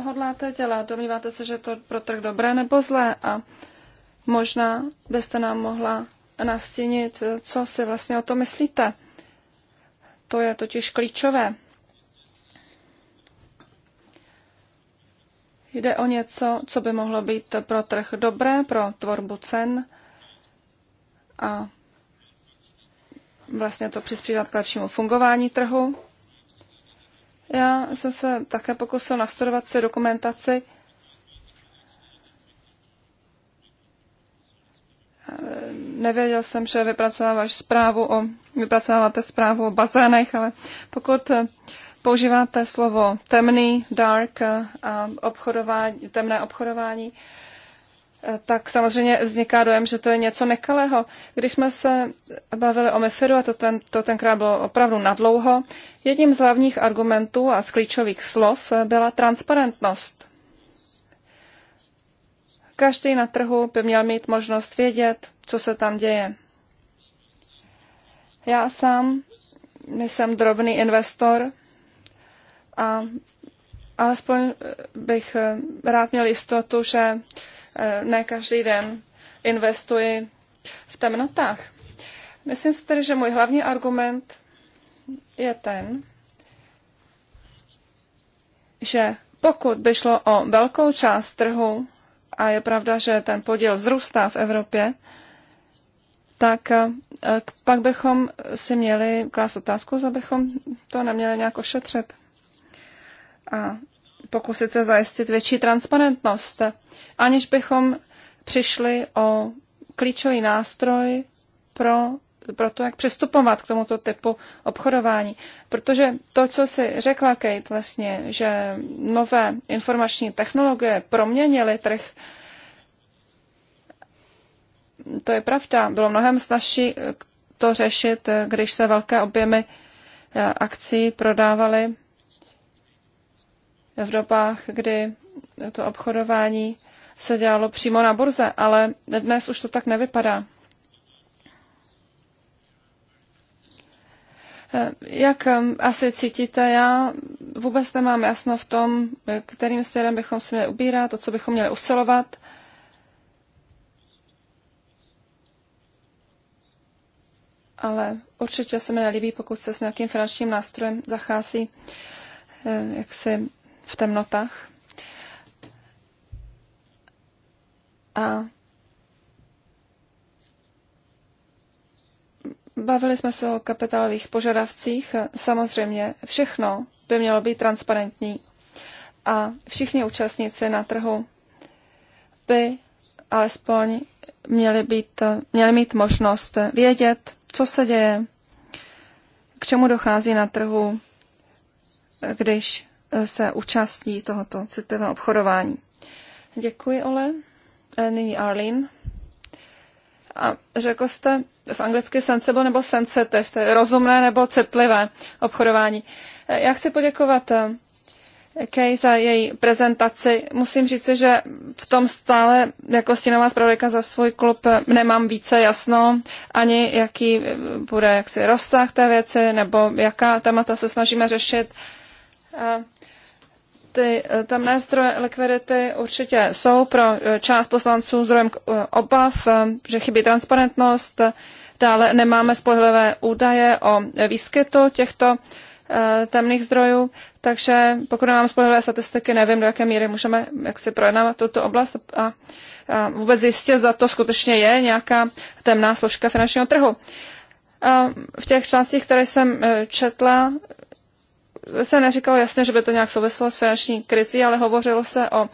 Speaker 1: hodláte dělat? Domníváte se, že je to pro trh dobré nebo zlé? A možná byste nám mohla nastínit, co si vlastně o to myslíte. To je totiž klíčové. Jde o něco, co by mohlo být pro trh dobré, pro tvorbu cen a vlastně to přispívat k lepšímu fungování trhu. Já jsem se také pokusil nastudovat si dokumentaci nevěděl jsem, že vypracováváš zprávu o, vypracováváte zprávu o bazénech, ale pokud používáte slovo temný, dark a obchodování, temné obchodování, tak samozřejmě vzniká dojem, že to je něco nekalého. Když jsme se bavili o Mefiru, a to, ten, to tenkrát bylo opravdu nadlouho, jedním z hlavních argumentů a z klíčových slov byla transparentnost. Každý na trhu by měl mít možnost vědět, co se tam děje. Já sám jsem drobný investor a alespoň bych rád měl jistotu, že Eh, ne každý den investuji v temnotách. Myslím si tedy, že můj hlavní argument je ten, že pokud by šlo o velkou část trhu, a je pravda, že ten podíl vzrůstá v Evropě, tak eh, pak bychom si měli klást otázku, zda bychom to neměli nějak ošetřit. A pokusit se zajistit větší transparentnost, aniž bychom přišli o klíčový nástroj pro, pro to, jak přistupovat k tomuto typu obchodování. Protože to, co si řekla Kate vlastně, že nové informační technologie proměnily trh, to je pravda. Bylo mnohem snažší to řešit, když se velké objemy eh, akcí prodávaly v dobách, kdy to obchodování se dělalo přímo na burze, ale dnes už to tak nevypadá. Jak um, asi cítíte, já vůbec nemám jasno v tom, kterým směrem bychom se měli ubírat, o co bychom měli usilovat. Ale určitě se mi nelíbí, pokud se s nějakým finančním nástrojem zachází eh, jak si v temnotách. A bavili jsme se o kapitálových požadavcích. Samozřejmě všechno by mělo být transparentní a všichni účastníci na trhu by alespoň měli, být, měli mít možnost vědět, co se děje, k čemu dochází na trhu, když se účastní tohoto citlivého obchodování. Děkuji, Ole. E, nyní Arlene. A řekl jste v anglicky sensible nebo sensitive, to je rozumné nebo citlivé obchodování. E, já chci poděkovat e, Kay za její prezentaci. Musím říct, že v tom stále jako stínová zpravodajka za svůj klub nemám více jasno, ani jaký bude jaksi rozsah té věci, nebo jaká témata se snažíme řešit ty eh, temné zdroje likvidity určitě jsou pro eh, část poslanců zdrojem eh, obav, že chybí transparentnost, dále nemáme spolehlivé údaje o výskytu těchto temných zdrojů, takže pokud nemám spolehlivé statistiky, nevím, do jaké míry můžeme jak si projednávat tuto oblast a, a vůbec jistě, za to skutečně je nějaká temná složka finančního trhu. V těch článcích, které jsem četla, se neříkalo jasně, že by to nějak souvislo s finanční krizí, ale hovořilo se o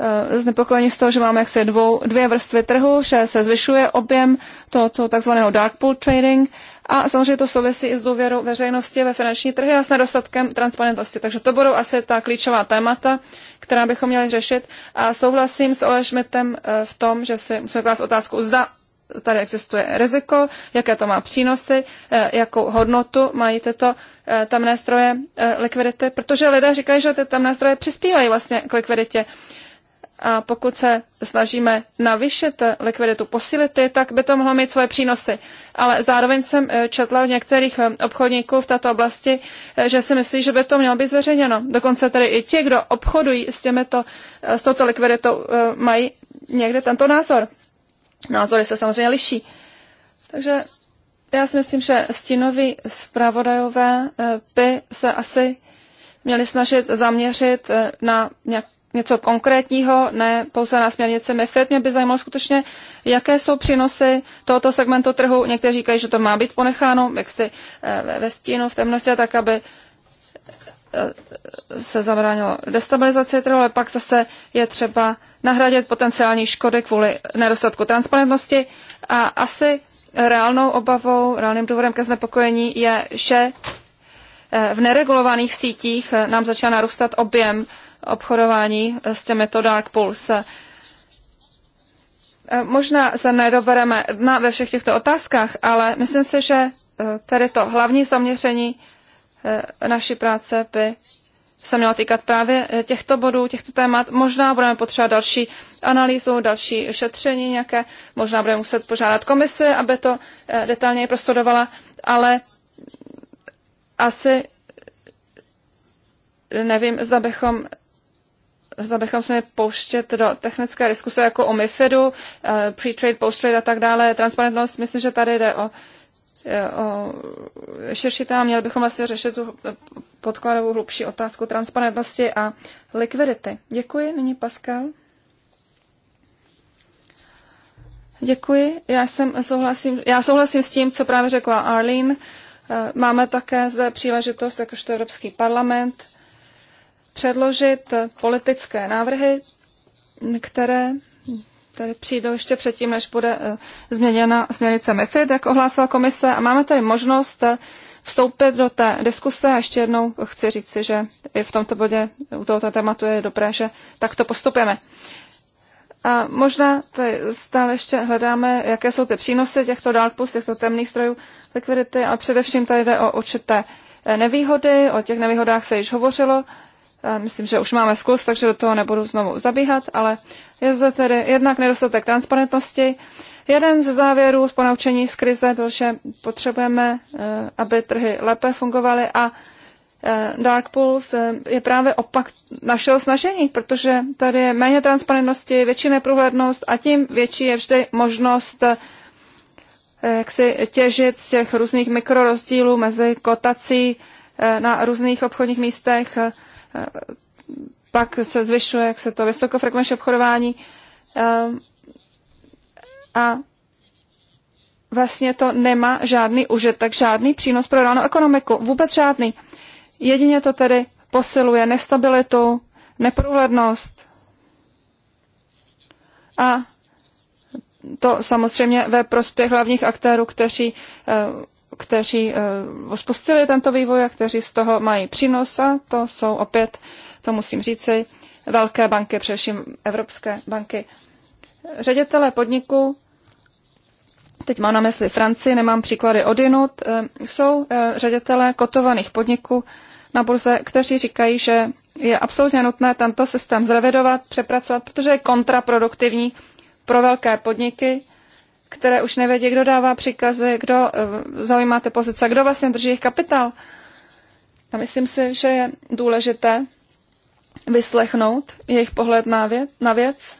Speaker 1: eh, znepokojení z toho, že máme jaksi dvou, dvě vrstvy trhu, že se zvyšuje objem tohoto takzvaného dark pool trading a samozřejmě to souvisí i s důvěrou veřejnosti ve finanční trhy a s nedostatkem transparentnosti. Takže to budou asi ta klíčová témata, která bychom měli řešit. A souhlasím s Ole Schmidtem eh, v tom, že si musíme klást otázku, zda tady existuje riziko, jaké to má přínosy, eh, jakou hodnotu mají tyto eh, tamné stroje eh, likvidity, protože lidé říkají, že ty tamné stroje přispívají vlastně k likviditě. A pokud se snažíme navýšit likviditu, posílit ty, tak by to mohlo mít svoje přínosy. Ale zároveň jsem četla u některých obchodníků v této oblasti, že si myslí, že by to mělo být zveřejněno. Dokonce tedy i ti, kdo obchodují s, těmito, s touto likviditou, mají někde tento názor názory se samozřejmě liší. Takže já si myslím, že stínoví zpravodajové eh, by se asi měli snažit zaměřit eh, na nějak něco konkrétního, ne pouze na směrnici MIFID. Mě by zajímalo skutečně, jaké jsou přínosy tohoto segmentu trhu. Někteří říkají, že to má být ponecháno, jak si eh, ve stínu, v temnotě, tak aby se zabránilo destabilizaci trhu, ale pak zase je třeba nahradit potenciální škody kvůli nedostatku transparentnosti a asi reálnou obavou, reálným důvodem ke znepokojení je, že eh, v neregulovaných sítích eh, nám začíná narůstat objem obchodování eh, s těmito dark pools. Možná se nedobereme dna ve všech těchto otázkách, ale myslím si, že tady to hlavní zaměření naší práce by se měla týkat právě e, těchto bodů, těchto témat. Možná budeme potřebovat další analýzu, další šetření nějaké, možná budeme muset požádat komisi, aby to e, detailněji prostudovala, ale asi nevím, zda bychom zda bychom se pouštět do technické diskuse jako o MIFIDu, e, pre-trade, post-trade a tak dále, transparentnost. Myslím, že tady jde o širší téma, měli bychom vlastně řešit tu podkladovou hlubší otázku transparentnosti a likvidity. Děkuji, nyní Pascal. Děkuji, já, jsem souhlasím, já souhlasím s tím, co právě řekla Arlene. Eh, máme také zde příležitost, jakožto Evropský parlament, předložit politické návrhy, které Tady přijdou ještě předtím, než bude eh, změněna směrnice MIFID, jak ohlásila komise. A máme tady možnost eh, vstoupit do té diskuse a ještě jednou chci říct si, že i v tomto bodě u tohoto tématu je dobré, že takto postupujeme. A možná tady stále ještě hledáme, jaké jsou ty přínosy těchto dálpus, těchto temných strojů likvidity, ale především tady jde o určité eh, nevýhody, o těch nevýhodách se již hovořilo. Eh, myslím, že už máme zkus, takže do toho nebudu znovu zabíhat, ale je zde tedy jednak nedostatek transparentnosti. Jeden ze závěrů z ponaučení z krize byl, že potřebujeme, eh, aby trhy lépe fungovaly a eh, Dark Pools je právě opak našeho snažení, protože tady je méně transparentnosti, větší neprůhlednost a tím větší je vždy možnost jak si těžit z těch různých mikrorozdílů mezi kotací na různých obchodních místech Eh, pak se zvyšuje, jak se to vysokofrekvenční obchodování eh, a vlastně to nemá žádný užitek, žádný přínos pro danou ekonomiku, vůbec žádný. Jedině to tedy posiluje nestabilitu, neprůhlednost a to samozřejmě ve prospěch hlavních aktérů, kteří eh, kteří spustili eh, tento vývoj a kteří z toho mají přínos a to jsou opět, to musím říci, velké banky, především evropské banky. Ředitelé podniku, teď mám na mysli Francii, nemám příklady odinut, eh, jsou eh, ředitelé kotovaných podniků na burze, kteří říkají, že je absolutně nutné tento systém zrevidovat, přepracovat, protože je kontraproduktivní pro velké podniky, které už nevědí, kdo dává příkazy, kdo eh, zaujímá ty pozice, kdo vlastně drží jejich kapitál. A myslím si, že je důležité vyslechnout jejich pohled na věc, na věc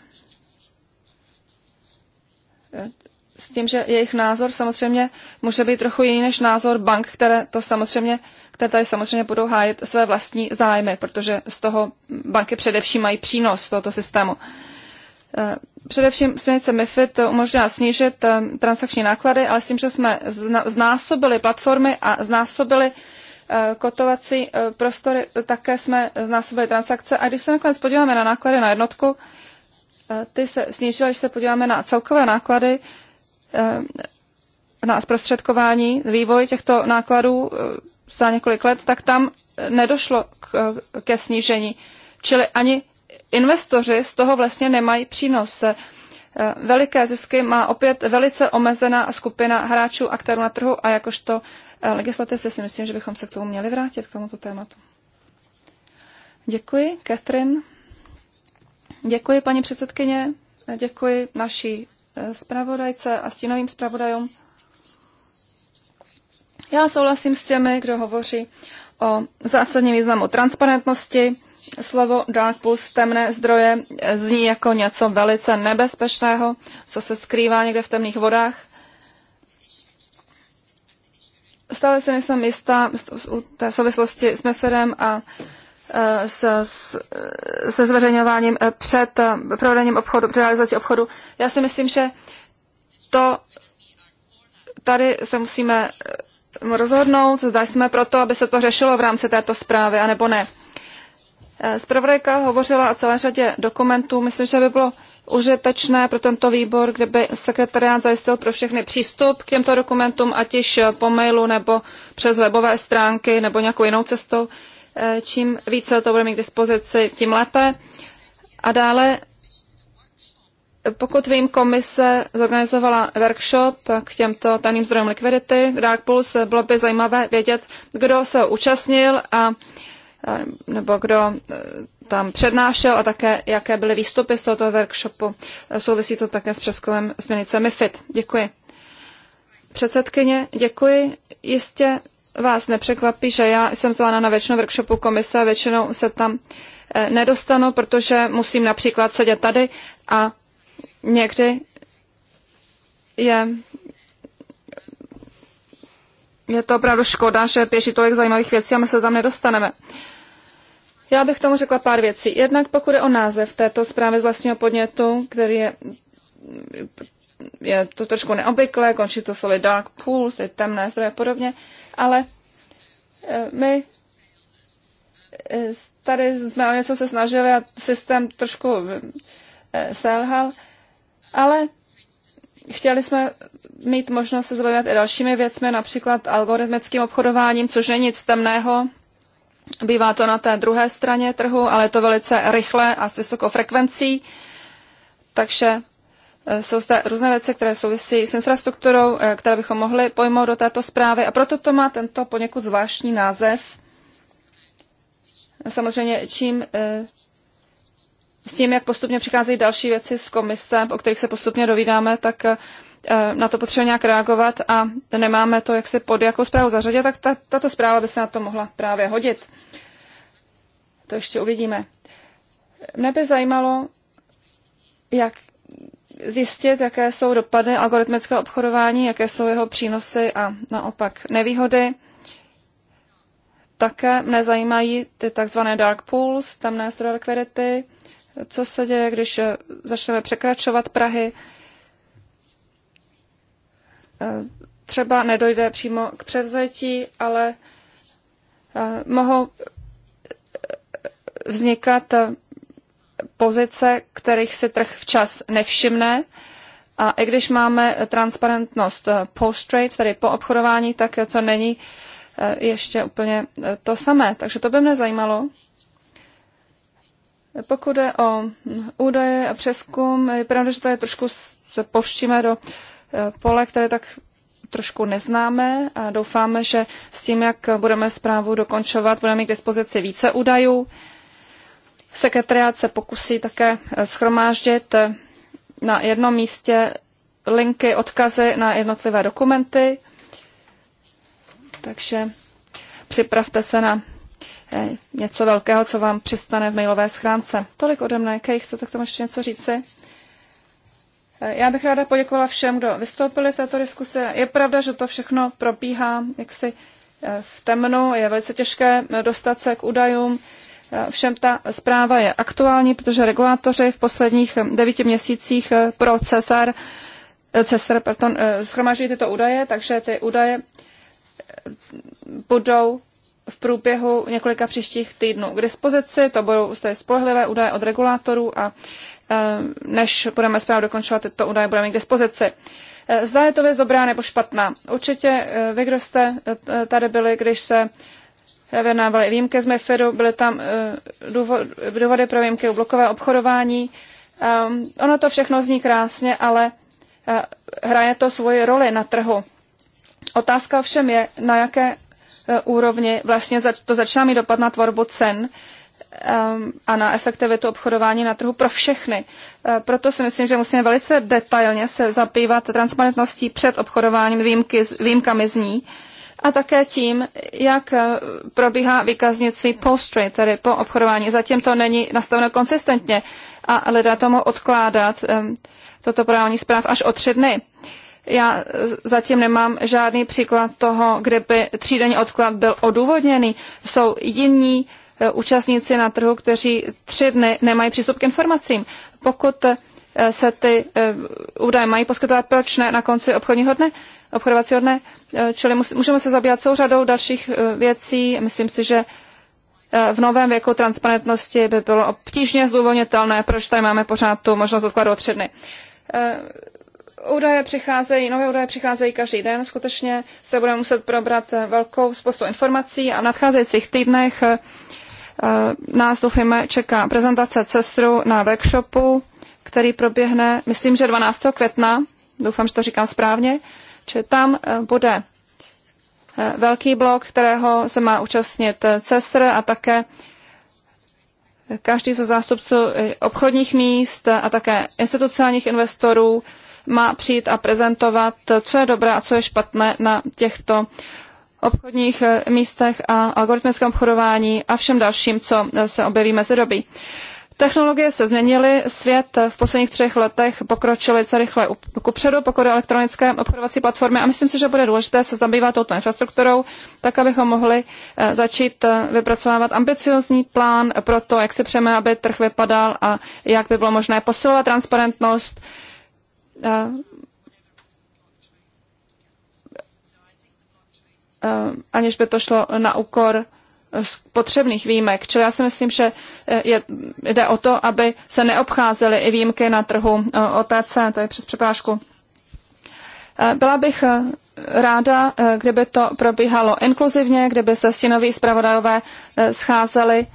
Speaker 1: eh, s tím, že jejich názor samozřejmě může být trochu jiný než názor bank, které to samozřejmě, které tady samozřejmě budou hájit své vlastní zájmy, protože z toho banky především mají přínos tohoto systému. Uh, Eh, především směrnice MIFID umožnila snížit eh, transakční náklady, ale s tím, že jsme znásobili platformy a znásobili eh, kotovací prostory, také jsme znásobili transakce. A když se nakonec podíváme na náklady na jednotku, ty se snížily, když se podíváme na celkové náklady, na zprostředkování, vývoj těchto nákladů za několik let, tak tam nedošlo k, ke snížení. Čili ani investoři z toho vlastně nemají přínos. Eh, veliké zisky má opět velice omezená skupina hráčů aktérů na trhu a jakožto eh, legislativci si myslím, že bychom se k tomu měli vrátit, k tomuto tématu. Děkuji, Catherine. Děkuji, paní předsedkyně. Eh, děkuji naší zpravodajce a stínovým zpravodajům. Já souhlasím s těmi, kdo hovoří o zásadní významu transparentnosti. Slovo dark plus temné zdroje zní jako něco velice nebezpečného, co se skrývá někde v temných vodách. Stále se nejsem jistá u té souvislosti s Meferem a se, se zveřejňováním před e, provedením obchodu, před realizací obchodu. Já si myslím, že to tady se musíme rozhodnout, zda jsme proto, aby se to řešilo v rámci této zprávy, anebo ne. Eh, zpravodajka hovořila o celé řadě dokumentů. Myslím, že by bylo užitečné pro tento výbor, kdyby sekretariát zajistil pro všechny přístup k těmto dokumentům, ať již po mailu nebo přes webové stránky nebo nějakou jinou cestou. Eh, čím více to bude mít k dispozici, tím lépe. A dále pokud vím, komise zorganizovala workshop k těmto daným zdrojům likvidity, Dark Pulse. Bylo by zajímavé vědět, kdo se účastnil a nebo kdo e, tam přednášel a také, jaké byly výstupy z tohoto workshopu. E, souvisí to také s přeskovem směrnice MIFID. Děkuji. Předsedkyně, děkuji. Jistě vás nepřekvapí, že já jsem zvána na většinu workshopu komise a většinou se tam e, nedostanu, protože musím například sedět tady a Někdy je je to opravdu škoda, že běží tolik zajímavých věcí a my se tam nedostaneme. Já bych tomu řekla pár věcí. Jednak pokud je o název této zprávy z vlastního podnětu, který je, je to trošku neobvyklé, končí to slovy dark pools, je temné zdroje a podobně, ale eh, my eh, tady jsme o něco se snažili a systém trošku eh, selhal ale chtěli jsme mít možnost se zabývat i dalšími věcmi, například algoritmickým obchodováním, což není nic temného. Bývá to na té druhé straně trhu, ale je to velice rychle a s vysokou frekvencí. Takže e, jsou zde různé věci, které souvisí s infrastrukturou, e, které bychom mohli pojmout do této zprávy a proto to má tento poněkud zvláštní název. Samozřejmě čím e, s tím, jak postupně přicházejí další věci z komise, o kterých se postupně dovídáme, tak eh, na to potřeba nějak reagovat a nemáme to, jak se pod jakou zprávu zařadit, tak ta, tato zpráva by se na to mohla právě hodit. To ještě uvidíme. Mne by zajímalo, jak zjistit, jaké jsou dopady algoritmického obchodování, jaké jsou jeho přínosy a naopak nevýhody. Také mne zajímají ty takzvané dark pools, tamné zdroje likvidity, co se děje, když eh, začneme překračovat Prahy. Eh, třeba nedojde přímo k převzetí, ale eh, mohou vznikat pozice, kterých si trh včas nevšimne. A i když máme transparentnost post-trade, tedy po obchodování, tak to není ještě úplně to samé. Takže to by mě zajímalo, pokud jde o údaje a přeskum, je pravda, že tady trošku se poštíme do eh, pole, které tak trošku neznáme a doufáme, že s tím, jak budeme zprávu dokončovat, budeme mít k dispozici více údajů. Sekretariat se pokusí také eh, schromáždit eh, na jednom místě linky, odkazy na jednotlivé dokumenty. Takže připravte se na Eh, něco velkého, co vám přistane v mailové schránce. Tolik ode mne. Kej, chcete k tomu ještě něco říci? Eh, já bych ráda poděkovala všem, kdo vystoupili v této diskusi. Je pravda, že to všechno probíhá jaksi eh, v temnu, je velice těžké dostat se k údajům. Všem ta zpráva je aktuální, protože regulátoři v posledních devíti měsících pro Cesar, Cesar pardon, tyto údaje, takže ty údaje budou v průběhu několika příštích týdnů k dispozici. To budou spolehlivé údaje od regulátorů a eh, než budeme zprávu dokončovat, tyto údaje budeme mít k dispozici. Eh, zda je to věc dobrá nebo špatná. Určitě eh, vy, kdo jste tady byli, když se vyjednávaly výjimky z MIFIDu, byly tam důvody pro výjimky u blokové obchodování. Ono to všechno zní krásně, ale hraje to svoji roli na trhu. Otázka ovšem je, na jaké E, úrovni vlastně to začíná mít dopad na tvorbu cen e, a na efektivitu obchodování na trhu pro všechny. E, proto si myslím, že musíme velice detailně se zabývat transparentností před obchodováním výjimky, výjimkami z ní a také tím, jak probíhá výkaznictví post-trade, tedy po obchodování. Zatím to není nastaveno konsistentně a lidé tomu odkládat toto podávání zpráv až o tři dny. Uh, já zatím nemám žádný příklad toho, kde by třídenní odklad byl odůvodněný. Jsou jiní eh, účastníci na trhu, kteří tři dny nemají přístup k informacím. Pokud eh, se ty eh, údaje mají poskytovat, proč ne na konci obchodního dne, obchodovacího dne. Čili můžeme se zabývat celou řadou dalších věcí. Myslím si, že v novém věku transparentnosti by bylo obtížně zdůvodnitelné, proč tady máme pořád tu možnost odkladu o tři dny. Údaje přicházejí, nové údaje přicházejí každý den. Skutečně se budeme muset probrat velkou spoustu informací a v nadcházejících týdnech eh, nás doufejme čeká prezentace cestru na workshopu, který proběhne, myslím, že 12. května, doufám, že to říkám správně, že tam eh, bude eh, velký blok, kterého se má účastnit cestr a také každý ze zástupců obchodních míst a také institucionálních investorů, má přijít a prezentovat, co je dobré a co je špatné na těchto obchodních eh, místech a algoritmickém obchodování a všem dalším, co eh, se objeví mezi doby. Technologie se změnily, svět eh, v posledních třech letech pokročil velice rychle kupředu, pokud je elektronické obchodovací platformy a myslím si, že bude důležité se zabývat touto infrastrukturou, tak abychom mohli začít vypracovávat ambiciozní plán pro to, jak si přejeme, aby trh vypadal a jak by bylo možné posilovat transparentnost, aniž by to šlo na úkor e, potřebných výjimek. Čili já si myslím, že e, je, jde o to, aby se neobcházely i výjimky na trhu e, OTC, to je přes přepážku. Byla bych ráda, kdyby to probíhalo inkluzivně, kdyby se stinoví zpravodajové scházeli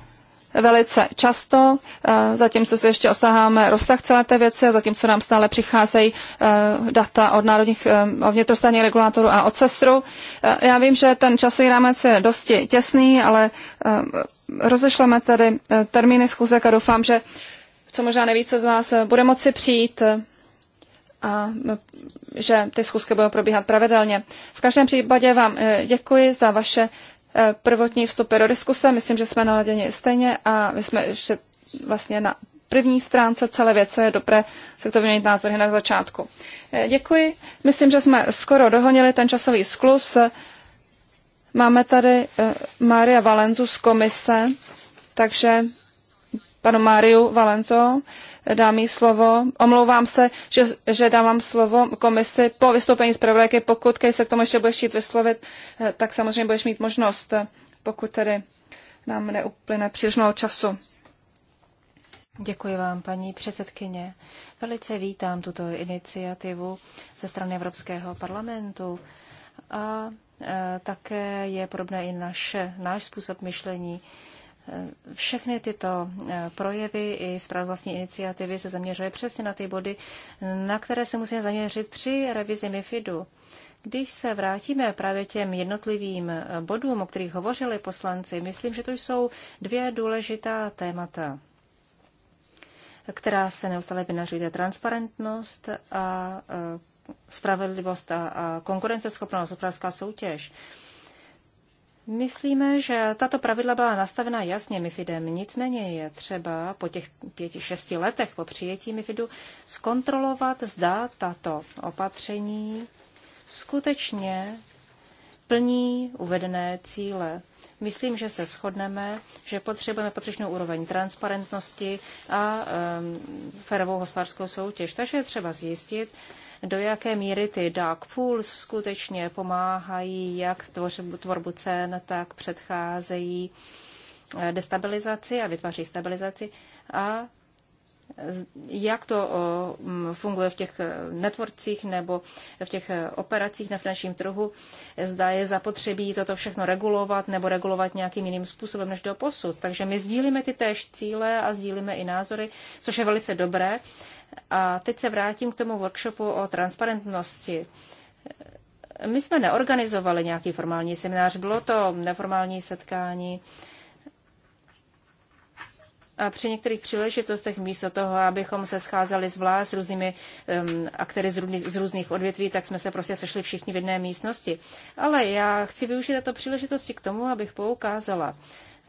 Speaker 1: velice často, eh, zatímco se ještě osaháme rozsah celé té věci a zatímco nám stále přicházejí eh, data od národních eh, vnitrostátních regulátorů a od sestru. Já vím, že ten časový rámec je dosti těsný, ale rozešleme tedy termíny schůzek a doufám, že co možná nejvíce z vás bude moci přijít a že ty schůzky budou probíhat pravidelně. V každém případě vám děkuji za vaše prvotní vstupy do diskuse. Myslím, že jsme naladěni stejně a my jsme ještě vlastně na první stránce celé věce je dobré se to vyměnit měnit názory na začátku. Eh, děkuji. Myslím, že jsme skoro dohonili ten časový sklus. Máme tady eh, Maria Valenzu z komise, takže panu Mariu Valenzo, dám jí slovo. Omlouvám se, že, že dávám slovo komisi po vystoupení z zpravodajky. Pokud se k tomu ještě budeš chtít vyslovit, eh, tak samozřejmě budeš mít možnost, eh, pokud tedy nám neuplyne příliš mnoho času.
Speaker 3: Děkuji vám, paní předsedkyně. Velice vítám tuto iniciativu ze strany Evropského parlamentu a eh, také je podobné i naše, náš způsob myšlení. Všechny tyto eh, projevy i zpráv vlastní iniciativy se zaměřuje přesně na ty body, na které se musíme zaměřit při revizi MIFIDu. Když se vrátíme právě těm jednotlivým eh, bodům, o kterých hovořili poslanci, myslím, že to jsou dvě důležitá témata, která se neustále vynařují. To transparentnost a eh, spravedlivost a konkurenceschopnost, hospodářská soutěž. Myslíme, že tato pravidla byla nastavena jasně MIFIDem, nicméně je třeba po těch pěti, šesti letech po přijetí MIFIDu zkontrolovat, zda tato opatření skutečně plní uvedené cíle. Myslím, že se shodneme, že potřebujeme potřebnou úroveň transparentnosti a um, férovou hospodářskou soutěž. Takže je třeba zjistit, do jaké míry ty dark pools skutečně pomáhají jak tvorbu, tvorbu cen, tak předcházejí eh, destabilizaci a vytváří stabilizaci a jak to mm, funguje v těch eh, netvorcích nebo v těch eh, operacích na finančním trhu. Zda je zapotřebí toto všechno regulovat nebo regulovat nějakým jiným způsobem než do posud. Takže my sdílíme ty též cíle a sdílíme i názory, což je velice dobré, a teď se vrátím k tomu workshopu o transparentnosti. My jsme neorganizovali nějaký formální seminář, bylo to neformální setkání. A při některých příležitostech místo toho, abychom se scházeli z s různými um, aktéry z různých, z různých odvětví, tak jsme se prostě sešli všichni v jedné místnosti. Ale já chci využít této příležitosti k tomu, abych poukázala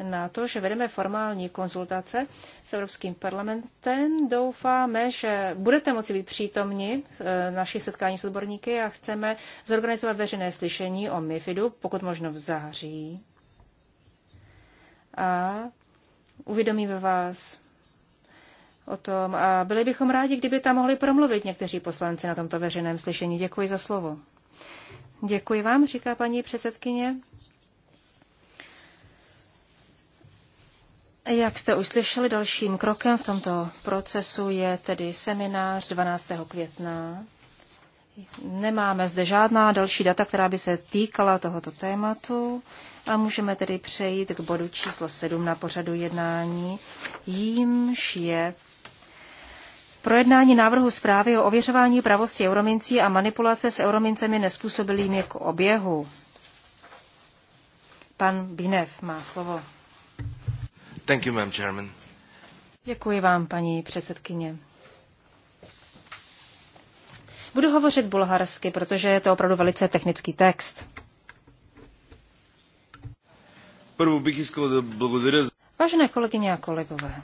Speaker 3: na to, že vedeme formální konzultace s Evropským parlamentem. Doufáme, že budete moci být přítomni eh, naší setkání s odborníky a chceme zorganizovat veřejné slyšení o MIFIDu, pokud možno v září. A uvědomíme vás o tom a byli bychom rádi, kdyby tam mohli promluvit někteří poslanci na tomto veřejném slyšení. Děkuji za slovo. Děkuji vám, říká paní předsedkyně. Jak jste už slyšeli, dalším krokem v tomto procesu je tedy seminář 12. května. Nemáme zde žádná další data, která by se týkala tohoto tématu a můžeme tedy přejít k bodu číslo 7 na pořadu jednání, jímž je Projednání návrhu zprávy o ověřování pravosti euromincí a manipulace s euromincemi nespůsobilými k oběhu. Pan Binev má slovo. Thank you, Chairman. Děkuji vám, paní předsedkyně. Budu hovořit bulharsky, protože je to opravdu velice technický text. Prvou bych Vážené kolegyně a kolegové,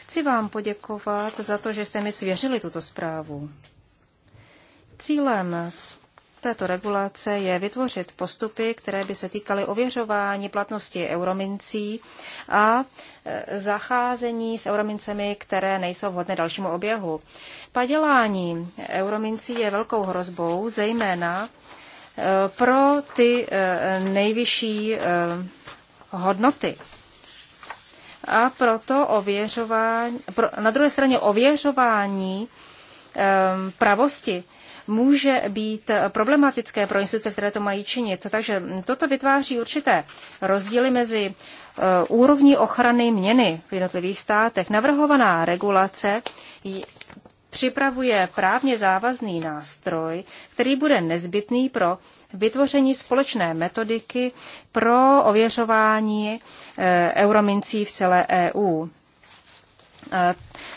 Speaker 3: chci vám poděkovat za to, že jste mi svěřili tuto zprávu. Cílem této regulace je vytvořit postupy, které by se týkaly ověřování platnosti euromincí a e, zacházení s euromincemi, které nejsou vhodné dalšímu oběhu. Padělání euromincí je velkou hrozbou, zejména e, pro ty e, nejvyšší hodnoty. A proto ověřování, na druhé straně ověřování pravosti může být problematické pro instituce, které to mají činit. Takže toto vytváří určité rozdíly mezi eh, úrovní ochrany měny v jednotlivých státech. Navrhovaná regulace připravuje právně závazný nástroj, který bude nezbytný pro vytvoření společné metodiky pro ověřování eh, euromincí v celé EU.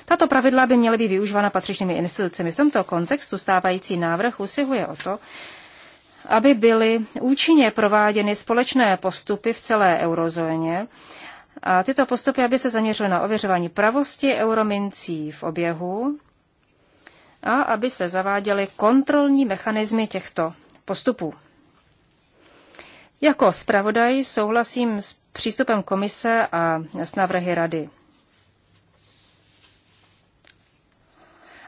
Speaker 3: Tato pravidla by měly být využívána patřičnými institucemi. V tomto kontextu stávající návrh usiluje o to, aby byly účinně prováděny společné postupy v celé eurozóně a tyto postupy, aby se zaměřily na ověřování pravosti euromincí v oběhu a aby se zaváděly kontrolní mechanismy těchto postupů. Jako zpravodaj souhlasím s přístupem komise a s návrhy rady.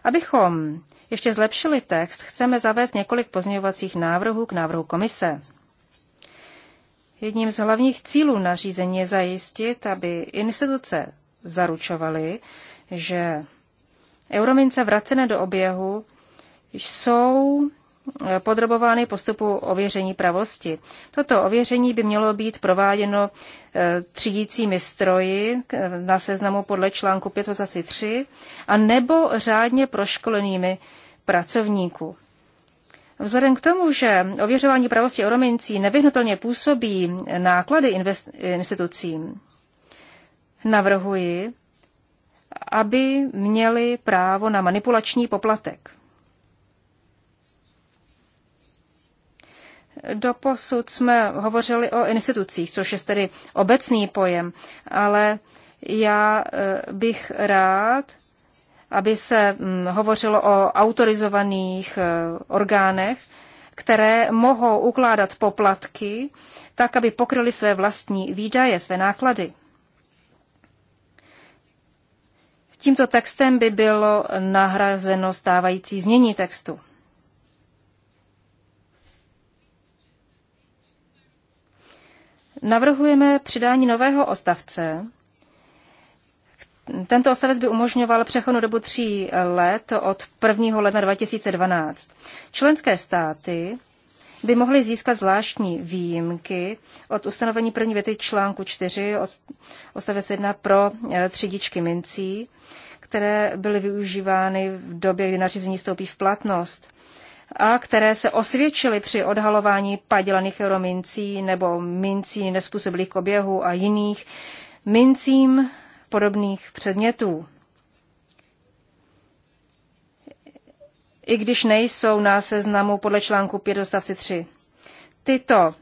Speaker 3: Abychom ještě zlepšili text, chceme zavést několik pozměňovacích návrhů k návrhu komise. Jedním z hlavních cílů nařízení je zajistit, aby instituce zaručovaly, že euromince vracené do oběhu jsou podrobovány postupu ověření pravosti. Toto ověření by mělo být prováděno e, třídícími stroji e, na seznamu podle článku 523 a nebo řádně proškolenými pracovníků. Vzhledem k tomu, že ověřování pravosti oromincí nevyhnutelně působí náklady institucím, navrhuji, aby měli právo na manipulační poplatek. Doposud jsme hovořili o institucích, což je tedy obecný pojem, ale já eh, bych rád, aby se mm, hovořilo o autorizovaných eh, orgánech, které mohou ukládat poplatky tak, aby pokryly své vlastní výdaje, své náklady. Tímto textem by bylo nahrazeno stávající znění textu. navrhujeme přidání nového odstavce. Tento odstavec by umožňoval přechodnou dobu tří let od 1. ledna 2012. Členské státy by mohly získat zvláštní výjimky od ustanovení první věty článku 4 odstavec 1 pro eh, třídičky mincí, které byly využívány v době, kdy nařízení vstoupí v platnost a které se osvědčily při odhalování padělaných euromincí nebo mincí nespůsobilých k oběhu a jiných mincím podobných předmětů. I když nejsou na seznamu podle článku 5 dostavci 3. Tyto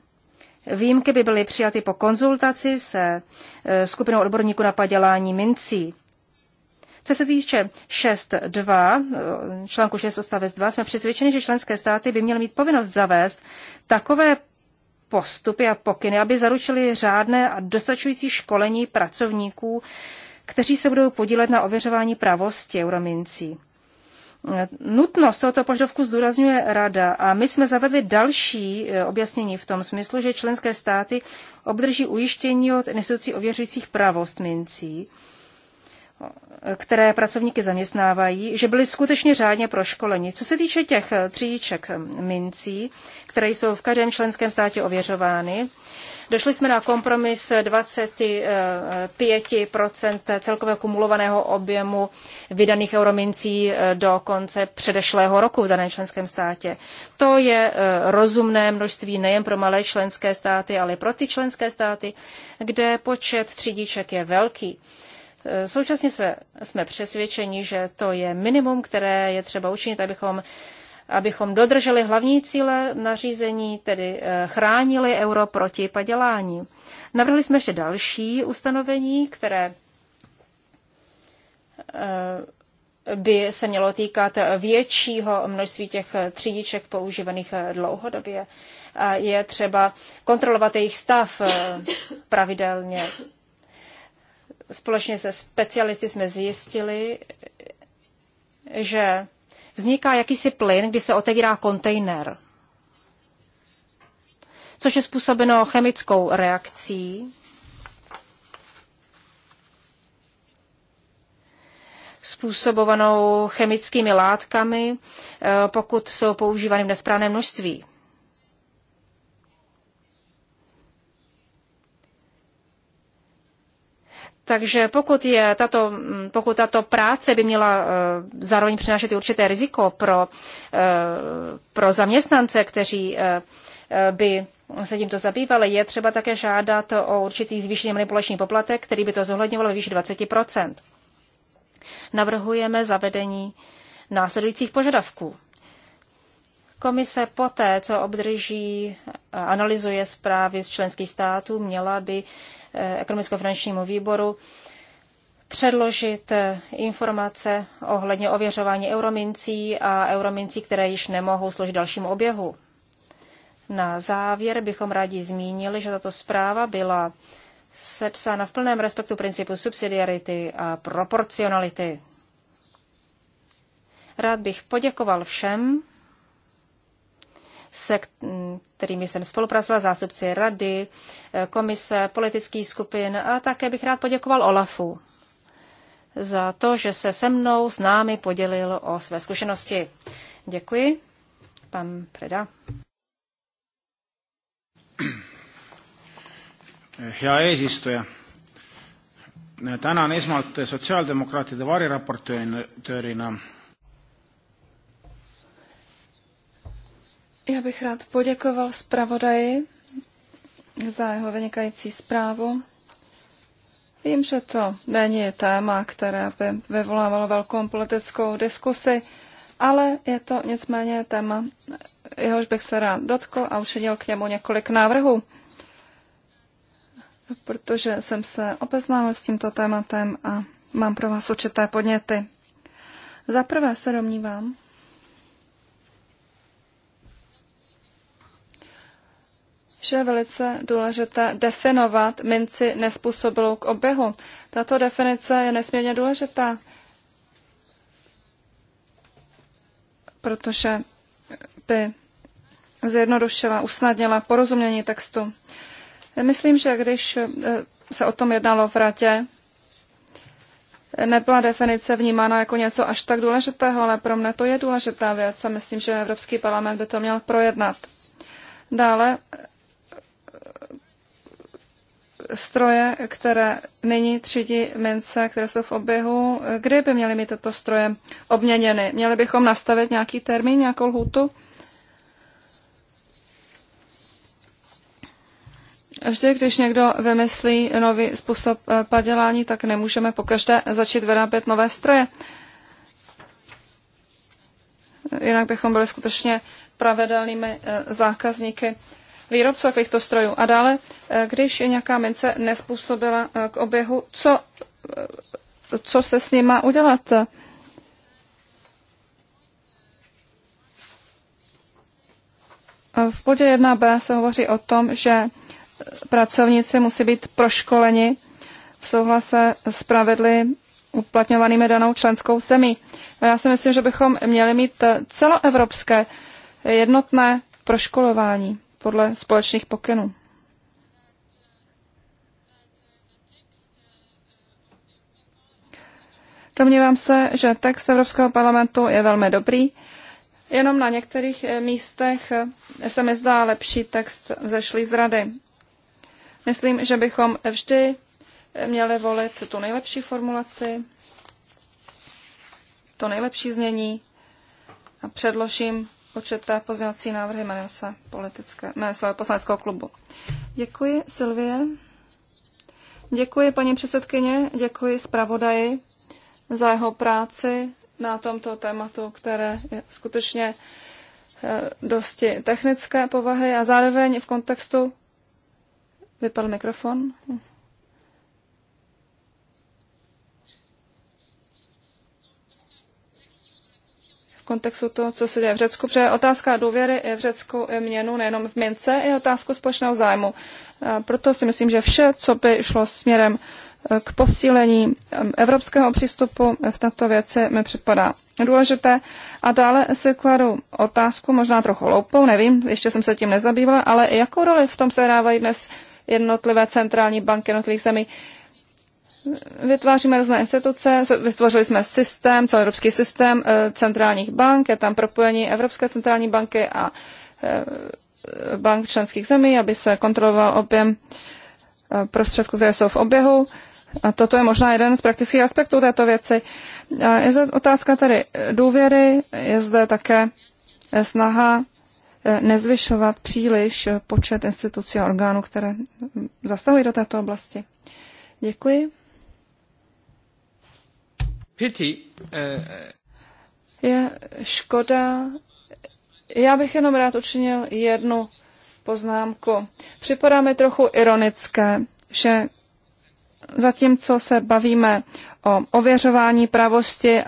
Speaker 3: výjimky by byly přijaty po konzultaci se eh, skupinou odborníků na padělání mincí. Co se týče 6.2, článku 6 odstavec 2, jsme přesvědčeni, že členské státy by měly mít povinnost zavést takové postupy a pokyny, aby zaručili řádné a dostačující školení pracovníků, kteří se budou podílet na ověřování pravosti euromincí. Nutnost tohoto požadavku zdůrazňuje Rada a my jsme zavedli další e, objasnění v tom smyslu, že členské státy obdrží ujištění od institucí ověřujících pravost mincí, které pracovníky zaměstnávají, že byli skutečně řádně proškoleni. Co se týče těch tříček mincí, které jsou v každém členském státě ověřovány, došli jsme na kompromis 25% celkového kumulovaného objemu vydaných euromincí do konce předešlého roku v daném členském státě. To je eh, rozumné množství nejen pro malé členské státy, ale i pro ty členské státy, kde počet třídíček je velký. Současně se, jsme přesvědčeni, že to je minimum, které je třeba učinit, abychom abychom dodrželi hlavní cíle nařízení, tedy eh, chránili euro proti padělání. Navrhli jsme ještě další ustanovení, které eh, by se mělo týkat většího množství těch třídiček používaných eh, dlouhodobě. Je třeba kontrolovat jejich stav pravidelně společně se specialisty jsme zjistili, že vzniká jakýsi plyn, kdy se otevírá kontejner, což je způsobeno chemickou reakcí. způsobovanou chemickými látkami, eh, pokud jsou používány v nesprávném množství. Takže pokud, je tato, pokud tato práce by měla eh, zároveň přinášet i určité riziko pro, eh, pro zaměstnance, kteří eh, by se tímto zabývali, je třeba také žádat o určitý zvýšený manipulační poplatek, který by to zohledňoval ve výši 20 Navrhujeme zavedení následujících požadavků. Komise poté, co obdrží, analyzuje zprávy z členských států, měla by Eh, ekonomicko-finančnímu výboru předložit eh, informace ohledně ověřování euromincí a euromincí, které již nemohou složit dalšímu oběhu. Na závěr bychom rádi zmínili, že tato zpráva byla sepsána v plném respektu principu subsidiarity a proporcionality. Rád bych poděkoval všem, se kterými jsem spolupracovala, zástupci rady, eh, komise, politických skupin a také bych rád poděkoval Olafu za to, že se se mnou, s námi podělil o své zkušenosti. Děkuji. Pan Preda.
Speaker 2: Eh, hea eesistuja.
Speaker 1: Eh, tänan esmalt sotsiaaldemokraatide variraportöörina Já bych rád poděkoval zpravodaji za jeho vynikající zprávu. Vím, že to není téma, které by vyvolávalo velkou politickou diskusi, ale je to nicméně téma, jehož bych se rád dotkl a učinil k němu několik návrhů. Protože jsem se obeznámil s tímto tématem a mám pro vás určité podněty. Za prvé se domnívám, že je velice důležité definovat minci nespůsobilou k oběhu. Tato definice je nesmírně důležitá, protože by zjednodušila, usnadnila porozumění textu. Myslím, že když eh, se o tom jednalo v Ratě, nebyla definice vnímána jako něco až tak důležitého, ale pro mne to je důležitá věc a myslím, že Evropský parlament by to měl projednat. Dále stroje, které nyní třídí mince, které jsou v oběhu, kdy by měly mít tyto stroje obměněny? Měli bychom nastavit nějaký termín, nějakou lhůtu? Vždy, když někdo vymyslí nový způsob eh, padělání, tak nemůžeme pokaždé začít vyrábět nové stroje. Jinak bychom byli skutečně pravidelnými eh, zákazníky výrobců těchto strojů. A dále, eh, když je nějaká mince nespůsobila eh, k oběhu, co, eh, co se s ním má udělat? V bodě 1b se hovoří o tom, že pracovníci musí být proškoleni v souhlase s pravidly uplatňovanými danou členskou zemí. A já si myslím, že bychom měli mít celoevropské jednotné proškolování podle společných pokynů. Domnívám se, že text Evropského parlamentu je velmi dobrý. Jenom na některých eh, místech eh, se mi zdá lepší text zešlý z rady. Myslím, že bychom vždy eh, měli volit tu nejlepší formulaci, to nejlepší znění a předložím určité pozdělací návrhy jménem své politické, jménem své poslaneckého klubu. Děkuji, Silvie. Děkuji, paní předsedkyně, děkuji zpravodaji za jeho práci na tomto tématu, které je skutečně eh, dosti technické povahy a zároveň v kontextu vypadl mikrofon. kontextu toho, co se děje v Řecku, protože otázka důvěry je v Řecku je měnu, nejenom v mince, je otázku společného zájmu. A proto si myslím, že vše, co by šlo směrem eh, k posílení evropského přístupu eh, v této věci, mi připadá důležité. A dále si kladu otázku, možná trochu loupou, nevím, ještě jsem se tím nezabývala, ale jakou roli v tom se hrávají dnes jednotlivé centrální banky jednotlivých zemí. Vytváříme různé instituce, vytvořili jsme systém, celoevropský systém eh, centrálních bank, je tam propojení Evropské centrální banky a eh, bank členských zemí, aby se kontroloval objem eh, prostředků, které jsou v oběhu. A toto je možná jeden z praktických aspektů této věci. A je zde otázka tady důvěry, je zde také snaha nezvyšovat příliš počet institucí a orgánů, které hm, zastavují do této oblasti. Děkuji. Pity. Eh, eh, Je škoda. Já bych jenom rád učinil jednu poznámku. Připadá mi trochu ironické, že zatímco se bavíme o ověřování pravosti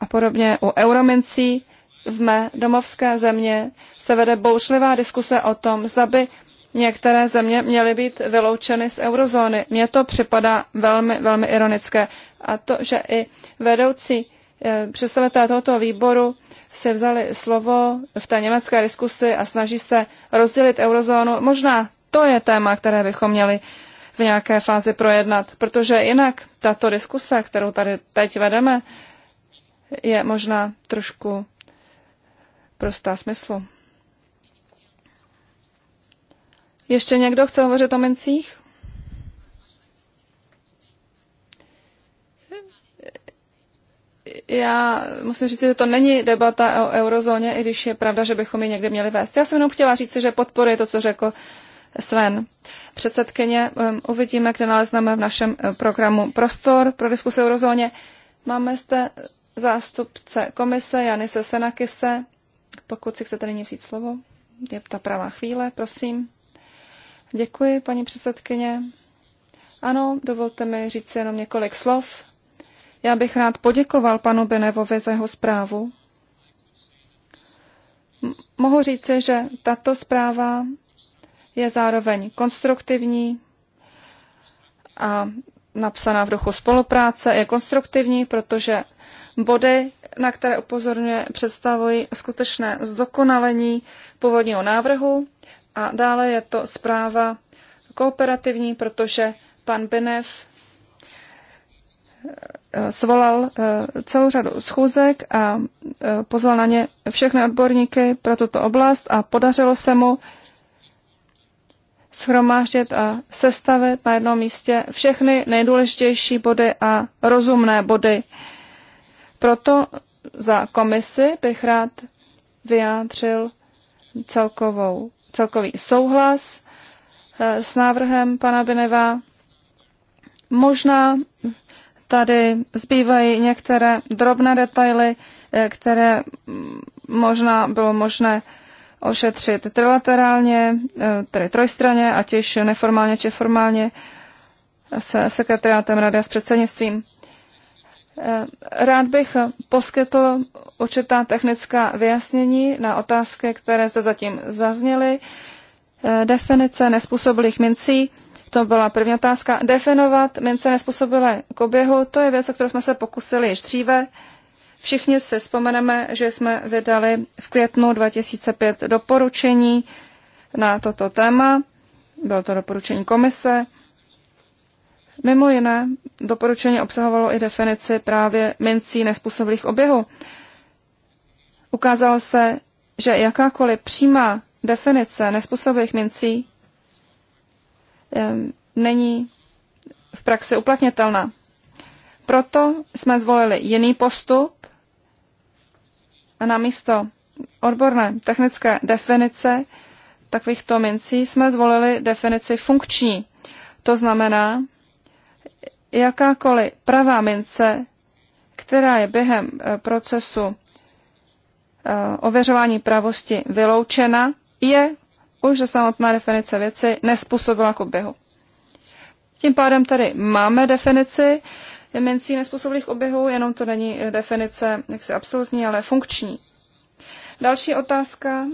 Speaker 1: a podobně u euromincí, v mé domovské země se vede bouřlivá diskuse o tom, zda by některé země měly být vyloučeny z eurozóny. Mně to připadá velmi, velmi ironické. A to, že i vedoucí eh, představitelé tohoto výboru si vzali slovo v té německé diskusi a snaží se rozdělit eurozónu. Možná to je téma, které bychom měli v nějaké fázi projednat, protože jinak tato diskuse, kterou tady teď vedeme, je možná trošku prostá smyslu. Ještě někdo chce hovořit o mincích? Já musím říct, že to není debata o eurozóně, i když je pravda, že bychom ji někde měli vést. Já jsem jenom chtěla říct, že podporuji to, co řekl Sven. Předsedkyně, um, uvidíme, kde nalezneme v našem eh, programu prostor pro diskusi o eurozóně. Máme zde zástupce komise Janise Senakise. Pokud si chcete nyní vzít slovo, je ta pravá chvíle, prosím. Děkuji, paní předsedkyně. Ano, dovolte mi říct jenom několik slov. Já bych rád poděkoval panu Benevovi za jeho zprávu. mohu říci, že tato zpráva je zároveň konstruktivní a napsaná v duchu spolupráce. Je konstruktivní, protože body, na které upozorňuje, představují skutečné zdokonalení původního návrhu a dále je to zpráva kooperativní, protože pan Benev eh, svolal eh, celou řadu schůzek a eh, pozval na ně všechny odborníky pro tuto oblast a podařilo se mu schromáždit a sestavit na jednom místě všechny nejdůležitější body a rozumné body. Proto za komisi bych rád vyjádřil celkovou celkový souhlas eh, s návrhem pana Beneva. Možná tady zbývají některé drobné detaily, eh, které možná bylo možné ošetřit trilaterálně, eh, tedy trojstraně, ať již neformálně či formálně se sekretariátem rady a s předsednictvím. Eh, rád bych poskytl určitá technická vyjasnění na otázky, které zde zatím zazněly. Eh, definice nespůsobilých mincí, to byla první otázka. Definovat mince nespůsobilé k oběhu, to je věc, o kterou jsme se pokusili již dříve. Všichni si vzpomeneme, že jsme vydali v květnu 2005 doporučení na toto téma. Bylo to doporučení komise. Mimo jiné, doporučení obsahovalo i definici právě mincí nespůsobilých oběhu. Ukázalo se, že jakákoliv přímá definice nespůsobilých mincí není v praxi uplatnitelná. Proto jsme zvolili jiný postup a namísto odborné technické definice takovýchto mincí jsme zvolili definici funkční. To znamená, jakákoliv pravá mince, která je během eh, procesu eh, ověřování pravosti vyloučena, je už ze samotná definice věci nespůsobila k oběhu. Tím pádem tady máme definici mincí nespůsobilých oběhů, jenom to není eh, definice jaksi absolutní, ale funkční. Další otázka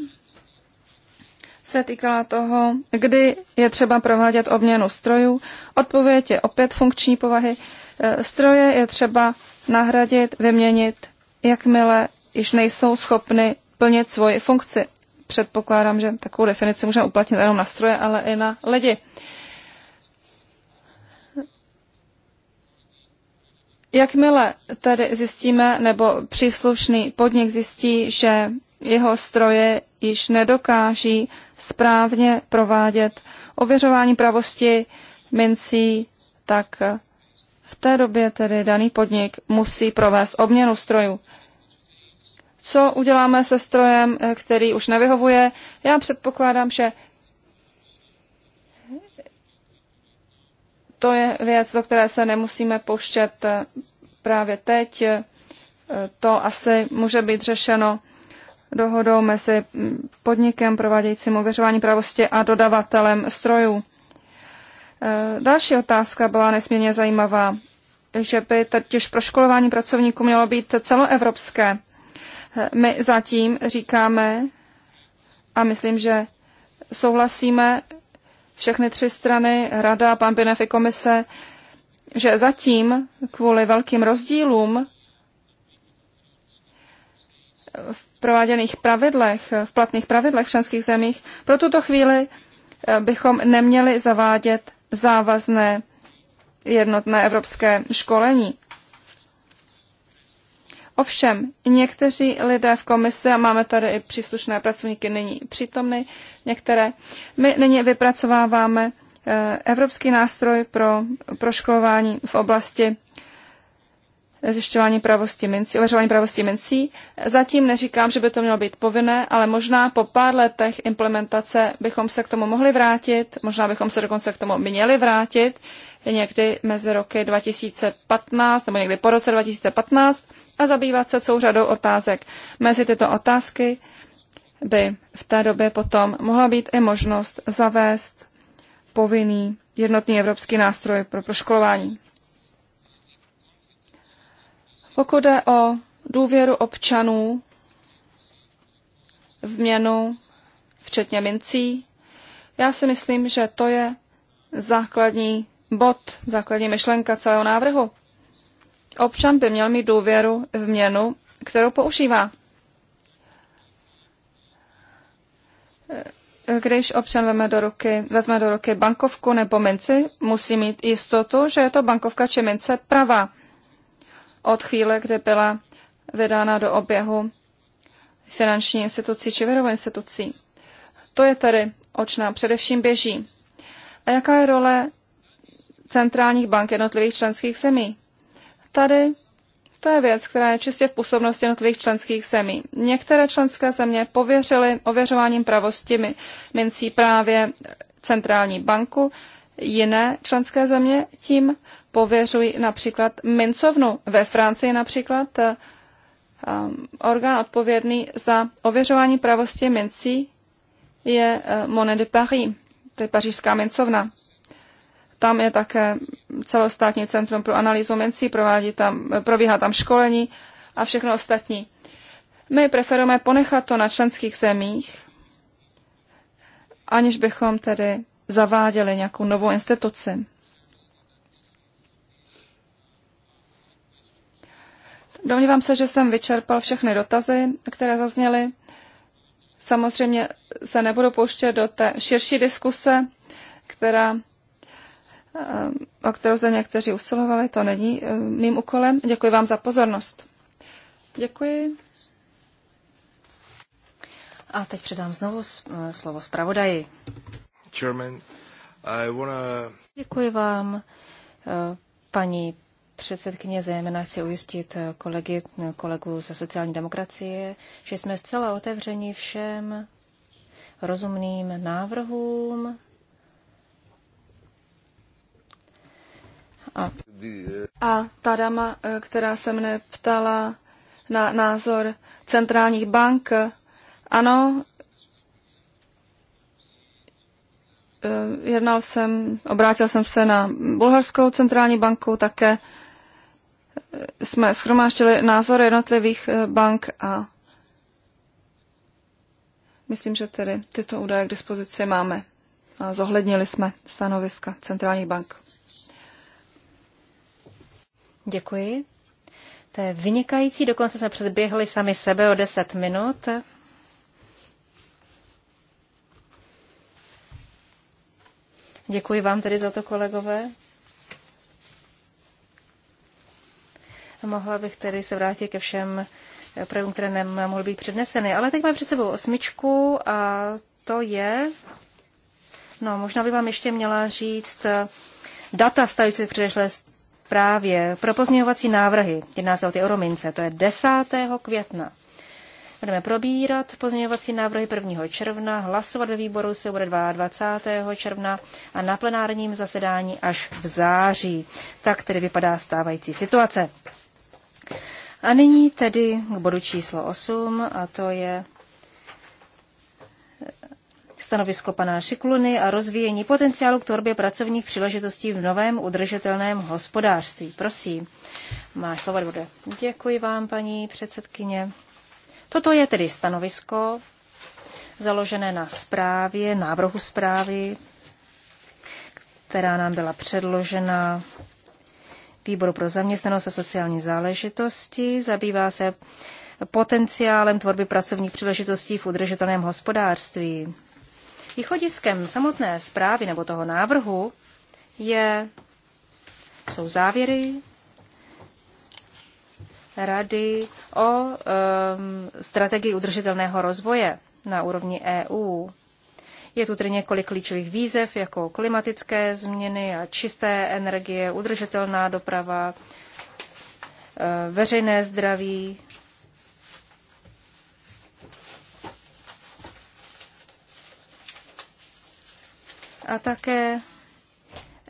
Speaker 1: se týkala toho, kdy je třeba provádět obměnu strojů. Odpověď je opět funkční povahy. E, stroje je třeba nahradit, vyměnit, jakmile již nejsou schopny plnit svoji funkci. Předpokládám, že takovou definici můžeme uplatnit jenom na stroje, ale i na lidi. Jakmile tedy zjistíme, nebo příslušný podnik zjistí, že jeho stroje již nedokáží správně provádět ověřování pravosti mincí, tak v té době tedy daný podnik musí provést obměnu strojů. Co uděláme se strojem, eh, který už nevyhovuje? Já předpokládám, že to je věc, do které se nemusíme pouštět eh, právě teď. Eh, to asi může být řešeno dohodou mezi podnikem provádějícím ověřování pravosti a dodavatelem strojů. E, další otázka byla nesmírně zajímavá, že by totiž proškolování pracovníků mělo být celoevropské. E, my zatím říkáme a myslím, že souhlasíme všechny tři strany, Rada, pan Binev i komise, že zatím kvůli velkým rozdílům v prováděných pravidlech, v platných pravidlech v členských zemích, pro tuto chvíli eh, bychom neměli zavádět závazné jednotné evropské školení. Ovšem, někteří lidé v komisi, a máme tady i příslušné pracovníky nyní přítomny, některé, my nyní vypracováváme eh, evropský nástroj pro proškolování v oblasti zjišťování pravosti mincí, ověřování pravosti mincí. Zatím neříkám, že by to mělo být povinné, ale možná po pár letech implementace bychom se k tomu mohli vrátit, možná bychom se dokonce k tomu měli vrátit někdy mezi roky 2015 nebo někdy po roce 2015 a zabývat se celou řadou otázek. Mezi tyto otázky by v té době potom mohla být i možnost zavést povinný jednotný evropský nástroj pro proškolování. Pokud jde o důvěru občanů v měnu, včetně mincí, já si myslím, že to je základní bod, základní myšlenka celého návrhu. Občan by měl mít důvěru v měnu, kterou používá. Když občan vezme do ruky, vezme do ruky bankovku nebo minci, musí mít jistotu, že je to bankovka či mince pravá od chvíle, kdy byla vydána do oběhu finanční institucí či věrovou institucí. To je tedy, oč nám především běží. A jaká je role centrálních bank jednotlivých členských zemí? Tady to je věc, která je čistě v působnosti jednotlivých členských zemí. Některé členské země pověřily ověřováním pravosti mincí právě centrální banku, jiné členské země tím pověřují například mincovnu. Ve Francii například eh, eh, orgán odpovědný za ověřování pravosti mincí je eh, Monet de Paris, to je pařížská mincovna. Tam je také celostátní centrum pro analýzu mincí, provádí tam, probíhá tam školení a všechno ostatní. My preferujeme ponechat to na členských zemích, aniž bychom tedy zaváděli nějakou novou instituci. Domnívám se, že jsem vyčerpal všechny dotazy, které zazněly. Samozřejmě se nebudu pouštět do té širší diskuse, která, eh, o kterou zde někteří usilovali. To není eh, mým úkolem. Děkuji vám za pozornost. Děkuji.
Speaker 3: A teď předám znovu eh, slovo zpravodaji. Chairman, I wanna... Děkuji vám, paní předsedkyně, zejména chci ujistit kolegy, kolegu ze sociální demokracie, že jsme zcela otevřeni všem rozumným návrhům. A,
Speaker 1: a ta dama, která se mne ptala na názor centrálních bank, ano, eh, jednal jsem, obrátil jsem se na Bulharskou centrální banku, také jsme schromáštili názory jednotlivých eh, bank a myslím, že tedy tyto údaje k dispozici máme.
Speaker 3: A zohlednili jsme stanoviska centrálních bank. Děkuji. To je vynikající, dokonce jsme předběhli sami sebe o 10 minut. Děkuji vám tedy za to, kolegové. Mohla bych tedy se vrátit ke všem projevům, které nemohly být předneseny. Ale teď mám před sebou osmičku a to je... No, možná by vám ještě měla říct eh, data vztahující se k předešlé právě pro pozměňovací návrhy. Jedná se o ty euromince. To je 10. května. Budeme probírat pozměňovací návrhy 1. června, hlasovat ve výboru se bude 22. června a na plenárním zasedání až v září. Tak tedy vypadá stávající situace. A nyní tedy k bodu číslo 8, a to je stanovisko pana Šikluny a rozvíjení potenciálu k tvorbě pracovních příležitostí v novém udržitelném hospodářství. Prosím, máš slovo, bude. Děkuji vám, paní předsedkyně. Toto je tedy stanovisko založené na zprávě, návrhu zprávy, která nám byla předložena výboru pro zaměstnanost a sociální záležitosti. Zabývá se potenciálem tvorby pracovních příležitostí v udržitelném hospodářství. Východiskem samotné zprávy nebo toho návrhu je, jsou závěry rady o um, strategii udržitelného rozvoje na úrovni EU. Je tu tedy několik klíčových výzev, jako klimatické změny a čisté energie, udržitelná doprava, e, veřejné zdraví, a také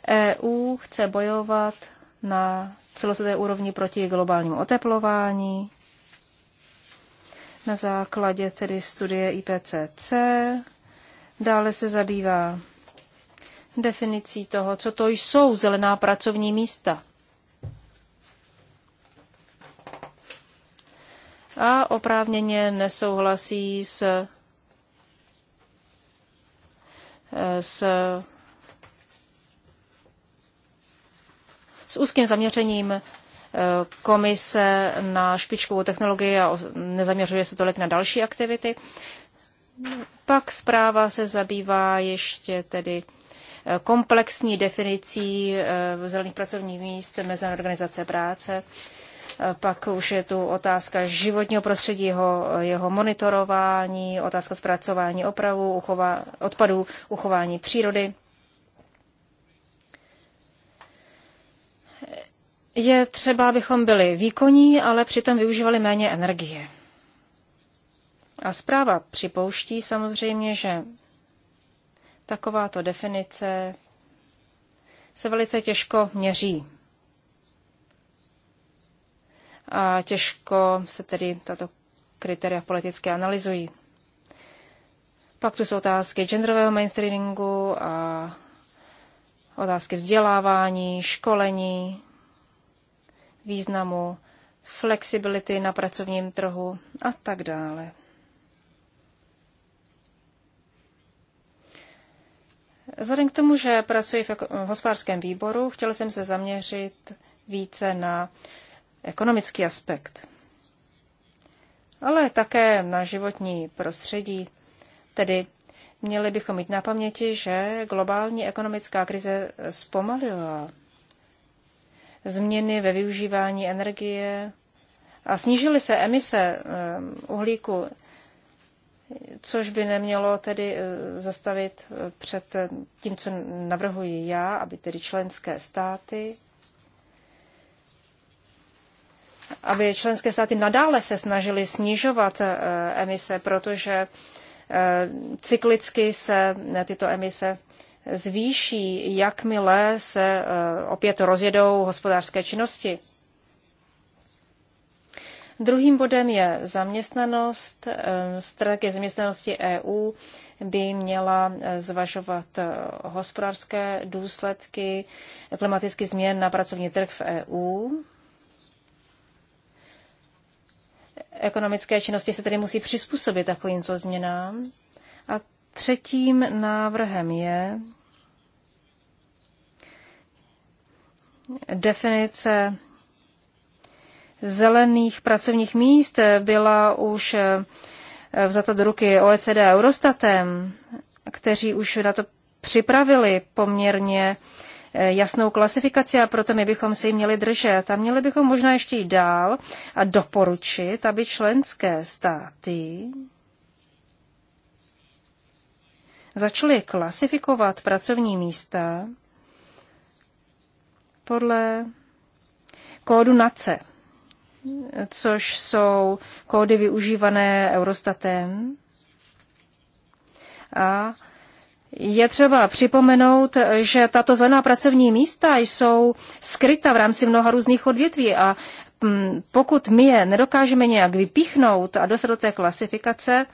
Speaker 3: EU chce bojovat na celosvětové úrovni proti globálnímu oteplování na základě tedy studie IPCC Dále se zabývá definicí toho, co to jsou zelená pracovní místa. A oprávněně nesouhlasí s, eh, s, s úzkým zaměřením eh, komise na špičkovou technologii a nezaměřuje se tolik na další aktivity. Pak zpráva se zabývá ještě tedy eh, komplexní definicí eh, zelených pracovních míst Mezinárodní organizace práce. Eh, pak už je tu otázka životního prostředí, jeho, jeho monitorování, otázka zpracování opravu, uchova, odpadů, uchování přírody. Je třeba, abychom byli výkonní, ale přitom využívali méně energie. A zpráva připouští samozřejmě, že takováto definice se velice těžko měří. A těžko se tedy tato kritéria politicky analyzují. Pak tu jsou otázky genderového mainstreamingu a otázky vzdělávání, školení, významu, flexibility na pracovním trhu a tak dále. Vzhledem k tomu, že pracuji v hospodářském výboru, chtěla jsem se zaměřit více na ekonomický aspekt, ale také na životní prostředí. Tedy měli bychom mít na paměti, že globální ekonomická krize zpomalila změny ve využívání energie a snížily se emise eh, uhlíku což by nemělo tedy eh, zastavit eh, před eh, tím, co navrhuji já, aby tedy členské státy aby členské státy nadále se snažily snižovat emise, protože cyklicky se tyto emise zvýší, jakmile se opět rozjedou hospodářské činnosti. Druhým bodem je zaměstnanost. Eh, Strategie zaměstnanosti EU by měla eh, zvažovat eh, hospodářské důsledky klimatických změn na pracovní trh v EU. Ekonomické činnosti se tedy musí přizpůsobit takovýmto změnám. A třetím návrhem je definice zelených pracovních míst byla už eh, vzata do ruky OECD a Eurostatem, kteří už na to připravili poměrně eh, jasnou klasifikaci a proto my bychom se jí měli držet. A měli bychom možná ještě jít dál a doporučit, aby členské státy začaly klasifikovat pracovní místa podle kódu NACE, což jsou kódy využívané Eurostatem. A je třeba připomenout, že tato zelená pracovní místa jsou skryta v rámci mnoha různých odvětví a mm, pokud my je nedokážeme nějak vypíchnout a dostat do té klasifikace,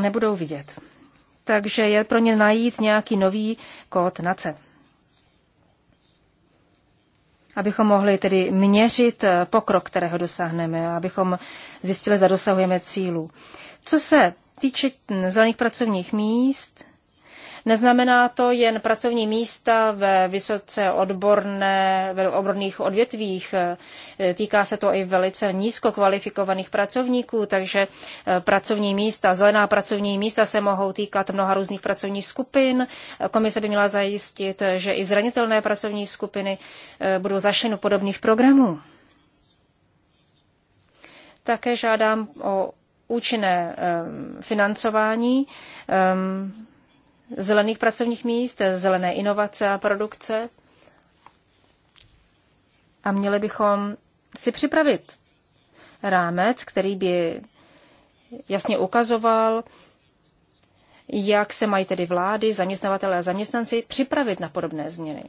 Speaker 3: nebudou vidět. Takže je pro ně najít nějaký nový kód na C abychom mohli tedy měřit eh, pokrok, kterého dosáhneme, abychom zjistili, zda dosahujeme cílu. Co se týče hm, zelených pracovních míst, Neznamená to jen pracovní místa ve vysoce odborné, ve odborných odvětvích. Týká se to i velice nízko kvalifikovaných pracovníků, takže eh, pracovní místa, zelená pracovní místa se mohou týkat mnoha různých pracovních skupin. Komise by měla zajistit, že i zranitelné pracovní skupiny eh, budou zašeny podobných programů. Také žádám o účinné eh, financování. Um, zelených pracovních míst, zelené inovace a produkce. A měli bychom si připravit rámec, který by jasně ukazoval, jak se mají tedy vlády, zaměstnavatele a zaměstnanci připravit na podobné změny.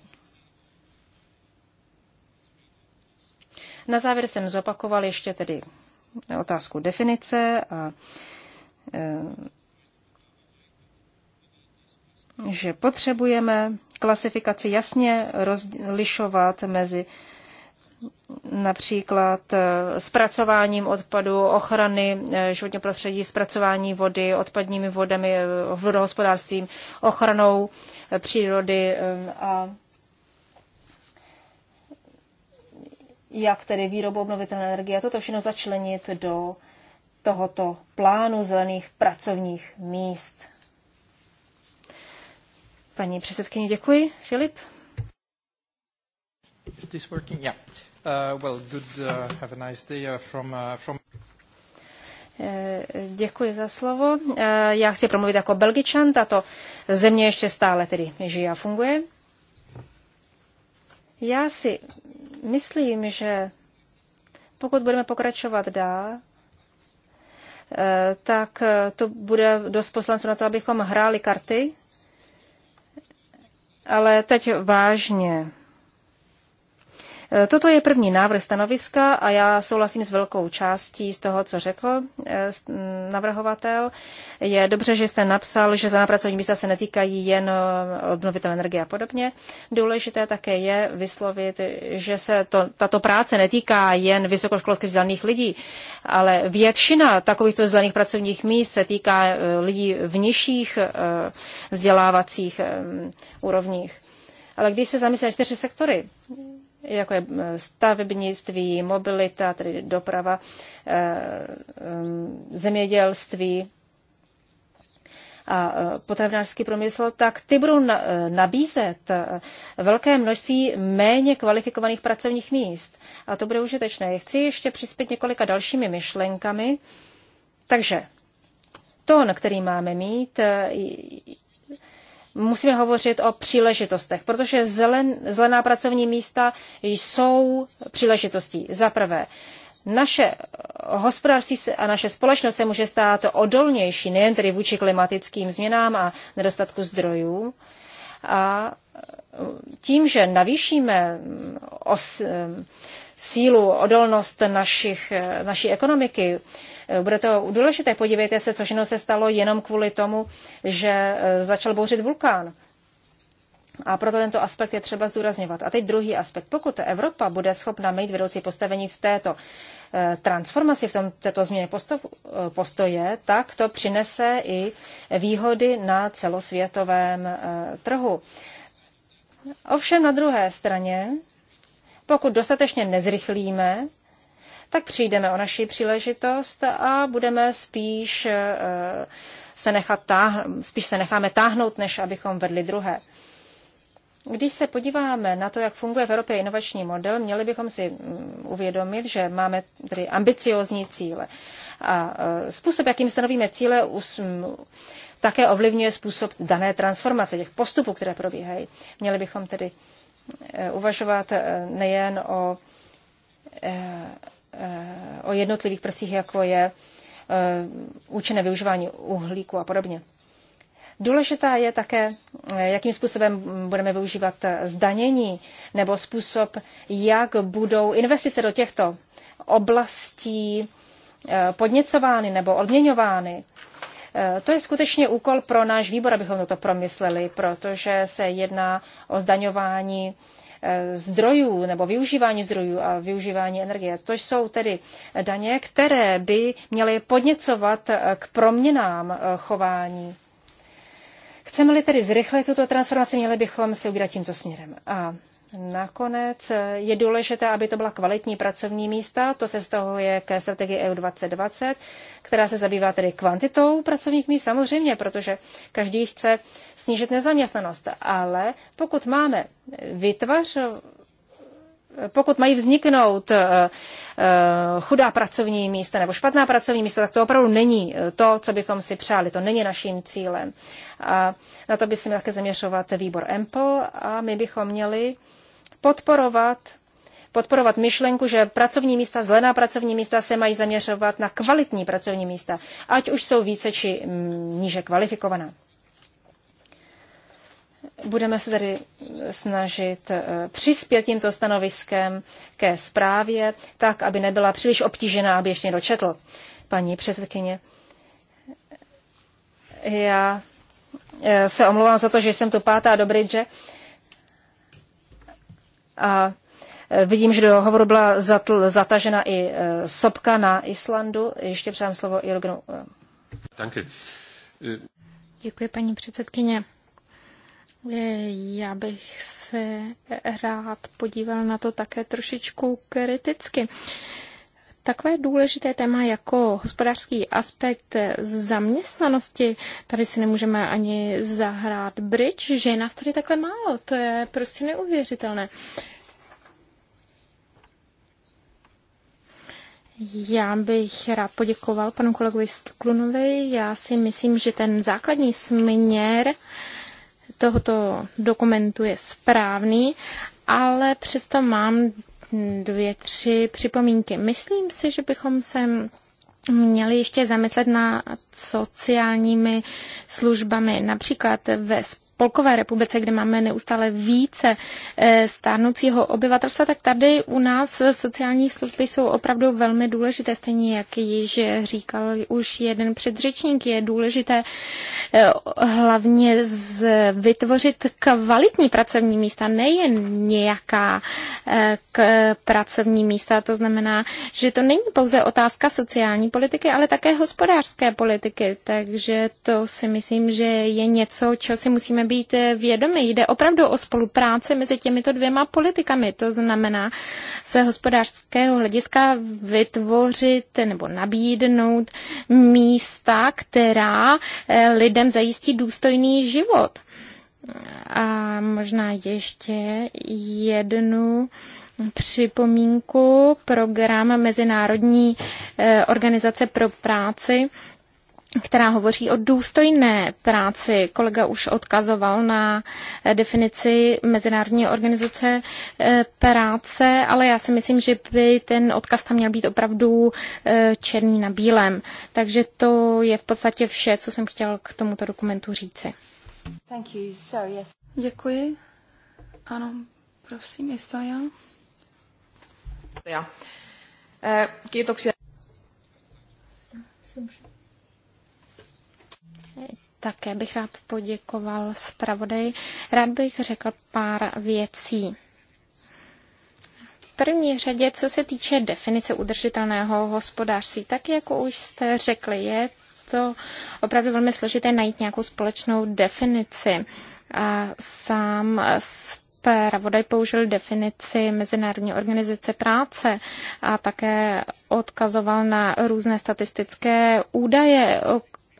Speaker 3: Na závěr jsem zopakoval ještě tedy otázku definice a e, že potřebujeme klasifikaci jasně rozlišovat mezi například eh, zpracováním odpadu, ochrany eh, životního prostředí, zpracování vody, odpadními vodami, eh, vodohospodářstvím, ochranou přírody a jak tedy výrobu obnovitelné energie a toto všechno začlenit do tohoto plánu zelených pracovních míst. Paní předsedkyně, děkuji. Filip?
Speaker 2: Is this working? Yeah. Uh, well, good, uh, have a nice day uh, from, uh, from...
Speaker 3: Eh, děkuji za slovo. Eh, já chci promluvit jako belgičan. Tato země ještě stále tedy žije a funguje. Já si myslím, že pokud budeme pokračovat dál, eh, tak to bude dost poslanců na to, abychom hráli karty ale teď vážně. Eh, toto je první návrh stanoviska a já souhlasím s velkou částí z toho, co řekl eh, navrhovatel. Je dobře, že jste napsal, že za pracovní místa se netýkají jen eh, obnovitelné energie a podobně. Důležité také je vyslovit, že se to, tato práce netýká jen vysokoškolských vzdělaných lidí, ale většina takovýchto vzdělaných pracovních míst se týká lidí v nižších vzdělávacích úrovních. Ale když se zamyslíme čtyři sektory, jako je stavebnictví, mobilita, tedy doprava, e, e, zemědělství a e, potravinářský průmysl, tak ty budou nabízet velké množství méně kvalifikovaných pracovních míst. A to bude užitečné. Chci ještě přispět několika dalšími myšlenkami. Takže tón, který máme mít, musíme hovořit o příležitostech, protože zelen, zelená pracovní místa jsou příležitostí. Za prvé, naše hospodářství a naše společnost se může stát odolnější nejen tedy vůči klimatickým změnám a nedostatku zdrojů. A tím, že navýšíme os, sílu, odolnost našich, naší ekonomiky. Bude to důležité, podívejte se, co všechno se stalo jenom kvůli tomu, že eh, začal bouřit vulkán. A proto tento aspekt je třeba zdůrazňovat. A teď druhý aspekt. Pokud Evropa bude schopna mít vedoucí postavení v této eh, transformaci, v tom, této změně eh, postoje, tak to přinese i výhody na celosvětovém trhu. Ovšem na druhé straně pokud dostatečně nezrychlíme, tak přijdeme o naši příležitost a budeme spíš eh, se, nechat táhnout, spíš se necháme táhnout, než abychom vedli druhé. Když se podíváme na to, jak funguje v Evropě inovační model, měli bychom si mm, uvědomit, že máme tedy ambiciozní cíle. A eh, způsob, jakým stanovíme cíle, mm, také ovlivňuje způsob dané transformace, těch postupů, které probíhají. Měli bychom tedy Eh, uvažovat eh, nejen o, eh, o jednotlivých prvcích, jako je účinné využívání uhlíku a podobně. Důležitá je také, jakým způsobem budeme využívat zdanění nebo způsob, jak budou investice do těchto oblastí podněcovány nebo odměňovány. To je skutečně úkol pro náš výbor, abychom to promysleli, protože se jedná o zdaňování eh, zdrojů nebo využívání zdrojů a využívání energie. To jsou tedy daně, které by měly podněcovat eh, k proměnám eh, chování. Chceme-li tedy zrychlit tuto transformaci, měli bychom se udělat tímto směrem. A Nakonec je důležité, aby to byla kvalitní pracovní místa. To se vztahuje ke strategii EU 2020, která se zabývá tedy kvantitou pracovních míst samozřejmě, protože každý chce snížit nezaměstnanost. Ale pokud máme vytvař, pokud mají vzniknout eh, eh, chudá pracovní místa nebo špatná pracovní místa, tak to opravdu není eh, to, co bychom si přáli. To není naším cílem. A na to by se měl také zaměřovat výbor EMPO a my bychom měli podporovat podporovat myšlenku, že pracovní místa, zelená pracovní místa se mají zaměřovat na kvalitní pracovní místa, ať už jsou více či mm, níže kvalifikovaná. Budeme se tedy snažit eh, přispět tímto stanoviskem ke zprávě, tak, aby nebyla příliš obtížená, aby ještě dočetl paní předsedkyně. Já eh, se omlouvám za to, že jsem tu pátá do bridge. A e, vidím, že do hovoru byla zatl, zatažena i e, sopka na Islandu. Ještě předám slovo Jorgenu. E.
Speaker 2: Děkuji, paní předsedkyně. Já bych se rád podíval na to také trošičku kriticky takové důležité téma jako hospodářský aspekt zaměstnanosti, tady si nemůžeme ani zahrát bridge, že je nás tady takhle málo, to je prostě neuvěřitelné. Já bych rád poděkoval panu kolegovi Stuklunovi. Já si myslím, že ten základní směr tohoto dokumentu je správný, ale přesto mám dvě, tři připomínky. Myslím si, že bychom se měli ještě zamyslet nad sociálními službami. Například ve Spolkové republice, kde máme neustále více eh, stárnoucího obyvatelstva, tak tady u nás sociální služby jsou opravdu velmi důležité, stejně jak již říkal už jeden předřečník. Je důležité eh, hlavně z, vytvořit kvalitní pracovní místa, nejen nějaká eh, k pracovní místa. To znamená, že to není pouze otázka sociální politiky, ale také hospodářské politiky. Takže to si myslím, že je něco, čeho si musíme být být vědomi. Jde opravdu o spolupráci mezi těmito dvěma politikami. To znamená se hospodářského hlediska vytvořit nebo nabídnout místa, která eh, lidem zajistí důstojný život. A možná ještě jednu připomínku program Mezinárodní eh, organizace pro práci která hovoří o důstojné práci. Kolega už odkazoval na eh, definici Mezinárodní organizace eh, práce, ale já si myslím, že by ten odkaz tam měl být opravdu eh, černý na bílém. Takže to je v podstatě vše, co jsem chtěl k tomuto dokumentu říci. Thank you. So, yes.
Speaker 1: Děkuji. Ano, prosím, jestli
Speaker 2: Já. Kiitoksia. Jsem také bych rád poděkoval zpravodaji. Rád bych řekl pár věcí. V první řadě, co se týče definice udržitelného hospodářství, tak jako už jste řekli, je to opravdu velmi složité najít nějakou společnou definici. A sám zpravodaj použil definici Mezinárodní organizace práce a také odkazoval na různé statistické údaje,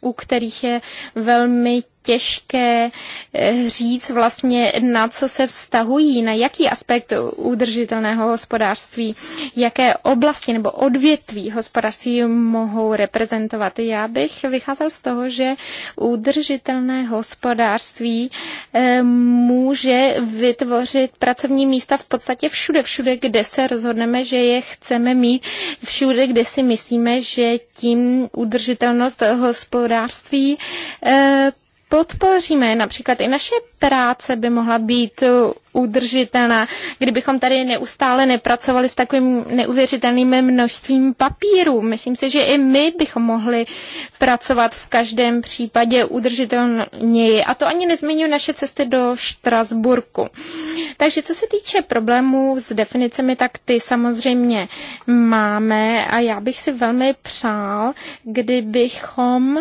Speaker 2: u kterých je velmi těžké eh, říct vlastně, na co se vztahují, na jaký aspekt udržitelného hospodářství, jaké oblasti nebo odvětví hospodářství mohou reprezentovat. Já bych vycházel z toho, že udržitelné hospodářství eh, může vytvořit pracovní místa v podstatě všude, všude, kde se rozhodneme, že je chceme mít, všude, kde si myslíme, že tím udržitelnost hospodářství eh, podpoříme. Například i naše práce by mohla být udržitelná, kdybychom tady neustále nepracovali s takovým neuvěřitelným množstvím papíru. Myslím si, že i my bychom mohli pracovat v každém případě udržitelněji. A to ani nezmiňuji naše cesty do Štrasburku. Takže co se týče problémů s definicemi, tak ty samozřejmě máme a já bych si velmi přál, kdybychom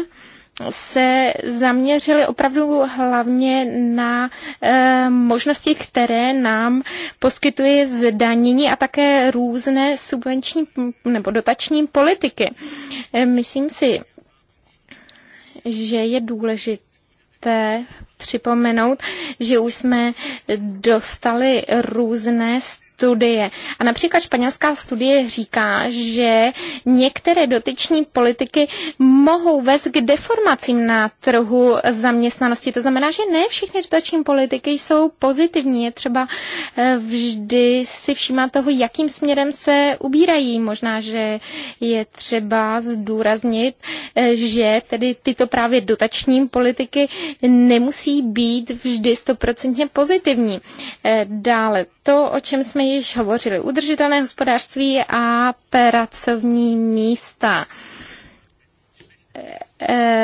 Speaker 2: se zaměřili opravdu hlavně na e, možnosti, které nám poskytuje zdanění a také různé subvenční nebo dotační politiky. E, myslím si, že je důležité připomenout, že už jsme dostali různé studie. A například španělská studie říká, že některé dotyční politiky mohou vést k deformacím na trhu zaměstnanosti. To znamená, že ne všechny dotační politiky jsou pozitivní. Je třeba eh, vždy si všímat toho, jakým směrem se ubírají. Možná, že je třeba zdůraznit, eh, že tedy tyto právě dotační politiky nemusí být vždy stoprocentně pozitivní. Eh, dále to, o čem jsme již hovořili, udržitelné hospodářství a pracovní místa.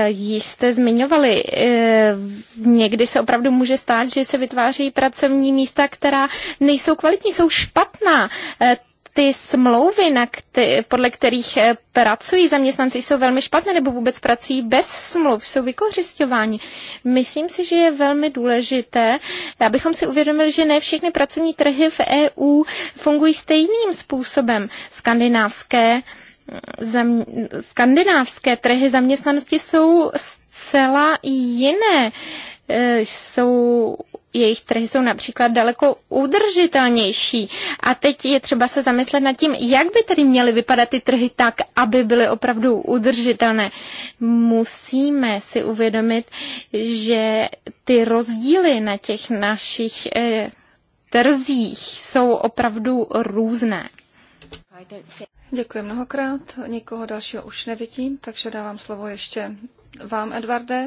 Speaker 2: Již e, jste zmiňovali, e, někdy se opravdu může stát, že se vytváří pracovní místa, která nejsou kvalitní, jsou špatná. E, ty smlouvy, na kte- podle kterých eh, pracují zaměstnanci, jsou velmi špatné nebo vůbec pracují bez smluv, jsou vykořišťováni. Myslím si, že je velmi důležité, abychom si uvědomili, že ne všechny pracovní trhy v EU fungují stejným způsobem. Skandinávské mm, zam, skandinávské trhy zaměstnanosti jsou zcela jiné. Eh, jsou jejich trhy jsou například daleko udržitelnější. A teď je třeba se zamyslet nad tím, jak by tedy měly vypadat ty trhy tak, aby byly opravdu udržitelné. Musíme si uvědomit, že ty rozdíly na těch našich eh, trzích jsou opravdu různé.
Speaker 1: Děkuji mnohokrát. Nikoho dalšího už nevidím, takže dávám slovo ještě vám, Edvarde,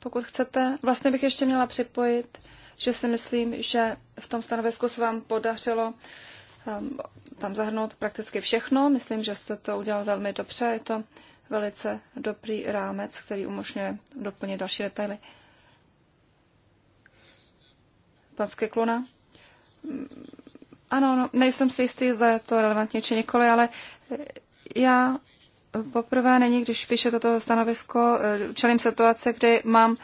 Speaker 1: pokud chcete. Vlastně bych ještě měla připojit že si myslím, že v tom stanovisku se vám podařilo um, tam zahrnout prakticky všechno. Myslím, že jste to udělal velmi dobře. Je to velice dobrý rámec, který umožňuje doplnit další detaily. Pan Skekluna? Ano, no, nejsem si jistý, zda je to relevantně či nikoli, ale já poprvé není, když píše toto stanovisko, eh, čelím situace, kdy mám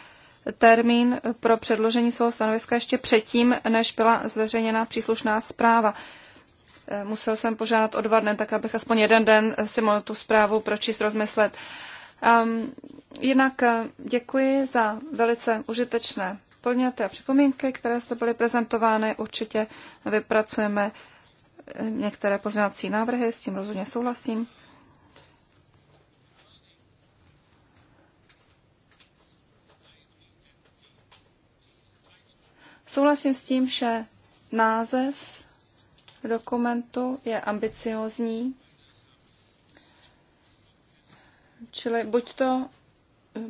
Speaker 1: termín pro předložení svého stanoviska ještě předtím, než byla zveřejněna příslušná zpráva. Eh, musel jsem požádat o dva dny, tak abych aspoň jeden den si mohl tu zprávu pročíst, rozmyslet. Um, jinak eh, děkuji za velice užitečné podněty a připomínky, které jste byly prezentovány. Určitě vypracujeme eh, některé pozměňovací návrhy, s tím rozhodně souhlasím. Souhlasím s tím, že název dokumentu je ambiciozní, čili buď to, eh,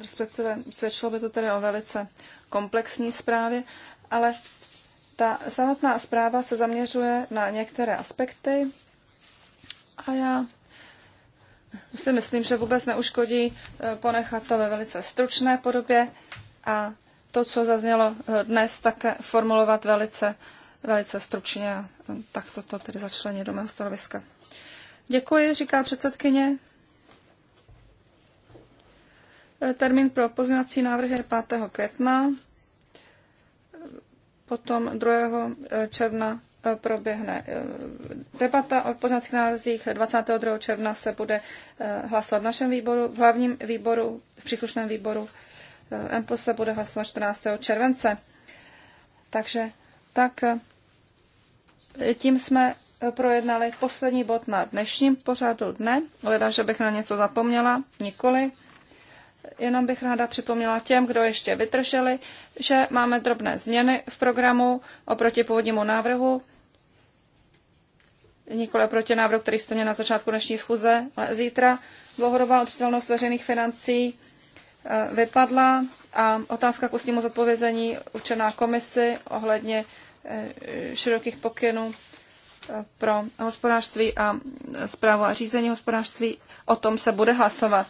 Speaker 1: respektive svědčilo by to tedy o velice komplexní zprávě, ale ta samotná zpráva se zaměřuje na některé aspekty a já si myslím, že vůbec neuškodí eh, ponechat to ve velice stručné podobě a to, co zaznělo eh, dnes, také formulovat velice, velice stručně a eh, tak toto tedy začlení do mého stanoviska. Děkuji, říká předsedkyně. Eh, termín pro pozměňovací návrh je 5. května. Potom 2. června proběhne debata o pozměňovacích návrzích. 22. června se bude hlasovat v našem výboru, v hlavním výboru, v příslušném výboru plus se bude hlasovat 14. července. Takže tak eh, tím jsme eh, projednali poslední bod na dnešním pořadu dne. Leda, že bych na něco zapomněla, nikoli. Jenom bych ráda připomněla těm, kdo ještě vytrželi, že máme drobné změny v programu oproti původnímu návrhu. Nikoli oproti návrhu, který jste měl na začátku dnešní schůze, ale zítra dlouhodobá odčitelnost veřejných financí Eh, vypadla a otázka k ústnímu zodpovězení určená komisi ohledně eh, širokých pokynů eh, pro hospodářství a zprávu a řízení hospodářství. O tom se bude hlasovat.